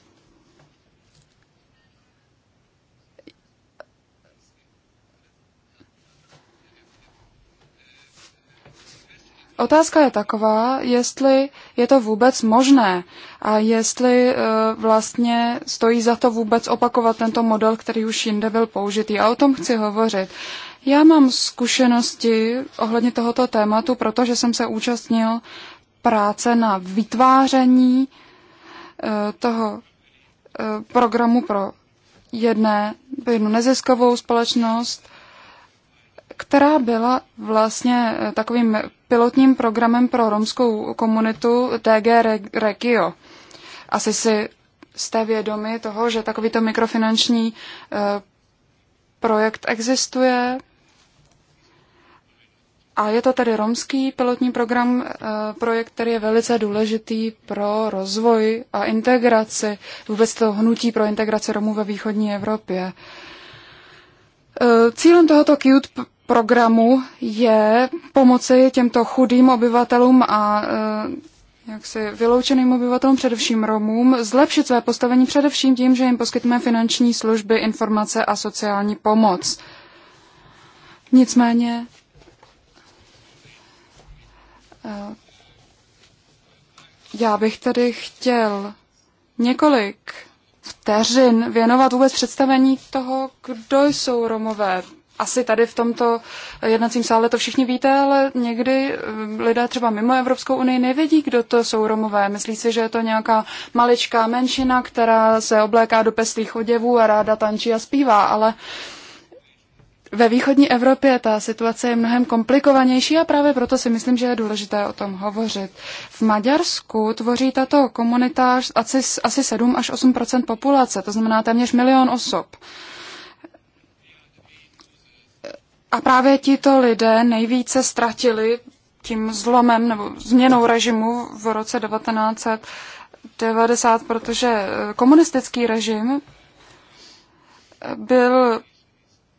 Otázka je taková, jestli je to vůbec možné a jestli e, vlastně stojí za to vůbec opakovat tento model, který už jinde byl použitý. A o tom chci hovořit. Já mám zkušenosti ohledně tohoto tématu, protože jsem se účastnil práce na vytváření e, toho e, programu pro jedné, jednu neziskovou společnost, která byla vlastně takovým pilotním programem pro romskou komunitu TG Regio. Asi si jste vědomi toho, že takovýto mikrofinanční eh, projekt existuje. A je to tedy romský pilotní program, eh, projekt, který je velice důležitý pro rozvoj a integraci, vůbec to hnutí pro integraci Romů ve východní Evropě. Eh, cílem tohoto CUTE programu je pomoci těmto chudým obyvatelům a eh, jaksi vyloučeným obyvatelům, především Romům, zlepšit své postavení především tím, že jim poskytneme finanční služby, informace a sociální pomoc. Nicméně eh, já bych tady chtěl několik vteřin věnovat vůbec představení toho, kdo jsou Romové, asi tady v tomto jednacím sále to všichni víte, ale někdy eh, lidé třeba mimo Evropskou unii nevědí, kdo to jsou Romové. Myslí si, že je to nějaká maličká menšina, která se obléká do pestrých oděvů a ráda tančí a zpívá, ale ve východní Evropě ta situace je mnohem komplikovanější a právě proto si myslím, že je důležité o tom hovořit. V Maďarsku tvoří tato komunita asi, asi 7 až 8 populace, to znamená téměř milion osob. A právě tito lidé nejvíce ztratili tím zlomem nebo změnou režimu v roce 1990, protože eh, komunistický režim eh, byl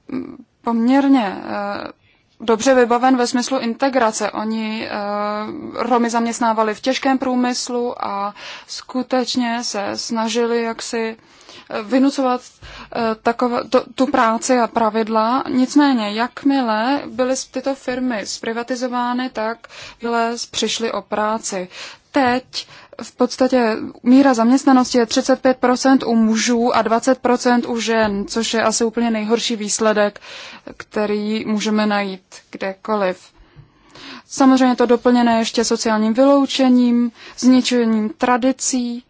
mm, poměrně eh, dobře vybaven ve smyslu integrace. Oni uh, Romy zaměstnávali v těžkém průmyslu a skutečně se snažili jaksi eh, vynucovat uh, eh, takové, to, tu práci a pravidla. Nicméně, jakmile byly tyto firmy zprivatizovány, tak byly přišly o práci. Teď uh, v podstatě míra zaměstnanosti je 35% u mužů a 20% u žen, což je asi úplně nejhorší výsledek, který můžeme najít kdekoliv. Samozřejmě to doplněné ještě sociálním vyloučením, zničením tradicí,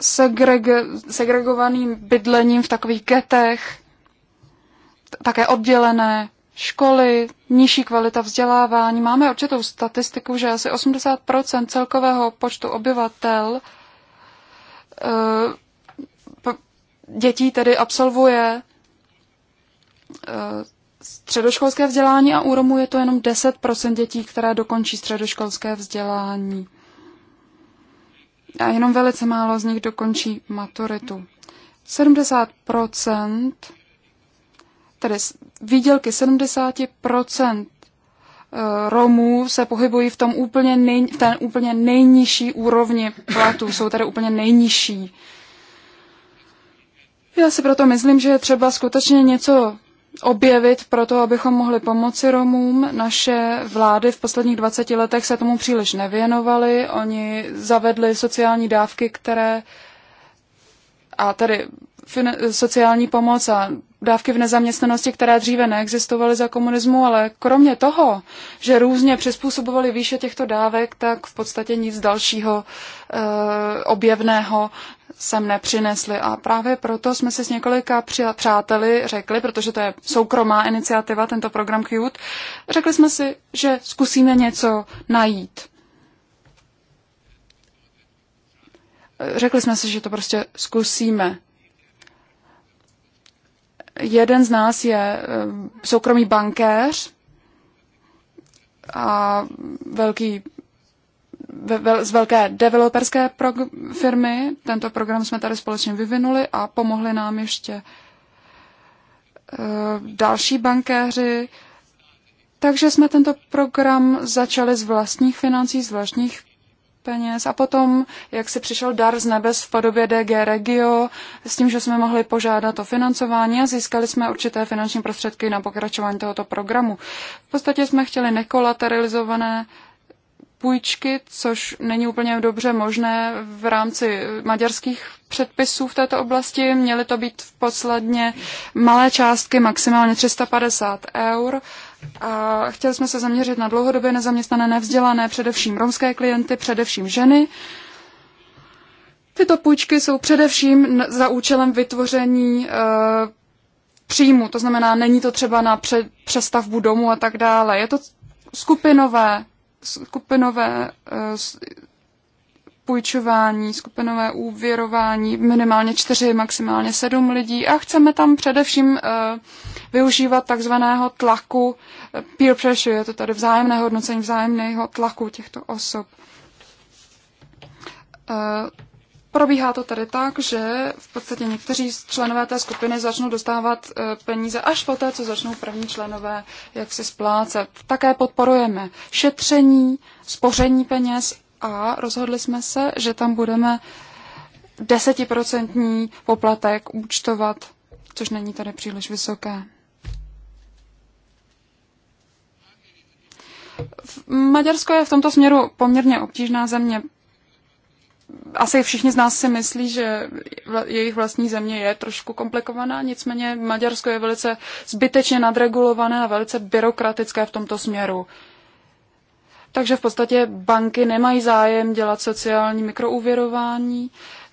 segreg- segregovaným bydlením v takových getech, také oddělené školy, nižší kvalita vzdělávání. Máme určitou statistiku, že asi 80 celkového počtu obyvatel eh, dětí tedy absolvuje eh, středoškolské vzdělání a u Romů je to jenom 10 dětí, které dokončí středoškolské vzdělání. A jenom velice málo z nich dokončí maturitu. 70 tedy výdělky 70% eh, Romů se pohybují v, tom úplně nej, v té úplně nejnižší úrovni platů, jsou tady úplně nejnižší. Já si proto myslím, že je třeba skutečně něco objevit pro to, abychom mohli pomoci Romům. Naše vlády v posledních 20 letech se tomu příliš nevěnovaly. Oni zavedli sociální dávky, které a tedy sociální pomoc a dávky v nezaměstnanosti, které dříve neexistovaly za komunismu, ale kromě toho, že různě přizpůsobovali výše těchto dávek, tak v podstatě nic dalšího e, objevného sem nepřinesli. A právě proto jsme si s několika přáteli řekli, protože to je soukromá iniciativa, tento program Cute, řekli jsme si, že zkusíme něco najít. Eh, řekli jsme si, že to prostě zkusíme. Jeden z nás je eh, soukromý bankéř a velký z velké developerské firmy. Tento program jsme tady společně vyvinuli a pomohli nám ještě eh, další bankéři. Takže jsme tento program začali z vlastních financí, z vlastních peněz a potom, jak si přišel dar z nebes v podobě DG Regio, s tím, že jsme mohli požádat o financování a získali jsme určité finanční prostředky na pokračování tohoto programu. V podstatě jsme chtěli nekolateralizované půjčky, což není úplně dobře možné v rámci maďarských předpisů v této oblasti. Měly to být v posledně malé částky, maximálně 350 eur a chtěli jsme se zaměřit na dlouhodobě nezaměstnané, nevzdělané, především romské klienty, především ženy. Tyto půjčky jsou především za účelem vytvoření eh, příjmu, to znamená, není to třeba na přestavbu domu a tak dále. Je to skupinové, skupinové eh, půjčování, skupinové úvěrování, minimálně čtyři, maximálně sedm lidí a chceme tam především eh, využívat takzvaného tlaku eh, peer pressure, je to tady vzájemné hodnocení, vzájemného tlaku těchto osob. Eh, probíhá to tady tak, že v podstatě někteří členové té skupiny začnou dostávat peníze až po té, co začnou první členové jak si splácet. Také podporujeme šetření, spoření peněz a rozhodli jsme se, že tam budeme desetiprocentní poplatek účtovat, což není tady příliš vysoké. Maďarsko je v tomto směru poměrně obtížná země. Asi všichni z nás si myslí, že jejich vlastní země je trošku komplikovaná, nicméně Maďarsko je velice zbytečně nadregulované a velice byrokratické v tomto směru. Takže v podstatě banky nemají zájem dělat sociální mikrouvěrování.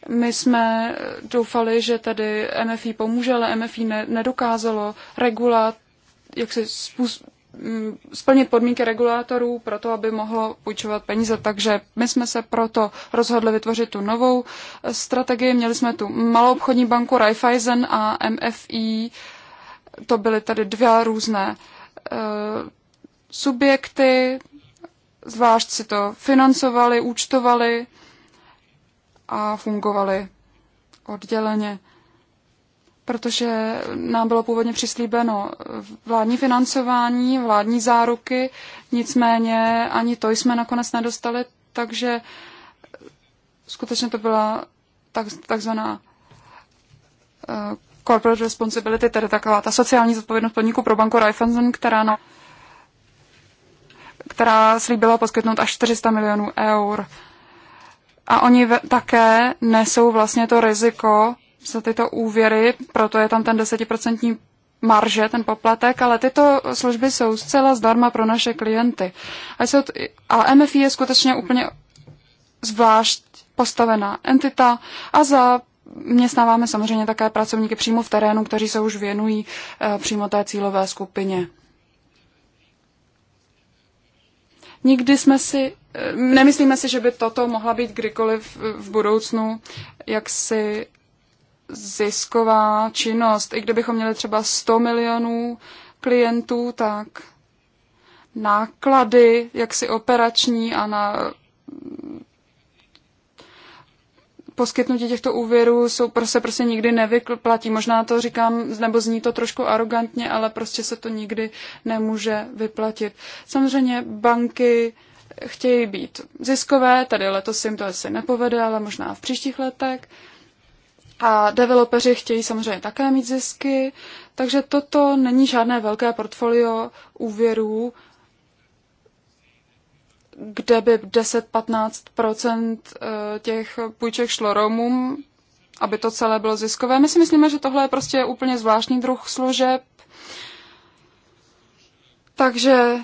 My jsme doufali, že tady MFI pomůže, ale MFI ne, nedokázalo regulát, jak se spus, mm, splnit podmínky regulátorů pro to, aby mohlo půjčovat peníze. Takže my jsme se proto rozhodli vytvořit tu novou strategii. Měli jsme tu malou obchodní banku Raiffeisen a MFI. To byly tady dvě různé eh, subjekty, zvlášť si to financovali, účtovali a fungovali odděleně. Protože nám bylo původně přislíbeno vládní financování, vládní záruky, nicméně ani to jsme nakonec nedostali, takže skutečně to byla tak, takzvaná eh, corporate responsibility, tedy taková ta sociální zodpovědnost podniku pro banku Raiffeisen, která na no, která slíbila poskytnout až 400 milionů eur. A oni také nesou vlastně to riziko za tyto úvěry, proto je tam ten desetiprocentní marže, ten poplatek, ale tyto služby jsou zcela zdarma pro naše klienty. A, jsou t- a MFI je skutečně úplně zvlášť postavená entita a za snáváme samozřejmě také pracovníky přímo v terénu, kteří se už věnují eh, přímo té cílové skupině. Nikdy jsme si, eh, nemyslíme si, že by toto mohla být kdykoliv eh, v budoucnu jaksi zisková činnost. I kdybychom měli třeba 100 milionů klientů, tak náklady jaksi operační a na poskytnutí těchto úvěrů jsou, prostě prostě nikdy nevyplatí. Možná to říkám, nebo zní to trošku arrogantně, ale prostě se to nikdy nemůže vyplatit. Samozřejmě banky chtějí být ziskové, tady letos jim to asi nepovede, ale možná v příštích letech. A developeři chtějí samozřejmě také mít zisky, takže toto není žádné velké portfolio úvěrů, kde by 10-15 eh, těch půjček šlo Romům, aby to celé bylo ziskové. My si myslíme, že tohle je prostě úplně zvláštní druh služeb. Takže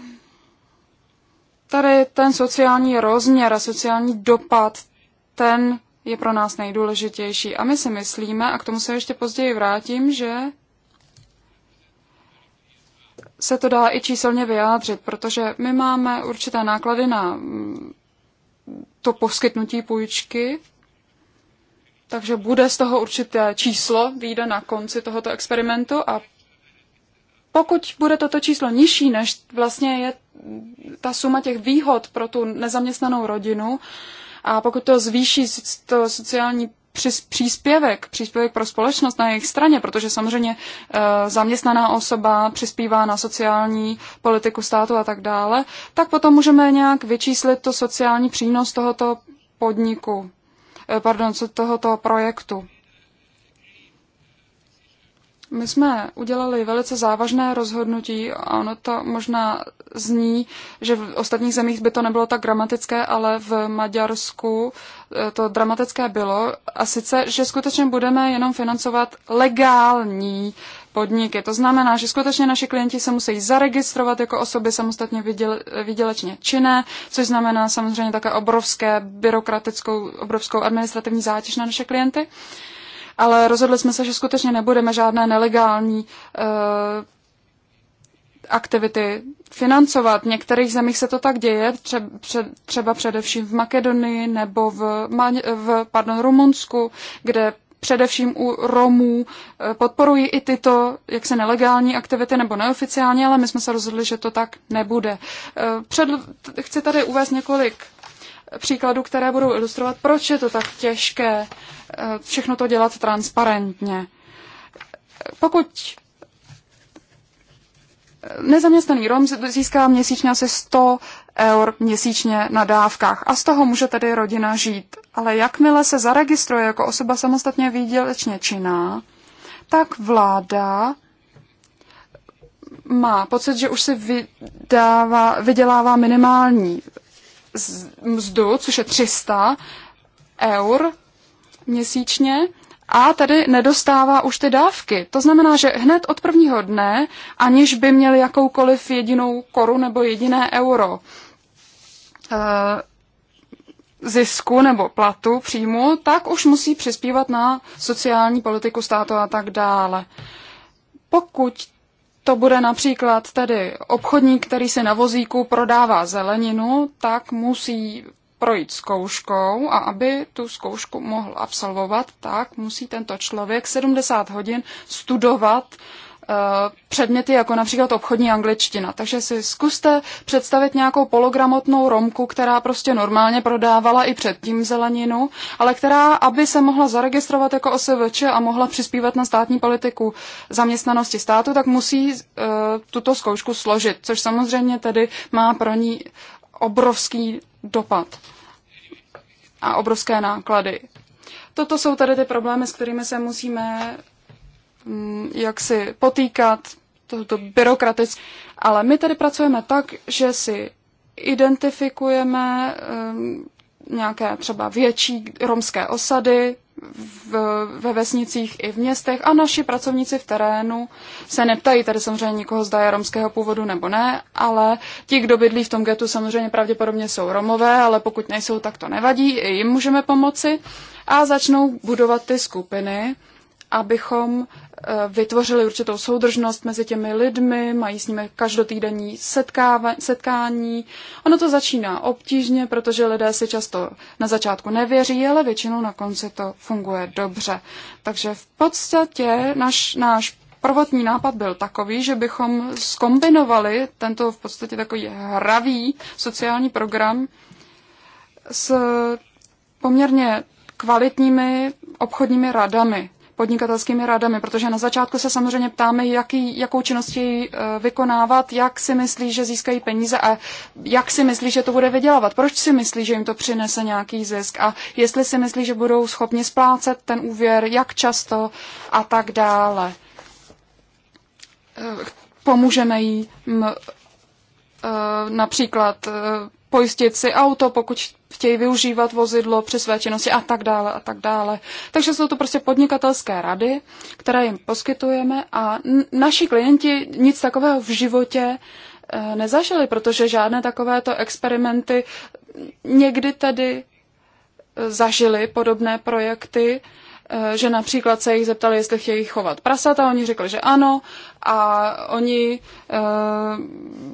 tady ten sociální rozměr a sociální dopad, ten je pro nás nejdůležitější. A my si myslíme, a k tomu se ještě později vrátím, že se to dá i číselně vyjádřit, protože my máme určité náklady na mm, to poskytnutí půjčky, takže bude z toho určité číslo, vyjde na konci tohoto experimentu a pokud bude toto číslo nižší, než vlastně je ta suma těch výhod pro tu nezaměstnanou rodinu, a pokud to zvýší to sociální příspěvek, příspěvek pro společnost na jejich straně, protože samozřejmě eh, zaměstnaná osoba přispívá na sociální politiku státu a tak dále, tak potom můžeme nějak vyčíslit to sociální přínos tohoto podniku, eh, pardon, tohoto projektu. My jsme udělali velice závažné rozhodnutí a ono to možná zní, že v ostatních zemích by to nebylo tak dramatické, ale v Maďarsku eh, to dramatické bylo. A sice, že skutečně budeme jenom financovat legální podniky. To znamená, že skutečně naši klienti se musí zaregistrovat jako osoby samostatně vyděle, vydělečně činné, což znamená samozřejmě také obrovské byrokratickou, obrovskou administrativní zátěž na naše klienty. Uh, ale rozhodli jsme se, že skutečně nebudeme žádné nelegální eh, aktivity financovat. V některých zemích se to tak děje, třeba především v Makedonii nebo v, v pardon, Rumunsku, kde především u Romů eh, podporují i tyto jaksi nelegální aktivity nebo neoficiálně, ale my jsme se rozhodli, že to tak nebude. Eh, před, chci tady uvést několik příkladů, které budou ilustrovat, proč je to tak těžké eh, všechno to dělat transparentně. Pokud nezaměstnaný Rom získá měsíčně asi 100 eur měsíčně na dávkách a z toho může tedy rodina žít. Ale jakmile se zaregistruje jako osoba samostatně výdělečně činná, tak vláda má pocit, že už si vydává, vydělává minimální mzdu, což je 300 eur měsíčně a tady nedostává už ty dávky. To znamená, že hned od prvního dne, aniž by měl jakoukoliv jedinou koru nebo jediné euro eh, zisku nebo platu příjmu, tak už musí přispívat na sociální politiku státu a tak dále. Pokud to bude například tedy obchodník, který si na vozíku prodává zeleninu, tak musí projít zkouškou a aby tu zkoušku mohl absolvovat, tak musí tento člověk 70 hodin studovat Eh, předměty, jako například obchodní angličtina. Takže si zkuste představit nějakou pologramotnou romku, která prostě normálně prodávala i předtím zeleninu, ale která, aby se mohla zaregistrovat jako OSVČ a mohla přispívat na státní politiku zaměstnanosti státu, tak musí uh, tuto zkoušku složit, což samozřejmě tedy má pro ní obrovský dopad a obrovské náklady. Toto jsou tady ty problémy, s kterými se musíme Mm, jak si potýkat toto byrokratické. Ale my tady pracujeme tak, že si identifikujeme mm, nějaké třeba větší romské osady v, ve vesnicích i v městech a naši pracovníci v terénu se neptají tady samozřejmě nikoho, zda je romského původu nebo ne, ale ti, kdo bydlí v tom getu, samozřejmě pravděpodobně jsou romové, ale pokud nejsou, tak to nevadí, i jim můžeme pomoci a začnou budovat ty skupiny, abychom Eh, vytvořili určitou soudržnost mezi těmi lidmi, mají s nimi každotýdenní setkání. Ono to začíná obtížně, protože lidé si často na začátku nevěří, ale většinou na konci to funguje dobře. Takže v podstatě naš, náš prvotní nápad byl takový, že bychom skombinovali tento v podstatě takový hravý sociální program s poměrně kvalitními obchodními radami, podnikatelskými radami, protože na začátku se samozřejmě ptáme, jaký, jakou činnost eh, vykonávat, jak si myslí, že získají peníze a jak si myslí, že to bude vydělávat. Proč si myslí, že jim to přinese nějaký zisk a jestli si myslí, že budou schopni splácet ten úvěr, jak často a tak dále. Eh, pomůžeme jí, eh, například pojistit si auto, pokud chtějí využívat vozidlo při své činnosti a tak dále a tak dále. Takže jsou to prostě podnikatelské rady, které jim poskytujeme a naši klienti nic takového v životě e, nezažili, protože žádné takovéto experimenty někdy tedy e, zažili podobné projekty Eh, že například se jich zeptali, jestli chtějí chovat prasata, oni řekli, že ano a oni, eh,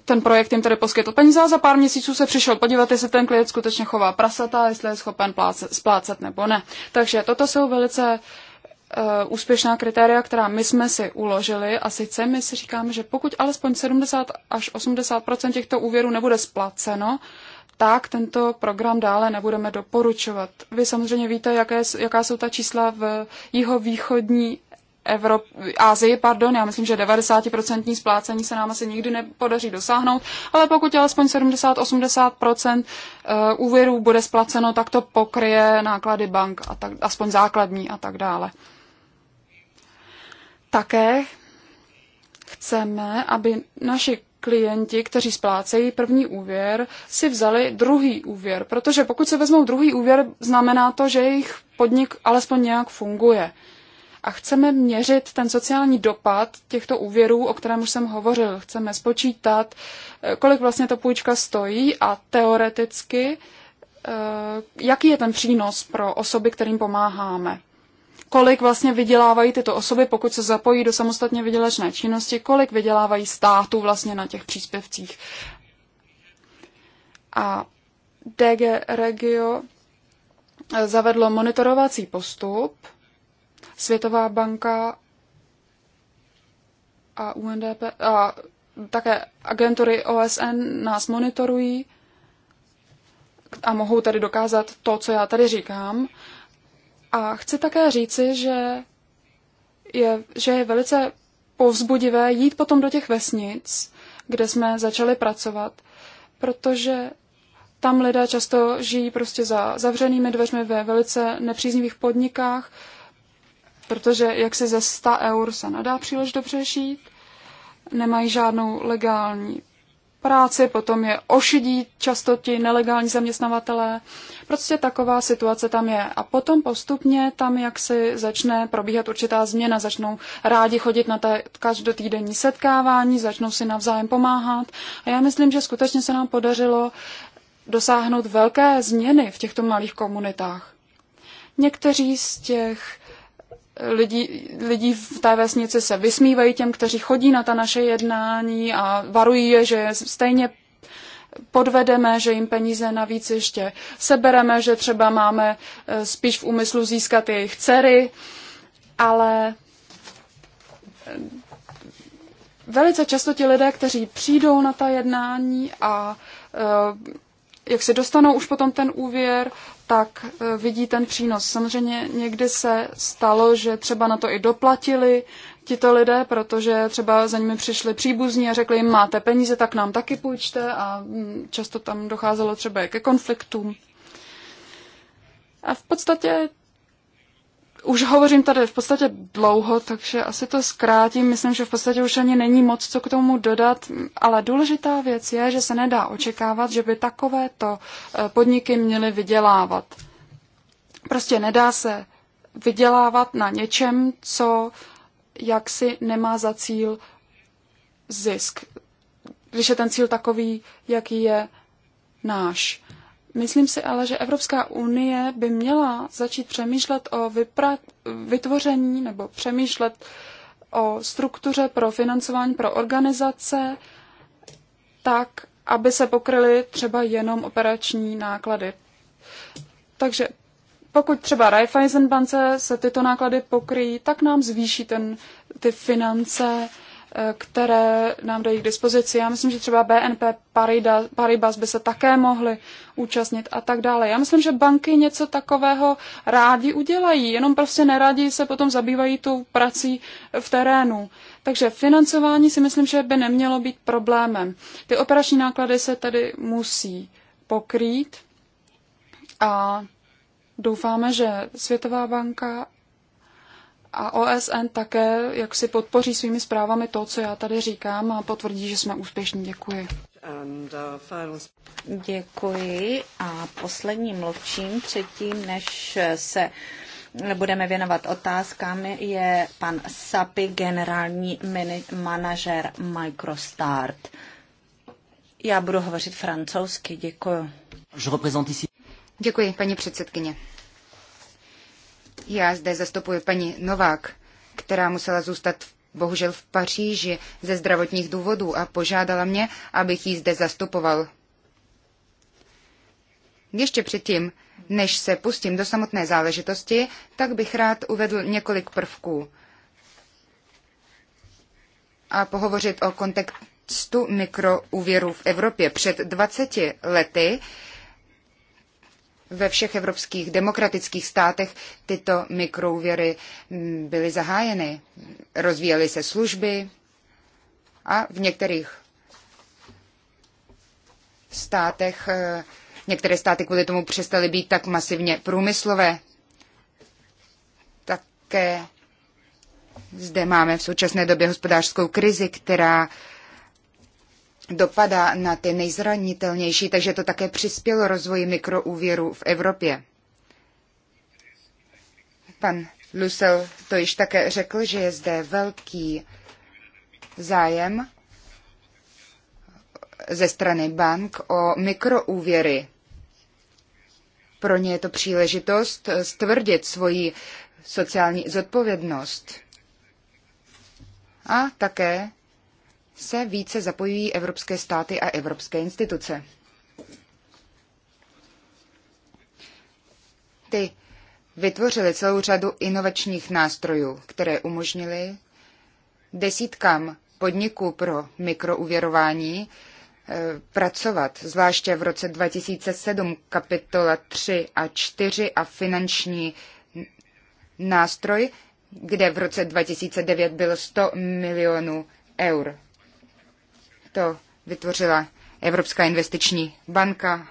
ten projekt jim tedy poskytl peníze a za pár měsíců se přišel podívat, jestli ten klient skutečně chová prasata, jestli je schopen splácet nebo ne. Takže toto jsou velice eh, úspěšná kritéria, která my jsme si uložili a sice my si říkáme, že pokud alespoň 70 až 80 těchto úvěrů nebude splaceno, tak tento program dále nebudeme doporučovat. Vy samozřejmě víte, jaké, jaká jsou ta čísla v jihovýchodní Evrop, Azii, pardon, já myslím, že 90% splácení se nám asi nikdy nepodaří dosáhnout, ale pokud alespoň 70-80% eh, úvěrů bude splaceno, tak to pokryje náklady bank, a tak, aspoň základní a tak dále. Také chceme, aby naši klienti, kteří splácejí první úvěr, si vzali druhý úvěr, protože pokud se vezmou druhý úvěr, znamená to, že jejich podnik alespoň nějak funguje. A chceme měřit ten sociální dopad těchto úvěrů, o kterém už jsem hovořil. Chceme spočítat, eh, kolik vlastně ta půjčka stojí a teoreticky, eh, jaký je ten přínos pro osoby, kterým pomáháme kolik vlastně vydělávají tyto osoby, pokud se zapojí do samostatně vydělečné činnosti, kolik vydělávají státu vlastně na těch příspěvcích. A DG Regio eh, zavedlo monitorovací postup. Světová banka a UNDP a také agentury OSN nás monitorují a mohou tady dokázat to, co já tady říkám. A chci také říci, že je, že je velice povzbudivé jít potom do těch vesnic, kde jsme začali pracovat, protože tam lidé často žijí prostě za zavřenými dveřmi ve velice nepříznivých podnikách, protože jak si ze 100 eur se nedá příliš dobře žít, nemají žádnou legální práci, potom je ošidí často ti nelegální zaměstnavatelé, Prostě taková situace tam je. A potom postupně tam, jak si začne probíhat určitá změna, začnou rádi chodit na ta každotýdenní setkávání, začnou si navzájem pomáhat. A já myslím, že skutečně se nám podařilo dosáhnout velké změny v těchto malých komunitách. Někteří z těch lidí, lidí v té vesnici se vysmívají těm, kteří chodí na ta naše jednání a varují je, že stejně podvedeme, že jim peníze navíc ještě sebereme, že třeba máme eh, spíš v úmyslu získat jejich dcery, ale eh, velice často ti lidé, kteří přijdou na ta jednání a eh, jak si dostanou už potom ten úvěr, tak vidí ten přínos. Samozřejmě někdy se stalo, že třeba na to i doplatili, tito lidé, protože třeba za nimi přišli příbuzní a řekli jim, máte peníze, tak nám taky půjčte a mm, často tam docházelo třeba ke konfliktům. A v podstatě už hovořím tady v podstatě dlouho, takže asi to zkrátím. Myslím, že v podstatě už ani není moc, co k tomu dodat, ale důležitá věc je, že se nedá očekávat, že by takovéto e, podniky měly vydělávat. Prostě nedá se vydělávat na něčem, co uh, jaksi nemá za cíl zisk, když je ten cíl takový, jaký je náš. Myslím si ale, že Evropská unie by měla začít přemýšlet o vypra- vytvoření nebo přemýšlet o struktuře pro financování pro organizace tak, aby se pokryly třeba jenom operační náklady. Takže pokud třeba Raiffeisenbance se tyto náklady pokryjí, tak nám zvýší ten, ty finance, eh, které nám dají k dispozici. Já myslím, že třeba BNP Paribas by se také mohly účastnit a tak dále. Já myslím, že banky něco takového rádi udělají, jenom prostě nerádi se potom zabývají tou prací v terénu. Takže financování si myslím, že by nemělo být problémem. Ty operační náklady se tedy musí pokrýt a Doufáme, že Světová banka a OSN také jak si podpoří svými zprávami to, co já tady říkám a potvrdí, že jsme úspěšní. Děkuji. Uh, děkuji a posledním mluvčím předtím, než se budeme věnovat otázkám, je pan Sapi, generální manažer Microstart. Já budu hovořit francouzsky, děkuji. Je Děkuji, paní předsedkyně. Já zde zastupuji paní Novák, která musela zůstat v bohužel v Paříži ze zdravotních důvodů a požádala mě, abych ji zde zastupoval. Ještě předtím, než se pustím do samotné záležitosti, tak bych rád uvedl několik prvků a pohovořit o kontextu mikroúvěru v Evropě. Před 20 lety ve všech evropských demokratických státech tyto mikrouvěry mm, byly zahájeny. Rozvíjely se služby a v některých státech, eh, některé státy kvůli tomu přestaly být tak masivně průmyslové. Také zde máme v současné době hospodářskou krizi, která dopadá na ty nejzranitelnější, takže to také přispělo rozvoji mikroúvěru v Evropě. Pan Lusel to již také řekl, že je zde velký zájem ze strany bank o mikroúvěry. Pro ně je to příležitost stvrdit svoji sociální zodpovědnost a také se více zapojují evropské státy a evropské instituce. Ty vytvořily celou řadu inovačních nástrojů, které umožnily desítkám podniků pro mikrouvěrování eh, pracovat, zvláště v roce 2007 kapitola 3 a 4 a finanční nástroj, kde v roce 2009 bylo 100 milionů eur to vytvořila Evropská investiční banka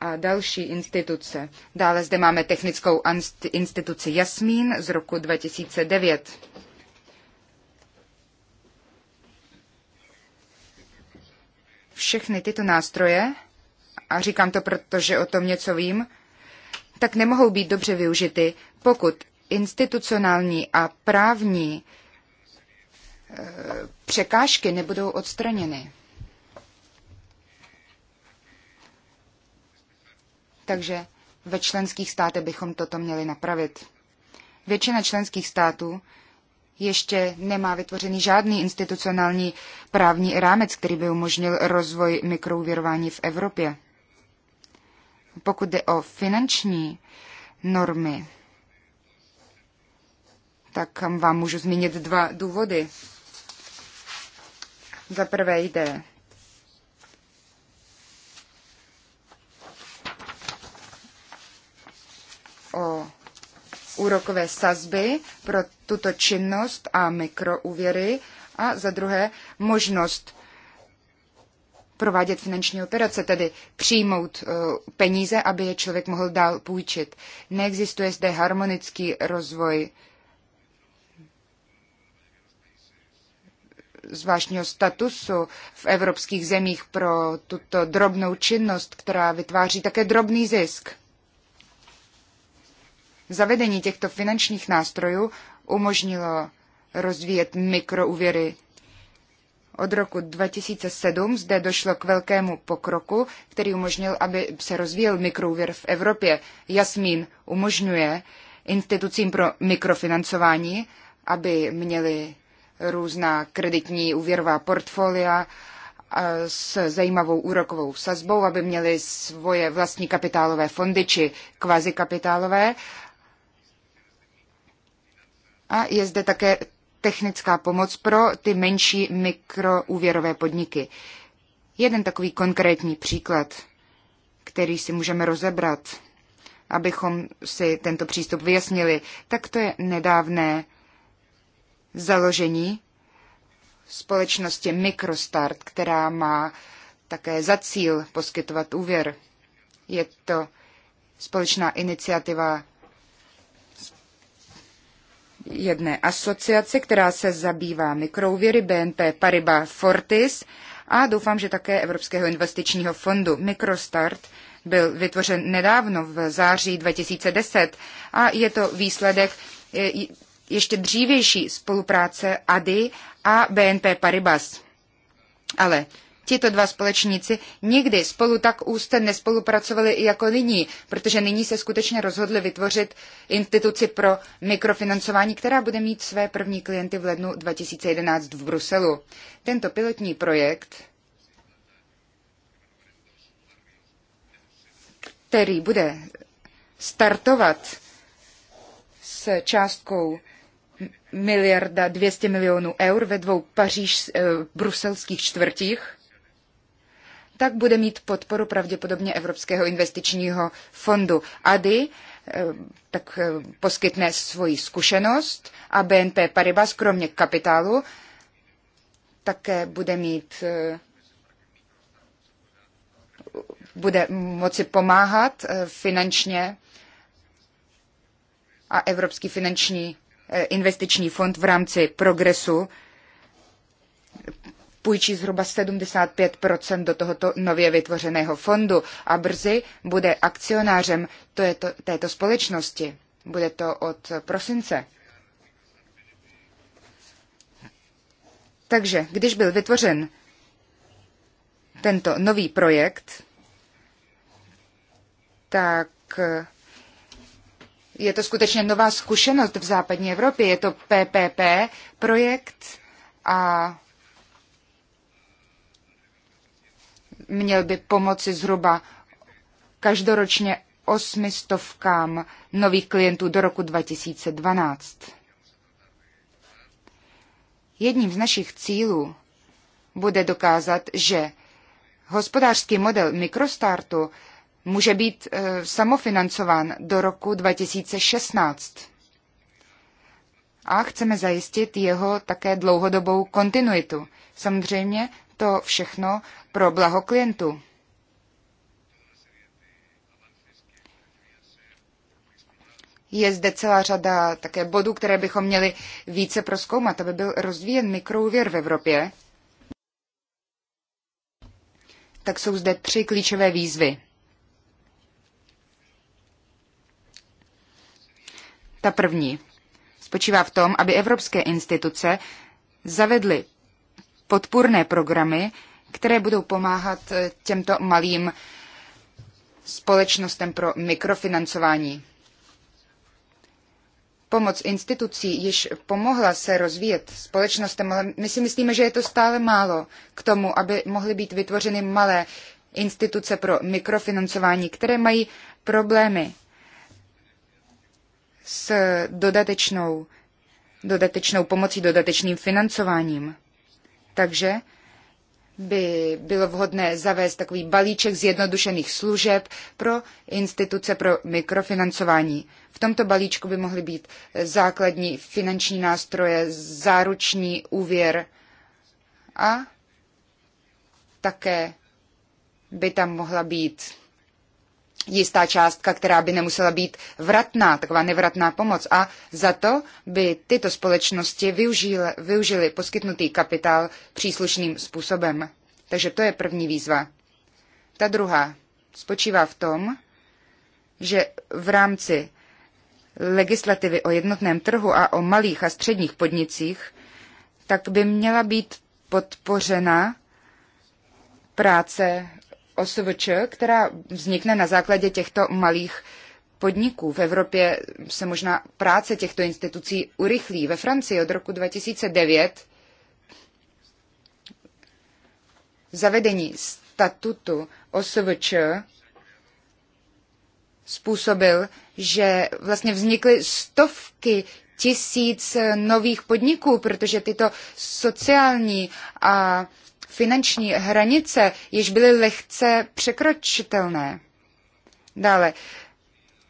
a další instituce. Dále zde máme technickou instituci Jasmín z roku 2009. Všechny tyto nástroje, a říkám to proto, že o tom něco vím, tak nemohou být dobře využity, pokud institucionální a právní překážky nebudou odstraněny. Takže ve členských státech bychom toto měli napravit. Většina členských států ještě nemá vytvořený žádný institucionální právní rámec, který by umožnil rozvoj mikrouvěrování v Evropě. Pokud jde o finanční normy, tak vám můžu zmínit dva důvody. Za prvé jde o úrokové sazby pro tuto činnost a mikroúvěry a za druhé možnost provádět finanční operace, tedy přijmout e, peníze, aby je člověk mohl dál půjčit. Neexistuje zde harmonický rozvoj zvláštního statusu v evropských zemích pro tuto drobnou činnost, která vytváří také drobný zisk. Zavedení těchto finančních nástrojů umožnilo rozvíjet mikroúvěry. Od roku 2007 zde došlo k velkému pokroku, který umožnil, aby se rozvíjel mikroúvěr v Evropě. Jasmín umožňuje institucím pro mikrofinancování, aby měli různá kreditní úvěrová portfolia s zajímavou úrokovou sazbou, aby měli svoje vlastní kapitálové fondy či kvazikapitálové. A je zde také technická pomoc pro ty menší mikroúvěrové podniky. Jeden takový konkrétní příklad, který si můžeme rozebrat, abychom si tento přístup vyjasnili, tak to je nedávné založení společnosti Microstart, která má také za cíl poskytovat úvěr. Je to společná iniciativa jedné asociace, která se zabývá mikrouvěry BNP Paribas Fortis a doufám, že také Evropského investičního fondu Microstart byl vytvořen nedávno v září 2010 a je to výsledek ještě dřívější spolupráce ADI a BNP Paribas. Ale tito dva společníci nikdy spolu tak úzce nespolupracovali jako nyní, protože nyní se skutečně rozhodli vytvořit instituci pro mikrofinancování, která bude mít své první klienty v lednu 2011 v Bruselu. Tento pilotní projekt který bude startovat s částkou miliarda 200 milionů eur ve dvou paříž, eh, bruselských čtvrtích, tak bude mít podporu pravděpodobně Evropského investičního fondu. ADY, eh, tak eh, poskytne svoji zkušenost a BNP Paribas, kromě kapitálu, také bude mít bude moci pomáhat finančně a Evropský finanční Eh, investiční fond v rámci progresu půjčí zhruba 75 do tohoto nově vytvořeného fondu a brzy bude akcionářem to je této společnosti. Bude to od prosince. Takže když byl vytvořen tento nový projekt, tak eh, je to skutečně nová zkušenost v západní Evropě. Je to PPP projekt a měl by pomoci zhruba každoročně osmistovkám nových klientů do roku 2012. Jedním z našich cílů bude dokázat, že hospodářský model mikrostartu může být eh, samofinancován do roku 2016. A chceme zajistit jeho také dlouhodobou kontinuitu. Samozřejmě to všechno pro blaho klientů. Je zde celá řada také bodů, které bychom měli více proskoumat, aby byl rozvíjen mikrouvěr v Evropě. Tak jsou zde tři klíčové výzvy. Ta první spočívá v tom, aby evropské instituce zavedly podpůrné programy, které budou pomáhat eh, těmto malým společnostem pro mikrofinancování. Pomoc institucí již pomohla se rozvíjet společnostem, ale my si myslíme, že je to stále málo k tomu, aby mohly být vytvořeny malé instituce pro mikrofinancování, které mají problémy s dodatečnou, dodatečnou pomocí, dodatečným financováním. Takže by bylo vhodné zavést takový balíček zjednodušených služeb pro instituce pro mikrofinancování. V tomto balíčku by mohly být základní finanční nástroje, záruční úvěr a také by tam mohla být jistá částka, která by nemusela být vratná, taková nevratná pomoc. A za to by tyto společnosti využily, využily poskytnutý kapitál příslušným způsobem. Takže to je první výzva. Ta druhá spočívá v tom, že v rámci legislativy o jednotném trhu a o malých a středních podnicích, tak by měla být podpořena práce OSVČ, která vznikne na základě těchto malých podniků. V Evropě se možná práce těchto institucí urychlí. Ve Francii od roku 2009 zavedení statutu OSVČ způsobil, že vlastně vznikly stovky tisíc nových podniků, protože tyto sociální a finanční hranice již byly lehce překročitelné. Dále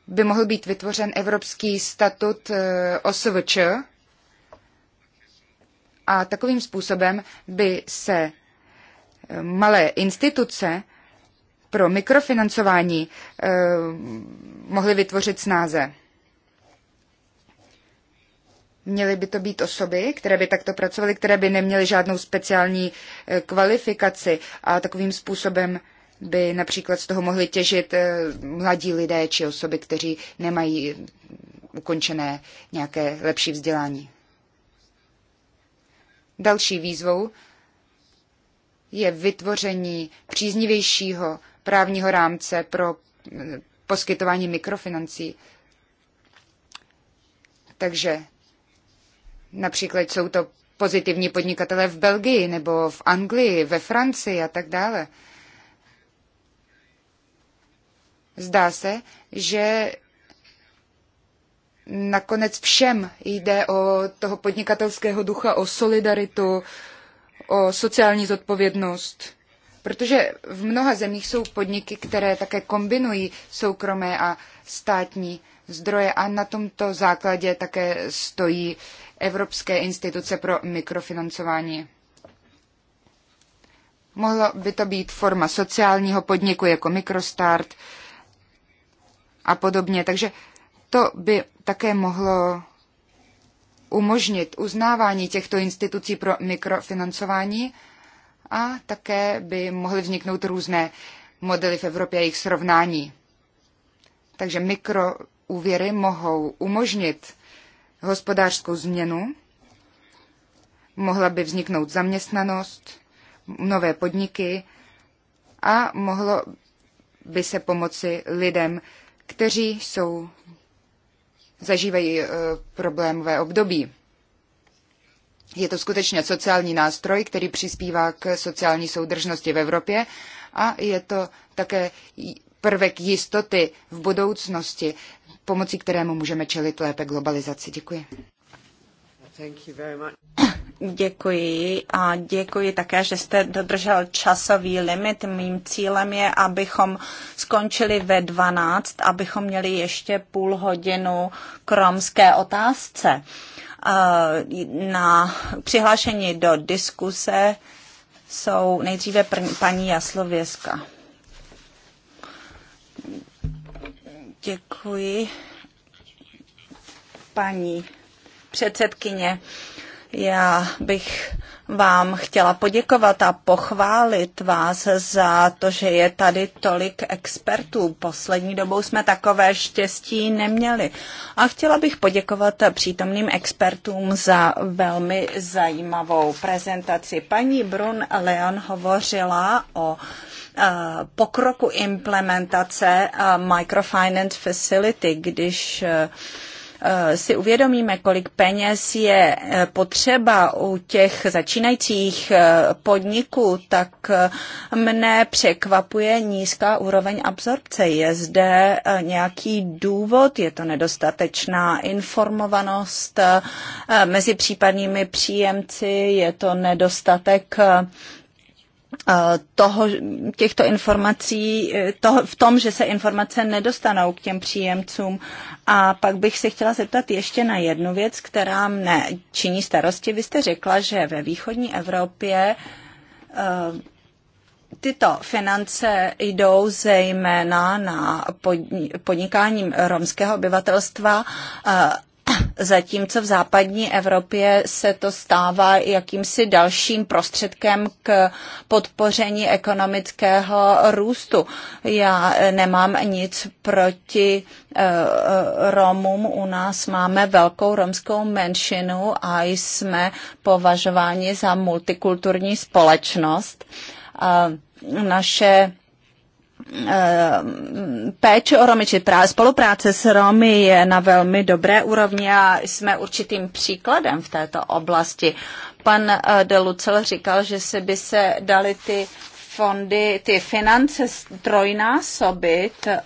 by mohl být vytvořen Evropský statut eh, OSVČ a takovým způsobem by se eh, malé instituce pro mikrofinancování eh, mohly vytvořit snáze. Měly by to být osoby, které by takto pracovaly, které by neměly žádnou speciální e, kvalifikaci a takovým způsobem by například z toho mohli těžit e, mladí lidé či osoby, kteří nemají ukončené nějaké lepší vzdělání. Další výzvou je vytvoření příznivějšího právního rámce pro e, poskytování mikrofinancí. Takže Například jsou to pozitivní podnikatelé v Belgii nebo v Anglii, ve Francii a tak dále. Zdá se, že nakonec všem jde o toho podnikatelského ducha, o solidaritu, o sociální zodpovědnost. Protože v mnoha zemích jsou podniky, které také kombinují soukromé a státní zdroje a na tomto základě také stojí Evropské instituce pro mikrofinancování. Mohlo by to být forma sociálního podniku jako Mikrostart a podobně. Takže to by také mohlo umožnit uznávání těchto institucí pro mikrofinancování a také by mohly vzniknout různé modely v Evropě a jejich srovnání. Takže mikroúvěry mohou umožnit hospodářskou změnu, mohla by vzniknout zaměstnanost, nové podniky a mohlo by se pomoci lidem, kteří jsou, zažívají e, problémové období. Je to skutečně sociální nástroj, který přispívá k sociální soudržnosti v Evropě a je to také prvek jistoty v budoucnosti pomocí kterému můžeme čelit lépe globalizaci. Děkuji. Děkuji a děkuji také, že jste dodržel časový limit. Mým cílem je, abychom skončili ve 12, abychom měli ještě půl hodinu k romské otázce. Eh, na přihlášení do diskuse jsou nejdříve paní Jaslověska. Děkuji, paní předsedkyně. Já bych vám chtěla poděkovat a pochválit vás za to, že je tady tolik expertů. Poslední dobou jsme takové štěstí neměli. A chtěla bych poděkovat přítomným expertům za velmi zajímavou prezentaci. Paní Brun Leon hovořila o Eh, pokroku implementace eh, Microfinance Facility, když eh, si uvědomíme, kolik peněz je potřeba u těch začínajících podniků, tak mne překvapuje nízká úroveň absorpce. Je zde nějaký důvod, je to nedostatečná informovanost mezi případnými příjemci, je to nedostatek Eh, toho, těchto informací, eh, toho, v tom, že se informace nedostanou k těm příjemcům. A pak bych se chtěla zeptat ještě na jednu věc, která mne činí starosti. Vy jste řekla, že ve východní Evropě eh, tyto finance jdou zejména na podnikání romského obyvatelstva zatímco v západní Evropě se to stává jakýmsi dalším prostředkem k podpoření ekonomického růstu. Já eh, nemám nic proti eh, eh, Romům. U nás máme velkou romskou menšinu a jsme považováni za multikulturní společnost. Naše Eh, péče o Romy, či spolupráce s Romy je na velmi dobré úrovni a jsme určitým příkladem v této oblasti. Pan eh, Delucel říkal, že se by se dali ty fondy ty finance trojnásobit, eh,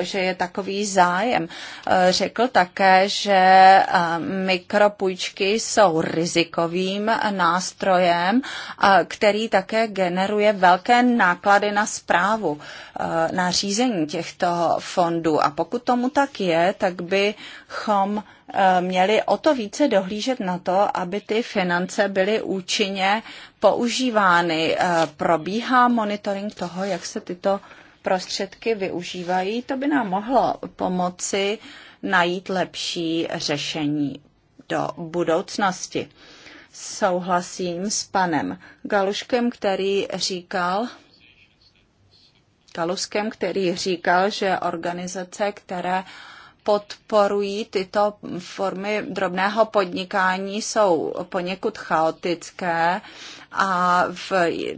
že je takový zájem. Eh, řekl také, že eh, mikropůjčky jsou rizikovým nástrojem, který také generuje velké náklady na zprávu, na řízení těchto fondů. A pokud tomu tak je, tak bychom Eh, měli o to více dohlížet na to, aby ty finance byly účinně používány. Eh, probíhá monitoring toho, jak se tyto prostředky využívají. To by nám mohlo pomoci najít lepší řešení do budoucnosti. Souhlasím s panem Galuškem, který říkal, Galuskem, který říkal, že organizace, které uh, podporují tyto formy drobného podnikání, jsou poněkud chaotické a v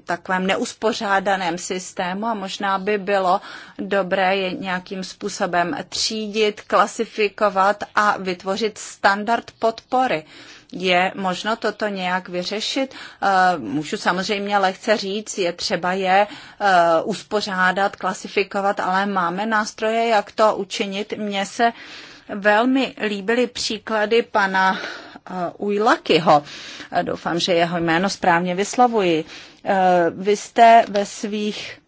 takovém neuspořádaném systému a možná by bylo dobré je nějakým způsobem třídit, klasifikovat a vytvořit standard podpory je možno toto nějak vyřešit? Eh, můžu samozřejmě lehce říct, je třeba je eh, uspořádat, klasifikovat, ale máme nástroje, jak to učinit. Mně se velmi líbily příklady pana eh, Ujlakyho. Doufám, že jeho jméno správně vyslovuji. Vy jste ve svých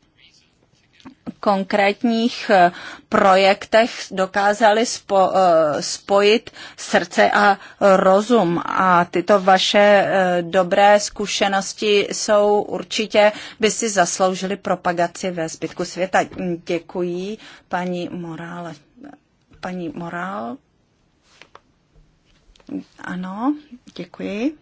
konkrétních eh, projektech dokázali spo, eh, spojit srdce a rozum. A tyto vaše eh, dobré zkušenosti jsou určitě, by si zasloužili propagaci ve zbytku světa. Děkuji, paní Morále. Paní Morál? Ano, děkuji.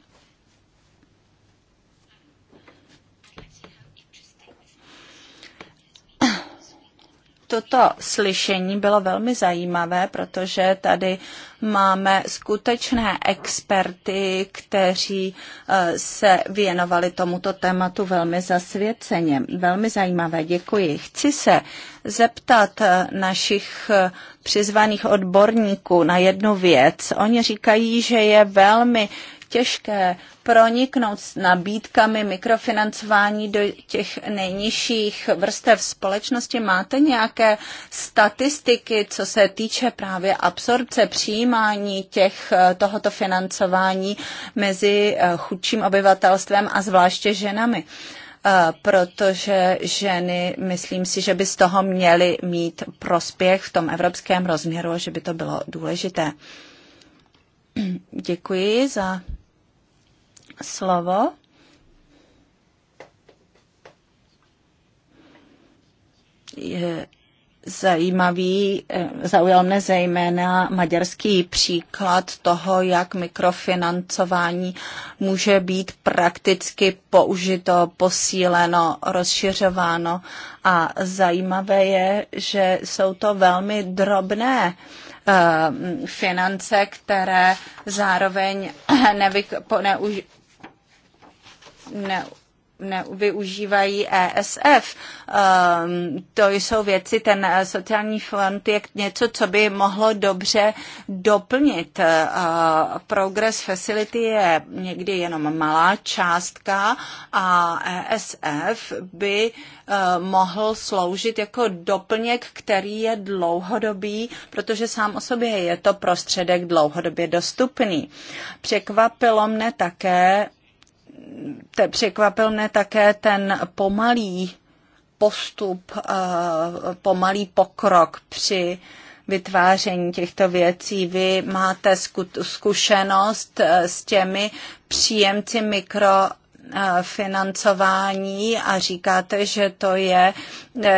toto slyšení bylo velmi zajímavé, protože tady máme skutečné experty, kteří eh, se věnovali tomuto tématu velmi zasvěceně. Velmi zajímavé, děkuji. Chci se zeptat eh, našich eh, přizvaných odborníků na jednu věc. Oni říkají, že je velmi těžké proniknout s nabídkami mikrofinancování do těch nejnižších vrstev společnosti. Máte nějaké statistiky, co se týče právě absorpce přijímání těch, eh, tohoto financování mezi eh, chudším obyvatelstvem a zvláště ženami? Eh, protože ženy, myslím si, že by z toho měly mít prospěch v tom evropském rozměru, že by to bylo důležité. <clears throat> Děkuji za slovo. Je zajímavý, eh, zaujal mne zejména maďarský příklad toho, jak mikrofinancování může být prakticky použito, posíleno, rozšiřováno. A zajímavé je, že jsou to velmi drobné eh, finance, které zároveň <clears throat> nevy, neuž, ne, nevyužívají ESF. Um, ehm, to jsou věci, ten eh, sociální fond je něco, co by mohlo dobře doplnit. Uh, eh, Progress Facility je někdy jenom malá částka a ESF by eh, mohl sloužit jako doplněk, který je dlouhodobý, protože sám o sobě je to prostředek dlouhodobě dostupný. Překvapilo mne také, te překvapil mne také ten pomalý postup, eh, pomalý pokrok při vytváření těchto věcí. Vy máte zkušenost eh, s těmi příjemci mikro eh, financování a říkáte, že to je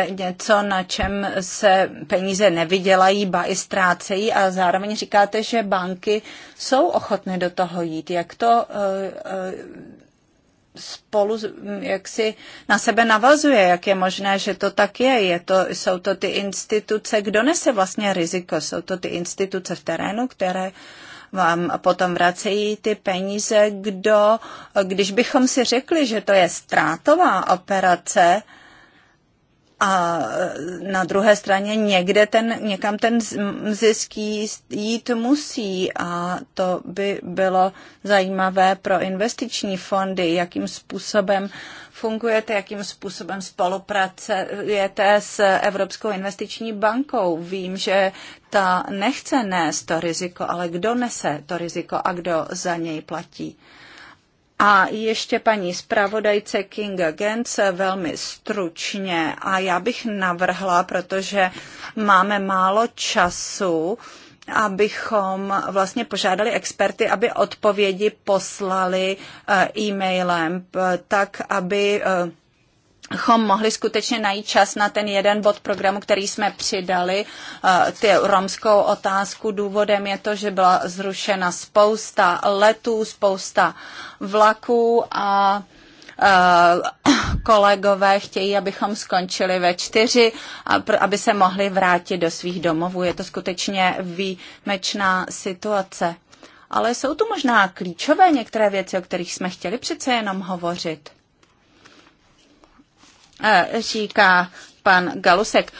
něco, na čem se peníze nevydělají, ba i ztrácejí a zároveň říkáte, že banky jsou ochotné do toho jít. Jak to spolu jak si na sebe navazuje, jak je možné, že to tak je. je to, jsou to ty instituce, kdo nese vlastně riziko, jsou to ty instituce v terénu, které vám potom vracejí ty peníze, kdo, když bychom si řekli, že to je ztrátová operace, a na druhé straně někde ten, někam ten zisk jít musí a to by bylo zajímavé pro investiční fondy, jakým způsobem fungujete, jakým způsobem spolupracujete s Evropskou investiční bankou. Vím, že ta nechce nést to riziko, ale kdo nese to riziko a kdo za něj platí. A ještě paní zpravodajce Kinga Gens velmi stručně a já bych navrhla, protože máme málo času, abychom vlastně požádali experty, aby odpovědi poslali eh, e-mailem, tak aby eh, chom mohli skutečně najít čas na ten jeden bod programu, který jsme přidali, eh, ty romskou otázku. Důvodem je to, že byla zrušena spousta letů, spousta vlaků a eh, kolegové chtějí, abychom skončili ve čtyři, aby se mohli vrátit do svých domovů. Je to skutečně výjimečná situace. Ale jsou tu možná klíčové některé věci, o kterých jsme chtěli přece jenom hovořit. Eh, říká pan Galusek.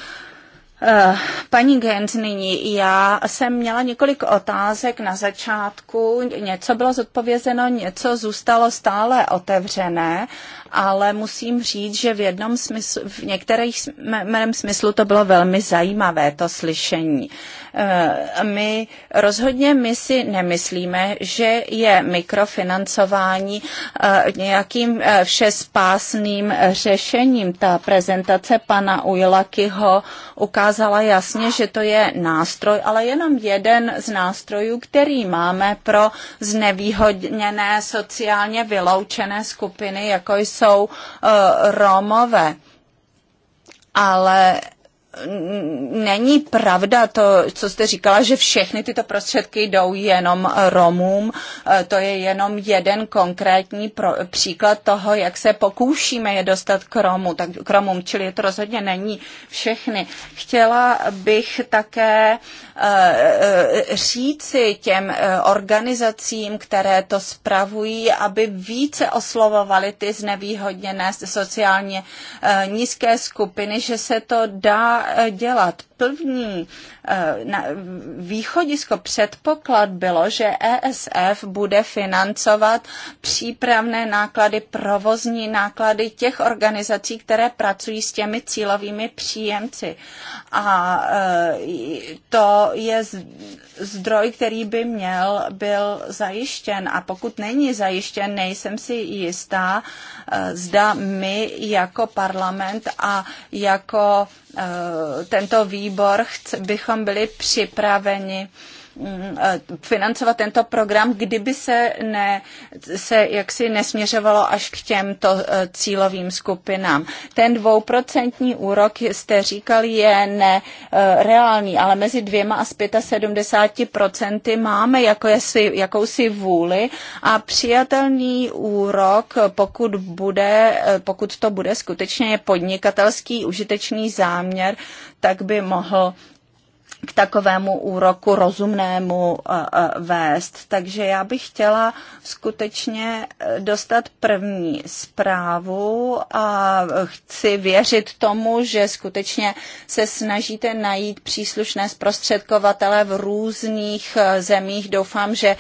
Eh, paní Gent, nyní já jsem měla několik otázek na začátku. Něco bylo zodpovězeno, něco zůstalo stále otevřené, ale musím říct, že v jednom smyslu, v některých mém smyslu to bylo velmi zajímavé, to slyšení. Eh, my rozhodně my si nemyslíme, že je mikrofinancování eh, nějakým všespásným řešením. Ta prezentace pana Ujlakyho ukázala, ukázala jasně, že to je nástroj, ale jenom jeden z nástrojů, který máme pro znevýhodněné sociálně vyloučené skupiny, jako jsou eh, Romové. Ale není pravda to, co jste říkala, že všechny tyto prostředky jdou jenom Romům. Eh, to je jenom jeden konkrétní pro, příklad toho, jak se pokoušíme je dostat k, Romu, tak, k Romům, čili to rozhodně není všechny. Chtěla bych také eh, eh, říci těm organizacím, které to spravují, aby více oslovovali ty znevýhodněné sociálně nízké skupiny, že se to dá dělat. První Eh, na východisko předpoklad bylo, že ESF bude financovat přípravné náklady, provozní náklady těch organizací, které pracují s těmi cílovými příjemci. A eh, to je zdroj, který by měl byl zajištěn. A pokud není zajištěn, nejsem si jistá, eh, zda my jako parlament a jako tento výbor bychom bychom byli připraveni mm, eh, financovat tento program, kdyby se, ne, se jaksi nesměřovalo až k těmto eh, cílovým skupinám. Ten dvouprocentní úrok, jste říkal, je nereálný, eh, ale mezi dvěma a 75 procenty máme jako jakousi, jakousi vůli a přijatelný úrok, pokud, bude, pokud to bude skutečně podnikatelský užitečný záměr, tak by mohl k takovému úroku rozumnému eh, eh, vést. Takže já bych chtěla skutečně eh, dostat první zprávu a chci věřit tomu, že skutečně se snažíte najít příslušné zprostředkovatele v různých zemích. Doufám, že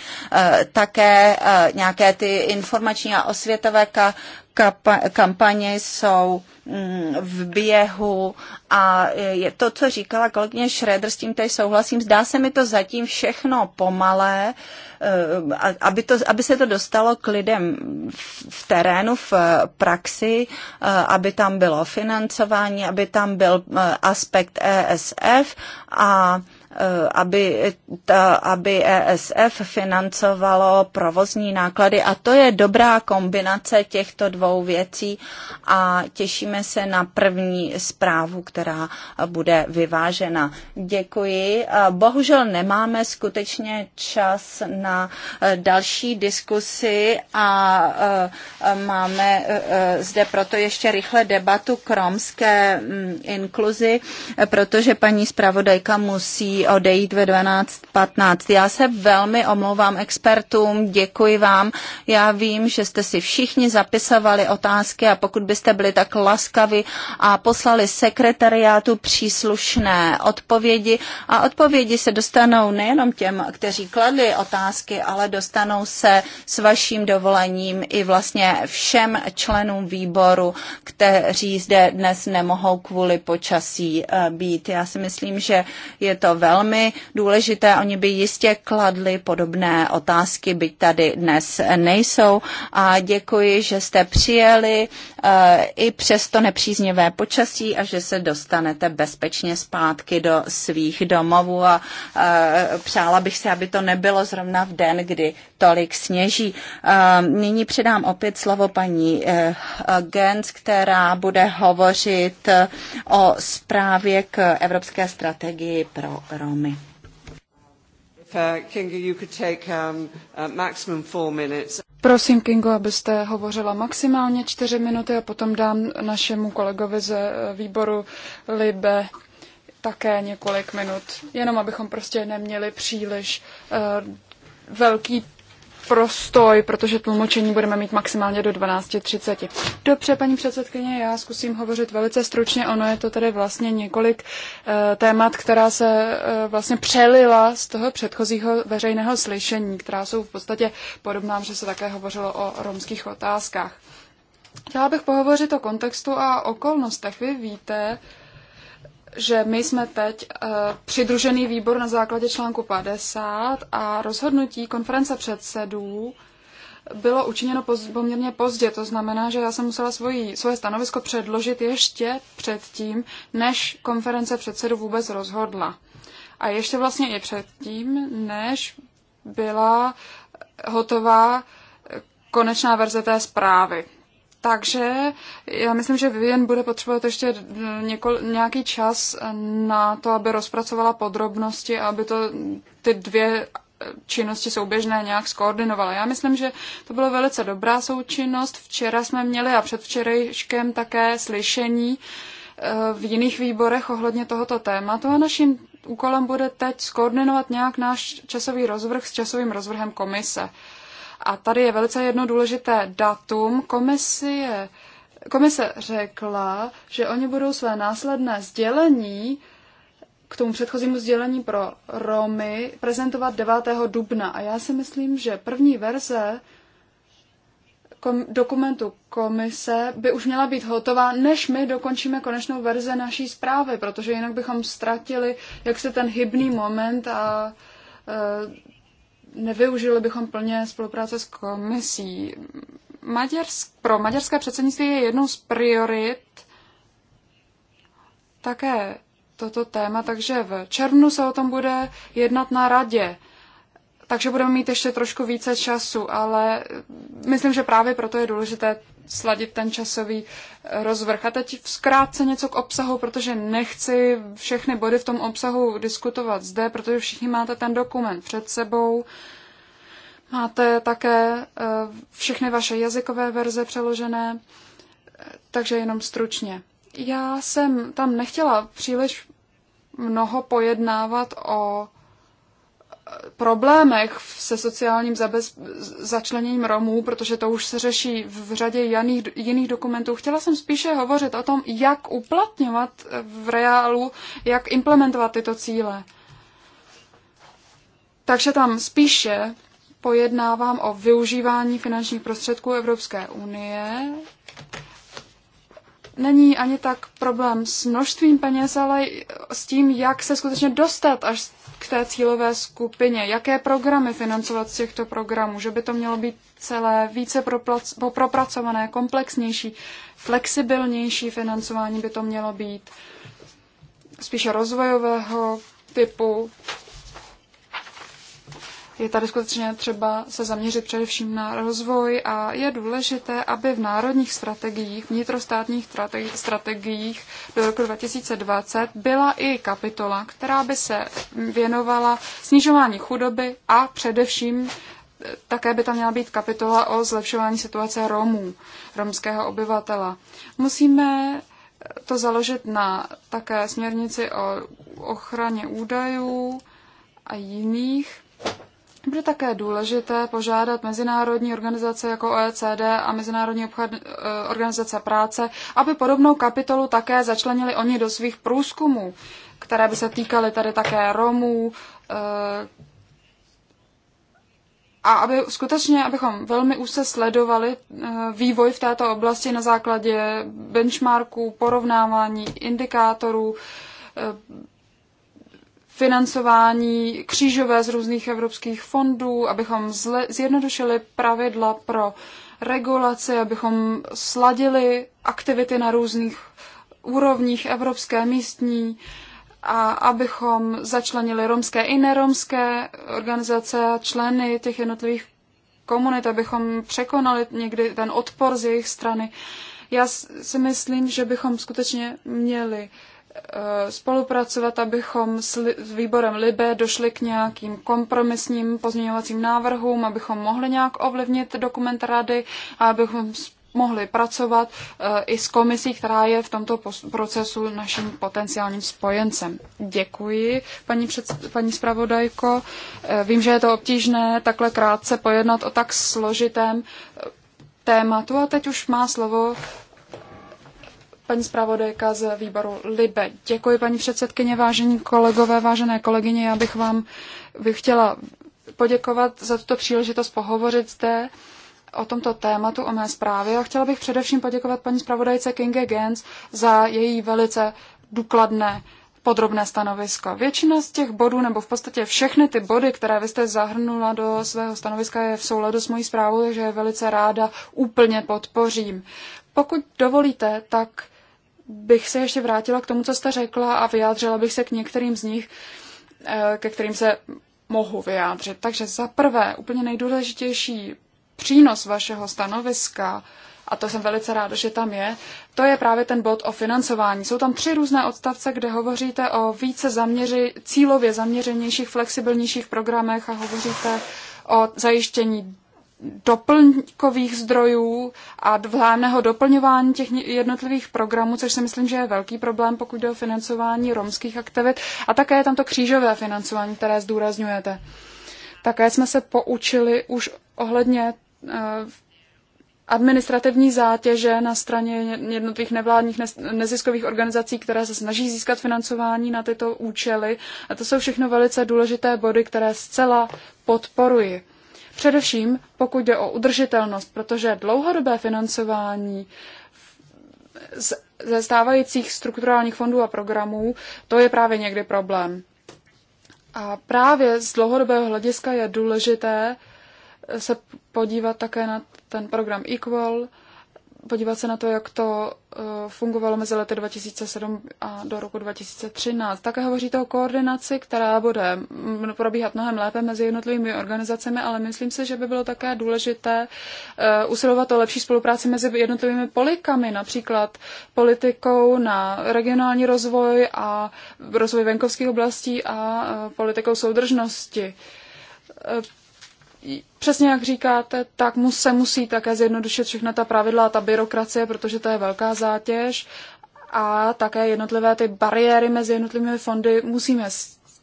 také nějaké ty informační a osvětové kampaně jsou mm, v běhu a je to, co říkala kolegyně Schroeder, s tím tady souhlasím, zdá se mi to zatím všechno pomalé, eh, aby, to, aby se to dostalo k lidem v terénu, v praxi, eh, aby tam bylo financování, aby tam byl eh, aspekt ESF a Eh, aby, ta, aby ESF financovalo provozní náklady a to je dobrá kombinace těchto dvou věcí a těšíme se na první zprávu, která bude vyvážena. Děkuji. Eh, bohužel nemáme skutečně čas na eh, další diskusy a máme zde proto ještě rychle debatu kromské mm, inkluzi, protože paní zpravodajka musí odejít ve 12.15. Já se velmi omlouvám expertům, děkuji vám. Já vím, že jste si všichni zapisovali otázky a pokud byste byli tak laskavi a poslali sekretariátu příslušné odpovědi a odpovědi se dostanou nejenom těm, kteří kladli otázky, ale dostanou se s vaším dovolením i vlastně všem členům výboru, kteří zde dnes nemohou kvůli počasí eh, být. Já si myslím, že je to velmi velmi důležité. Oni by jistě kladli podobné otázky, byť tady dnes nejsou. A děkuji, že jste přijeli eh, i přesto nepříznivé počasí a že se dostanete bezpečně zpátky do svých domovů. A eh, přála bych se, aby to nebylo zrovna v den, kdy tolik sněží. Eh, nyní předám opět slovo paní Gens, která bude hovořit o zprávě k Evropské strategii pro Romy. Uh, um, uh, Prosím, Kingo, abyste hovořila maximálně čtyři minuty a potom dám našemu kolegovi ze eh, výboru Libe také několik minut, jenom abychom prostě neměli příliš uh, velký prostoj, protože tlumočení budeme mít maximálně do 12.30. Dobře, paní předsedkyně, já zkusím hovořit velice stručně. Ono je to tady vlastně několik e, témat, která se e, vlastně přelila z toho předchozího veřejného slyšení, která jsou v podstatě podobná, že se také hovořilo o romských otázkách. Chtěla bych pohovořit o kontextu a okolnostech. Vy víte, že my jsme teď eh, přidružený výbor na základě článku 50 a rozhodnutí konference předsedů bylo učiněno poz, poměrně pozdě. To znamená, že já jsem musela svoji, svoje stanovisko předložit ještě předtím, než konference předsedů vůbec rozhodla. A ještě vlastně i předtím, než byla hotová konečná verze té zprávy. Takže já myslím, že Vivian bude potřebovat ještě někol nějaký čas na to, aby rozpracovala podrobnosti a aby to ty dvě činnosti souběžné nějak skoordinovala. Já myslím, že to bylo velice dobrá součinnost. Včera jsme měli a předvčerejškem také slyšení eh, v jiných výborech ohledně tohoto tématu a naším úkolem bude teď skoordinovat nějak náš časový rozvrh s časovým rozvrhem komise. A tady je velice jedno důležité datum. Komisie, komise řekla, že oni budou své následné sdělení k tomu předchozímu sdělení pro Romy prezentovat 9. dubna. A já si myslím, že první verze kom- dokumentu komise by už měla být hotová, než my dokončíme konečnou verzi naší zprávy, protože jinak bychom ztratili jak se ten hybný moment a e, nevyužili bychom plně spolupráce s komisí. Maďarsk, pro maďarské předsednictví je jednou z priorit také toto téma, takže v červnu se o tom bude jednat na radě. Takže budeme mít ještě trošku více času, ale myslím, že právě proto je důležité sladit ten časový eh, rozvrh. A teď zkrátce něco k obsahu, protože nechci všechny body v tom obsahu diskutovat zde, protože všichni máte ten dokument před sebou. Máte také eh, všechny vaše jazykové verze přeložené, takže jenom stručně. Já jsem tam nechtěla příliš mnoho pojednávat o problémech se sociálním zabez... začleněním Romů, protože to už se řeší v řadě jiných, jiných dokumentů. Chtěla jsem spíše hovořit o tom, jak uplatňovat v reálu, jak implementovat tyto cíle. Takže tam spíše pojednávám o využívání finančních prostředků Evropské unie není ani tak problém s množstvím peněz, ale s tím, jak se skutečně dostat až k té cílové skupině, jaké programy financovat z těchto programů, že by to mělo být celé více propracované, komplexnější, flexibilnější financování by to mělo být spíše rozvojového typu, je tady skutečně třeba se zaměřit především na rozvoj a je důležité, aby v národních strategiích, vnitrostátních strategiích do roku 2020 byla i kapitola, která by se věnovala snižování chudoby a především eh, také by tam měla být kapitola o zlepšování situace Romů, romského obyvatela. Musíme eh, to založit na také směrnici o ochraně údajů a jiných bude také důležité požádat mezinárodní organizace jako OECD a Mezinárodní obchod, eh, organizace práce, aby podobnou kapitolu také začlenili oni do svých průzkumů, které by se týkaly tady také Romů, eh, a aby skutečně, abychom velmi úzce sledovali eh, vývoj v této oblasti na základě benchmarků, porovnávání indikátorů, financování křížové z různých evropských fondů, abychom zjednodušili pravidla pro regulaci, abychom sladili aktivity na různých úrovních evropské, místní, a abychom začlenili romské i neromské organizace a členy těch jednotlivých komunit, abychom překonali někdy ten odpor z jejich strany. Já si myslím, že bychom skutečně měli uh, Eh, spolupracovat, abychom s, s výborem Libe došli k nějakým kompromisním pozměňovacím návrhům, abychom mohli nějak ovlivnit dokument rady a abychom mohli pracovat eh, i s komisí, která je v tomto procesu naším potenciálním spojencem. Děkuji, paní, před, paní zpravodajko. Eh, vím, že je to obtížné takhle krátce pojednat o tak složitém tématu a teď už má slovo paní zpravodajka z výboru Libe. Děkuji, paní předsedkyně, vážení kolegové, vážené kolegyně. Já bych vám bych chtěla poděkovat za tuto příležitost pohovořit zde o tomto tématu, o mé zprávě. A chtěla bych především poděkovat paní zpravodajce Kinge Gens za její velice důkladné podrobné stanovisko. Většina z těch bodů, nebo v podstatě všechny ty body, které vy jste zahrnula do svého stanoviska, je v souladu s mojí zprávou, takže je velice ráda úplně podpořím. Pokud dovolíte, tak bych se ještě vrátila k tomu, co jste řekla a vyjádřila bych se k některým z nich, eh, ke kterým se mohu vyjádřit. Takže za prvé, úplně nejdůležitější přínos vašeho stanoviska, a to jsem velice ráda, že tam je, to je právě ten bod o financování. Jsou tam tři různé odstavce, kde hovoříte o více zaměři, cílově zaměřenějších, flexibilnějších programech a hovoříte o zajištění doplňkových zdrojů a vzájemného doplňování těch jednotlivých programů, což si myslím, že je velký problém, pokud jde o financování romských aktivit. A také je tam to křížové financování, které zdůrazňujete. Také jsme se poučili už ohledně eh, administrativní zátěže na straně jednotlivých nevládních neziskových organizací, které se snaží získat financování na tyto účely. A to jsou všechno velice důležité body, které zcela podporuji. Především pokud jde o udržitelnost, protože dlouhodobé financování ze stávajících strukturálních fondů a programů, to je právě někdy problém. A právě z dlouhodobého hlediska je důležité se podívat také na ten program Equal, podívat se na to, jak to eh, fungovalo mezi lety 2007 a do roku 2013. Také hovoříte o koordinaci, která bude mm, probíhat mnohem lépe mezi jednotlivými organizacemi, ale myslím si, že by bylo také důležité eh, usilovat o lepší spolupráci mezi jednotlivými polikami, například politikou na regionální rozvoj a rozvoj venkovských oblastí a eh, politikou soudržnosti přesně jak říkáte, tak mu se musí také zjednodušit všechna ta pravidla a ta byrokracie, protože to je velká zátěž a také jednotlivé ty bariéry mezi jednotlivými fondy musíme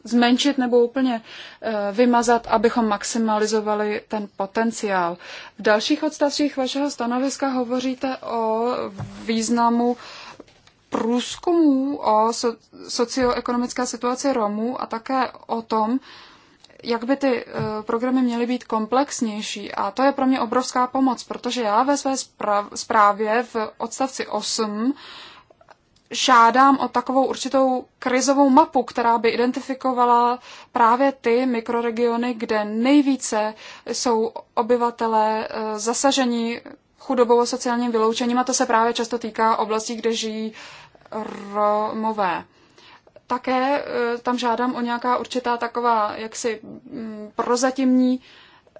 zmenšit nebo úplně eh, vymazat, abychom maximalizovali ten potenciál. V dalších odstavcích vašeho stanoviska hovoříte o významu průzkumů o socioekonomické situaci Romů a také o tom, jak by ty eh, programy měly být komplexnější. A to je pro mě obrovská pomoc, protože já ve své zprávě v odstavci 8 žádám o takovou určitou krizovou mapu, která by identifikovala právě ty mikroregiony, kde nejvíce jsou obyvatelé eh, zasaženi chudobou a sociálním vyloučením a to se právě často týká oblastí, kde žijí Romové také e, tam žádám o nějaká určitá taková jaksi mm, prozatímní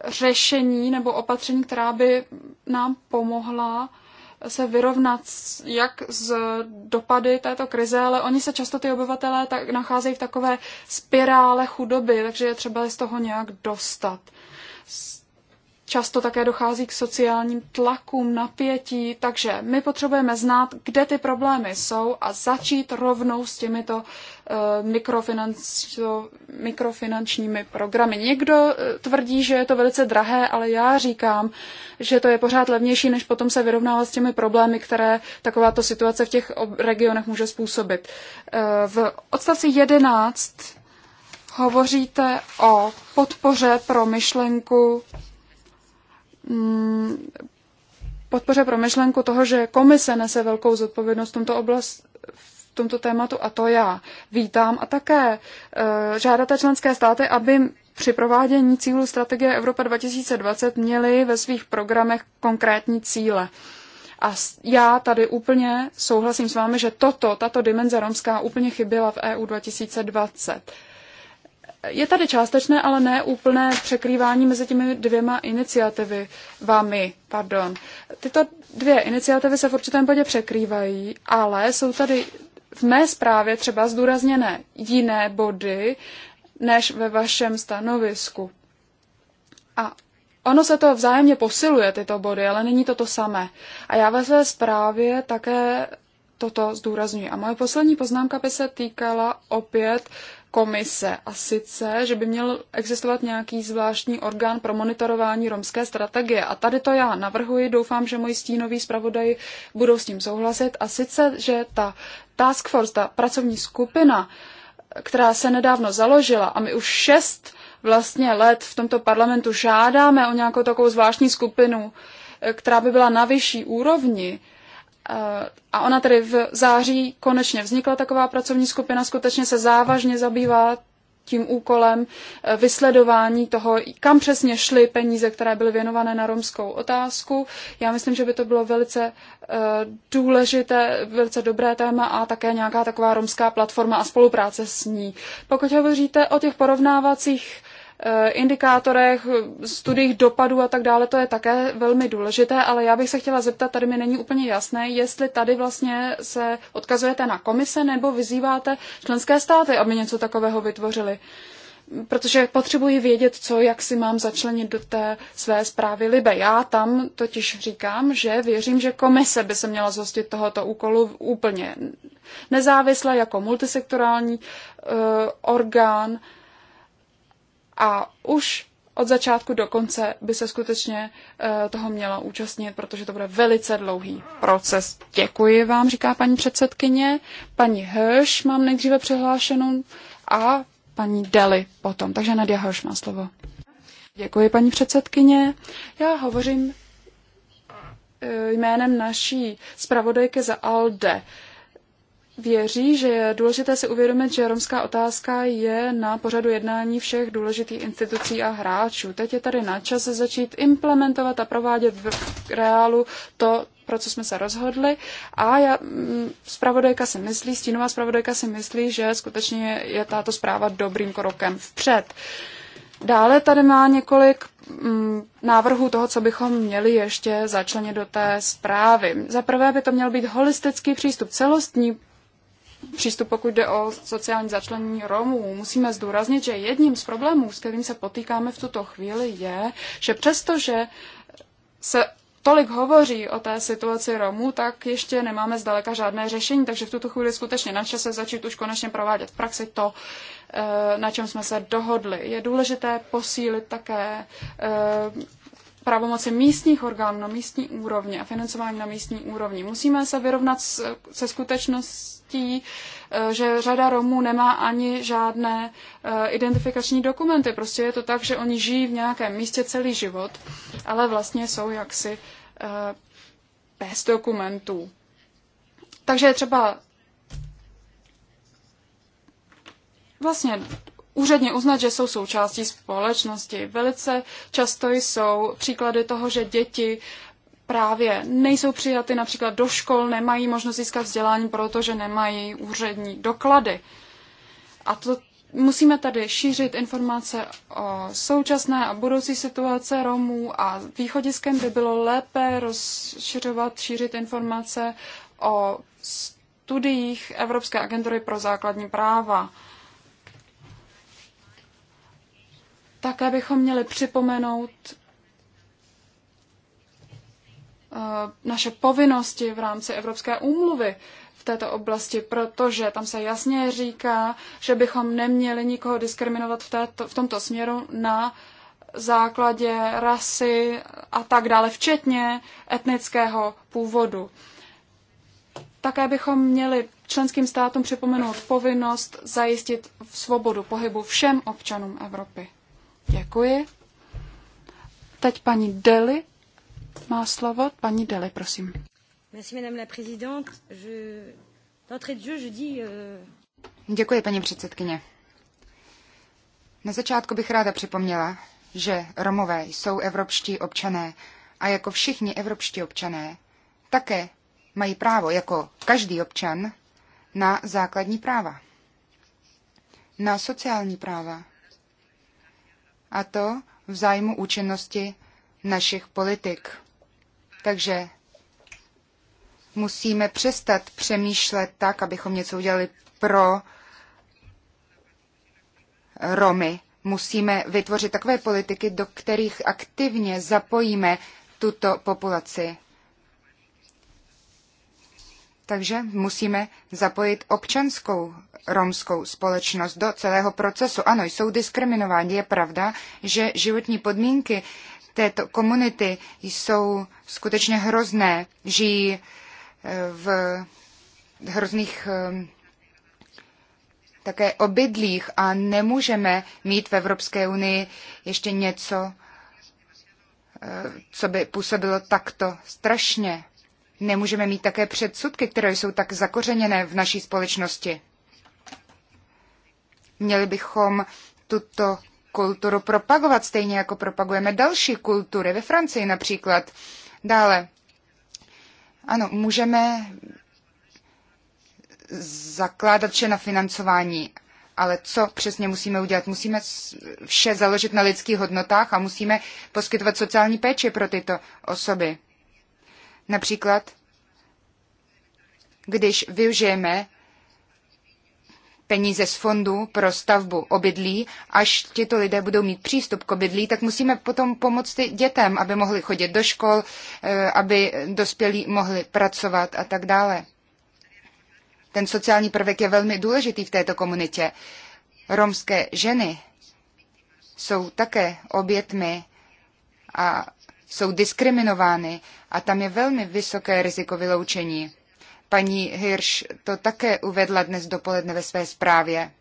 řešení nebo opatření, která by nám pomohla se vyrovnat jak z dopady této krize, ale oni se často ty obyvatelé tak nacházejí v takové spirále chudoby, takže je třeba z toho nějak dostat. Často také dochází k sociálním tlakům, napětí, takže my potřebujeme znát, kde ty problémy jsou a začít rovnou s těmito Eh, mikrofinančními programy. Někdo eh, tvrdí, že je to velice drahé, ale já říkám, že to je pořád levnější, než potom se vyrovnávat s těmi problémy, které takováto situace v těch regionech může způsobit. Eh, v odstavci 11 hovoříte o podpoře pro myšlenku mm, podpoře pro myšlenku toho, že komise nese velkou zodpovědnost v, tomto oblast, v tomto tématu a to já vítám a také eh, žádáte členské státy, aby při provádění cílů strategie Evropa 2020 měli ve svých programech konkrétní cíle. A já tady úplně souhlasím s vámi, že toto, tato dimenze romská úplně chyběla v EU 2020. Je tady částečné, ale ne úplné překrývání mezi těmi dvěma iniciativy, vámi, pardon. Tyto dvě iniciativy se v určitém bodě překrývají, ale jsou tady v mé zprávě třeba zdůrazněné jiné body než ve vašem stanovisku. A ono se to vzájemně posiluje, tyto body, ale není to to samé. A já ve své zprávě také toto zdůraznuju. A moje poslední poznámka by se týkala opět komise a sice, že by měl existovat nějaký zvláštní orgán pro monitorování romské strategie. A tady to já navrhuji, doufám, že moji stínoví zpravodaji budou s tím souhlasit. A sice, že ta task force, ta pracovní skupina, která se nedávno založila a my už šest vlastně let v tomto parlamentu žádáme o nějakou takovou zvláštní skupinu, která by byla na vyšší úrovni, a ona tedy v září konečně vznikla taková pracovní skupina, skutečně se závažně zabývá tím úkolem eh, vysledování toho, kam přesně šly peníze, které byly věnované na romskou otázku. Já myslím, že by to bylo velice eh, důležité, velice dobré téma a také nějaká taková romská platforma a spolupráce s ní. Pokud hovoříte o těch porovnávacích Eh, indikátorech, studiích dopadů a tak dále, to je také velmi důležité, ale já bych se chtěla zeptat, tady mi není úplně jasné, jestli tady vlastně se odkazujete na komise nebo vyzýváte členské státy, aby něco takového vytvořili. Protože potřebuji vědět, co, jak si mám začlenit do té své zprávy Libe. Já tam totiž říkám, že věřím, že komise by se měla zhostit tohoto úkolu úplně nezávisle jako multisektorální uh, orgán uh, a už od začátku do konce by se skutečně eh, toho měla účastnit, protože to bude velice dlouhý proces. Děkuji vám, říká paní předsedkyně. Paní Hirsch mám nejdříve přihlášenou a paní Deli potom. Takže Nadia Hirsch má slovo. Děkuji, paní předsedkyně. Já hovořím eh, jménem naší zpravodajky za ALDE věří, že je důležité si uvědomit, že romská otázka je na pořadu jednání všech důležitých institucí a hráčů. Teď je tady na čase začít implementovat a provádět v reálu to, pro co jsme se rozhodli. A já, spravodajka mm, si myslí, stínová spravodajka si myslí, že skutečně je tato zpráva dobrým krokem vpřed. Dále tady má několik mm, návrhů toho, co bychom měli ještě začlenit do té zprávy. Za prvé by to měl být holistický přístup, celostní přístup, pokud jde o sociální začlenění Romů. Musíme zdůraznit, že jedním z problémů, s kterým se potýkáme v tuto chvíli, je, že přestože se tolik hovoří o té situaci Romů, tak ještě nemáme zdaleka žádné řešení, takže v tuto chvíli skutečně na čase začít už konečně provádět v praxi to, eh, na čem jsme se dohodli. Je důležité posílit také eh, pravomoci místních orgánů na místní úrovni a financování na místní úrovni. Musíme se vyrovnat s, se skutečností, eh, že řada Romů nemá ani žádné eh, identifikační dokumenty. Prostě je to tak, že oni žijí v nějakém místě celý život, ale vlastně jsou jaksi eh, bez dokumentů. Takže je třeba vlastně úředně uznat, že jsou součástí společnosti. Velice často jsou příklady toho, že děti právě nejsou přijaty například do škol, nemají možnost získat vzdělání, protože nemají úřední doklady. A to musíme tady šířit informace o současné a budoucí situace Romů a východiskem by bylo lépe rozšiřovat, šířit informace o studiích Evropské agentury pro základní práva. Také bychom měli připomenout eh, naše povinnosti v rámci Evropské úmluvy v této oblasti, protože tam se jasně říká, že bychom neměli nikoho diskriminovat v, této, v tomto směru na základě rasy a tak dále, včetně etnického původu. Také bychom měli členským státům připomenout povinnost zajistit svobodu pohybu všem občanům Evropy. Děkuji. Teď paní Deli má slovo. Paní Deli, prosím. Merci, madame la présidente. Je... D'entrée de jeu, je dis... Euh, Děkuji, paní předsedkyně. Na začátku bych ráda připomněla, že Romové jsou evropští občané a jako všichni evropští občané také mají právo jako každý občan na základní práva, na sociální práva, a to v zájmu účinnosti našich politik. Takže musíme přestat přemýšlet tak, abychom něco udělali pro Romy. Musíme vytvořit takové politiky, do kterých aktivně zapojíme tuto populaci. Takže musíme zapojit občanskou romskou společnost do celého procesu. Ano, jsou diskriminováni. Je pravda, že životní podmínky této komunity jsou skutečně hrozné. Žijí eh, v hrozných eh, také obydlích a nemůžeme mít v Evropské unii ještě něco, eh, co by působilo takto strašně. Nemůžeme mít také předsudky, které jsou tak zakořeněné v naší společnosti. Měli bychom tuto kulturu propagovat, stejně jako propagujeme další kultury, ve Francii například. Dále, ano, můžeme zakládat vše na financování, ale co přesně musíme udělat? Musíme vše založit na lidských hodnotách a musíme poskytovat sociální péči pro tyto osoby. Například, když využijeme peníze z fondu pro stavbu obydlí, až tito lidé budou mít přístup k obydlí, tak musíme potom pomoci dětem, aby mohli chodit do škol, eh, aby dospělí mohli pracovat a tak dále. Ten sociální prvek je velmi důležitý v této komunitě. Romské ženy jsou také obětmi a jsou diskriminovány a tam je velmi vysoké riziko vyloučení. Paní Hirsch to také uvedla dnes dopoledne ve své zprávě.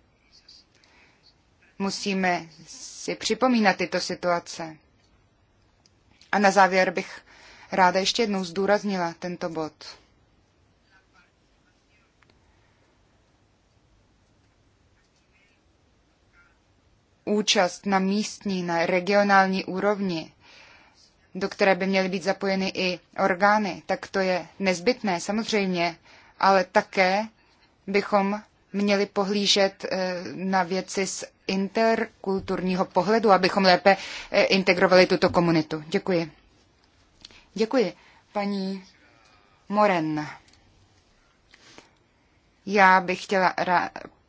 Musíme si připomínat tyto situace. A na závěr bych ráda ještě jednou zdůraznila tento bod. Účast na místní, na regionální úrovni do které by měly být zapojeny i orgány, tak to je nezbytné samozřejmě, ale také bychom měli pohlížet eh, na věci z interkulturního pohledu, abychom lépe eh, integrovali tuto komunitu. Děkuji. Děkuji. Paní Moren. Já bych chtěla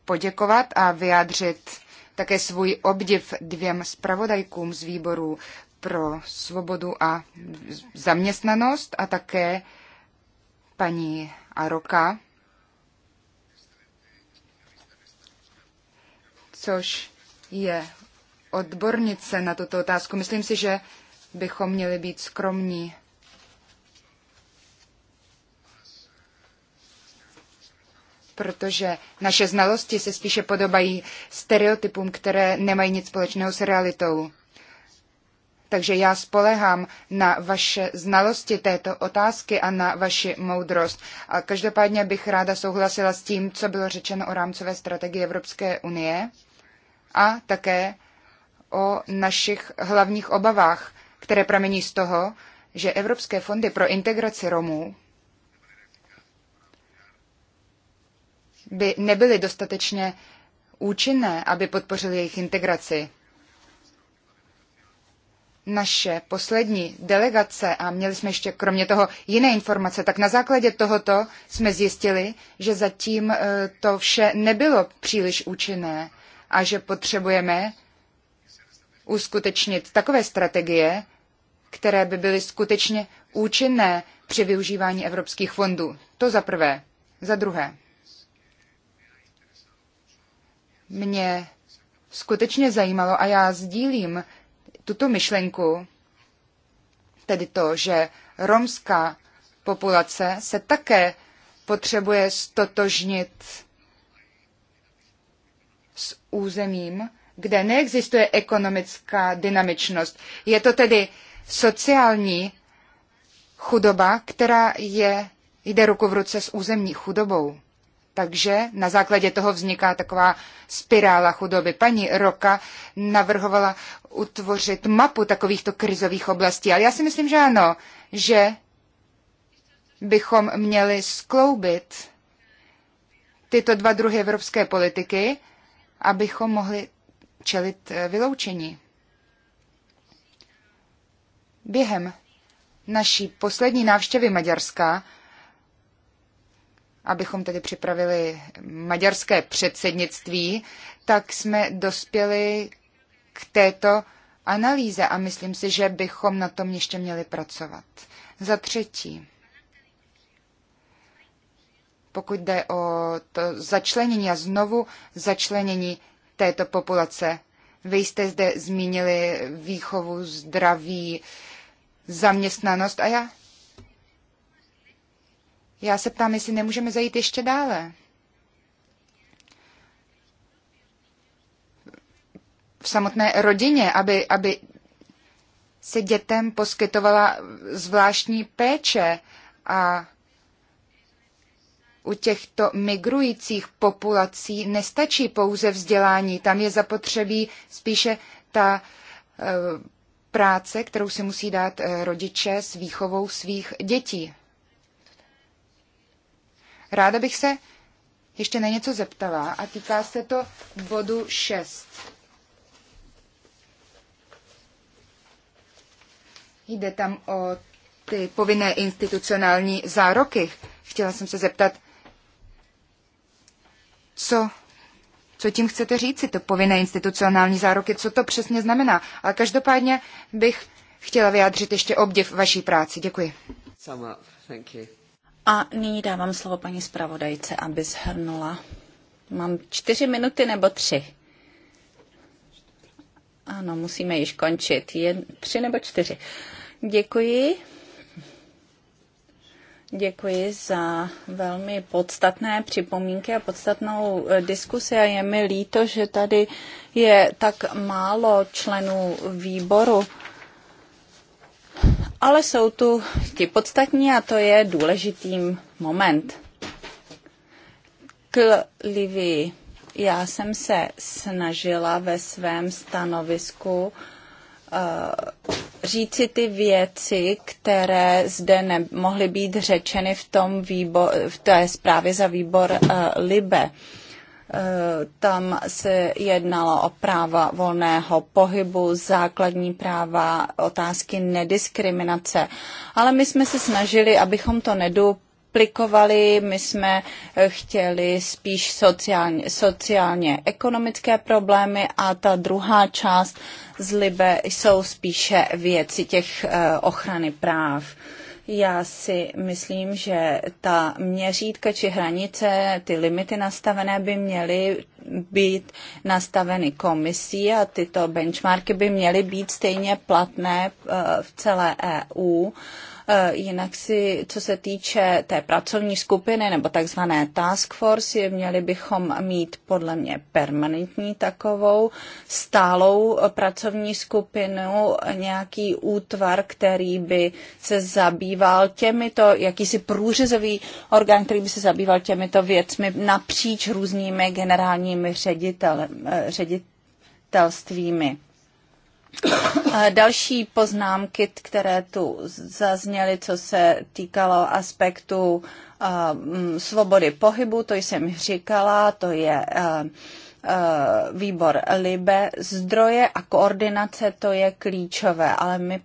poděkovat a vyjádřit také svůj obdiv dvěm zpravodajkům z výboru pro svobodu a zaměstnanost a také paní Aroka, což je odbornice na tuto otázku. Myslím si, že bychom měli být skromní. protože naše znalosti se spíše podobají stereotypům, které nemají nic společného s realitou. Takže já spolehám na vaše znalosti této otázky a na vaši moudrost. A každopádně bych ráda souhlasila s tím, co bylo řečeno o rámcové strategii Evropské unie a také o našich hlavních obavách, které pramení z toho, že Evropské fondy pro integraci Romů by nebyly dostatečně účinné, aby podpořily jejich integraci naše poslední delegace a měli jsme ještě kromě toho jiné informace, tak na základě tohoto jsme zjistili, že zatím eh, to vše nebylo příliš účinné a že potřebujeme uskutečnit takové strategie, které by byly skutečně účinné při využívání evropských fondů. To za prvé. Za druhé. Mě skutečně zajímalo a já sdílím tuto myšlenku, tedy to, že romská populace se také potřebuje stotožnit s územím, kde neexistuje ekonomická dynamičnost. Je to tedy sociální chudoba, která je, jde ruku v ruce s územní chudobou. Takže na základě toho vzniká taková spirála chudoby. Paní Roka navrhovala utvořit mapu takovýchto krizových oblastí, ale já si myslím, že ano, že bychom měli skloubit tyto dva druhy evropské politiky, abychom mohli čelit eh, vyloučení. Během naší poslední návštěvy Maďarska abychom tedy připravili maďarské předsednictví, tak jsme dospěli k této analýze a myslím si, že bychom na tom ještě měli pracovat. Za třetí, pokud jde o to začlenění a znovu začlenění této populace. Vy jste zde zmínili výchovu, zdraví, zaměstnanost a já já se ptám, jestli nemůžeme zajít ještě dále. V samotné rodině, aby, aby se dětem poskytovala zvláštní péče a u těchto migrujících populací nestačí pouze vzdělání, tam je zapotřebí spíše ta eh, práce, kterou si musí dát eh, rodiče s výchovou svých dětí. Ráda bych se ještě na něco zeptala a týká se to bodu 6. Jde tam o ty povinné institucionální zároky. Chtěla jsem se zeptat, co, co tím chcete říci, to povinné institucionální zároky, co to přesně znamená. A každopádně bych chtěla vyjádřit ještě obdiv vaší práci. Děkuji. Sama, thank you. A nyní dávám slovo paní zpravodajce, aby shrnula. Mám čtyři minuty nebo tři? Ano, musíme již končit. Je tři nebo čtyři. Děkuji. Děkuji za velmi podstatné připomínky a podstatnou eh, diskusi a je mi líto, že tady je tak málo členů výboru ale jsou tu ti podstatní a to je důležitý moment. K Livy, Já jsem se snažila ve svém stanovisku uh, říci ty věci, které zde nemohly být řečeny v, tom výbo- v té zprávě za výbor uh, Libe. Uh, tam se jednalo o práva volného pohybu, základní práva, otázky nediskriminace. Ale my jsme se snažili, abychom to nedu Plikovali. My jsme chtěli spíš sociálně, sociálně ekonomické problémy a ta druhá část z Libe jsou spíše věci těch eh, ochrany práv. Já si myslím, že ta měřítka či hranice, ty limity nastavené by měly být nastaveny komisí a tyto benchmarky by měly být stejně platné eh, v celé EU Eh, jinak si, co se týče té pracovní skupiny nebo takzvané task force, je měli bychom mít podle mě permanentní takovou stálou pracovní skupinu, nějaký útvar, který by se zabýval těmito, jakýsi průřezový orgán, který by se zabýval těmito věcmi napříč různými generálními ředitel, eh, ředitelstvími. Další poznámky, které tu zazněly, co se týkalo aspektu mm, svobody pohybu, to jsem říkala, to je výbor LIBE, zdroje a koordinace, to je klíčové, ale my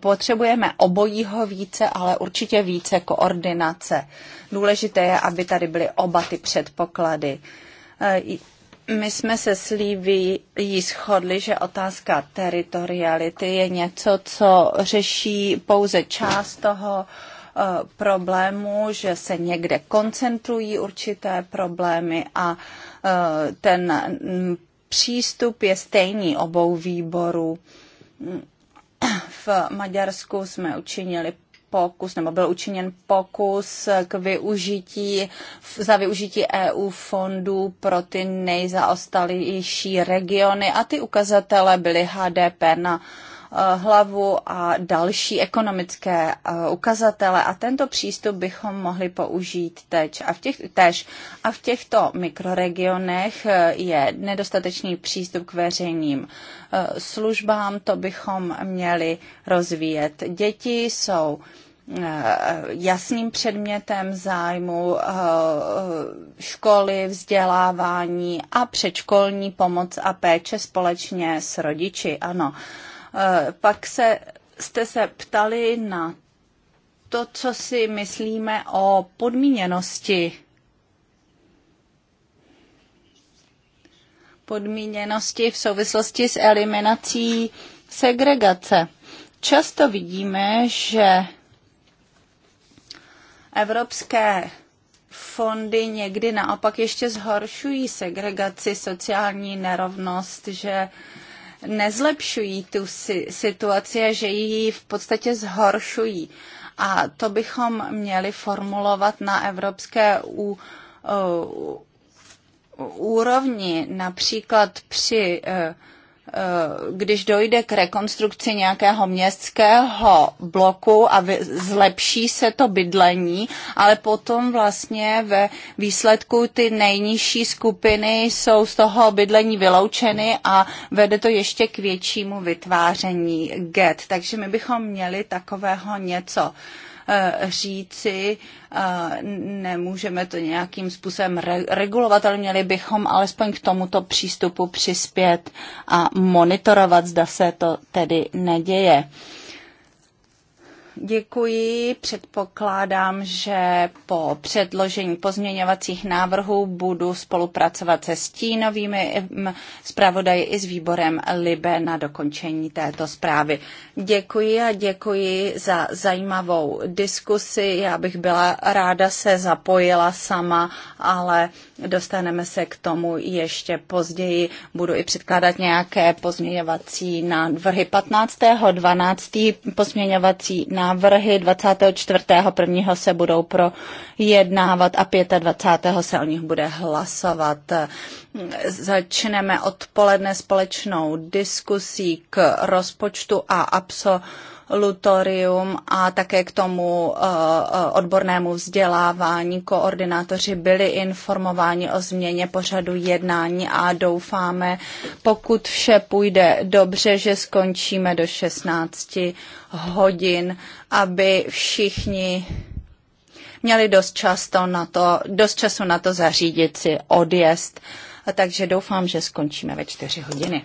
potřebujeme obojího více, ale určitě více koordinace. Důležité je, aby tady byly oba ty předpoklady my jsme se s Líbí shodli, že otázka teritoriality je něco, co řeší pouze část toho eh, problému, že se někde koncentrují určité problémy a eh, ten mm, přístup je stejný obou výborů. V Maďarsku jsme učinili pokus, nebo byl učiněn pokus k využití, za využití EU fondů pro ty nejzaostalější regiony a ty ukazatele byly HDP na eh, hlavu a další ekonomické eh, ukazatele a tento přístup bychom mohli použít teď. A v, těch, tež. a v těchto mikroregionech eh, je nedostatečný přístup k veřejným službám, to bychom měli rozvíjet. Děti jsou Eh, jasným předmětem zájmu eh, školy, vzdělávání a předškolní pomoc a péče společně s rodiči. Ano. Eh, pak se, jste se ptali na to, co si myslíme o podmíněnosti podmíněnosti v souvislosti s eliminací segregace. Často vidíme, že Evropské fondy někdy naopak ještě zhoršují segregaci, sociální nerovnost, že nezlepšují tu situaci a že ji v podstatě zhoršují. A to bychom měli formulovat na evropské ú, úrovni, například při uh, Eh, když dojde k rekonstrukci nějakého městského bloku a zlepší se to bydlení, ale potom vlastně ve výsledku ty nejnižší skupiny jsou z toho bydlení vyloučeny a vede to ještě k většímu vytváření get. Takže my bychom měli takového něco Eh, říci, eh, nemůžeme to nějakým způsobem regulovat, ale měli bychom alespoň k tomuto přístupu přispět a monitorovat, zda se to tedy neděje. Děkuji. Předpokládám, že po předložení pozměňovacích návrhů budu spolupracovat se stínovými zpravodaji i s výborem Libe na dokončení této zprávy. Děkuji a děkuji za zajímavou diskusi. Já bych byla ráda se zapojila sama, ale Dostaneme se k tomu ještě později. Budu i předkládat nějaké pozměňovací návrhy. 15. 12. pozměňovací návrhy 24. 1. se budou projednávat a 25. se o nich bude hlasovat. Začneme odpoledne společnou diskusí k rozpočtu a absolutní lutorium a také k tomu eh, eh, odbornému vzdělávání. Koordinátoři byli informováni o změně pořadu jednání a doufáme, pokud vše půjde dobře, že skončíme do 16 hodin, aby všichni měli dost, často na to, dost času na to zařídit si odjezd. A takže doufám, že skončíme ve čtyři hodiny.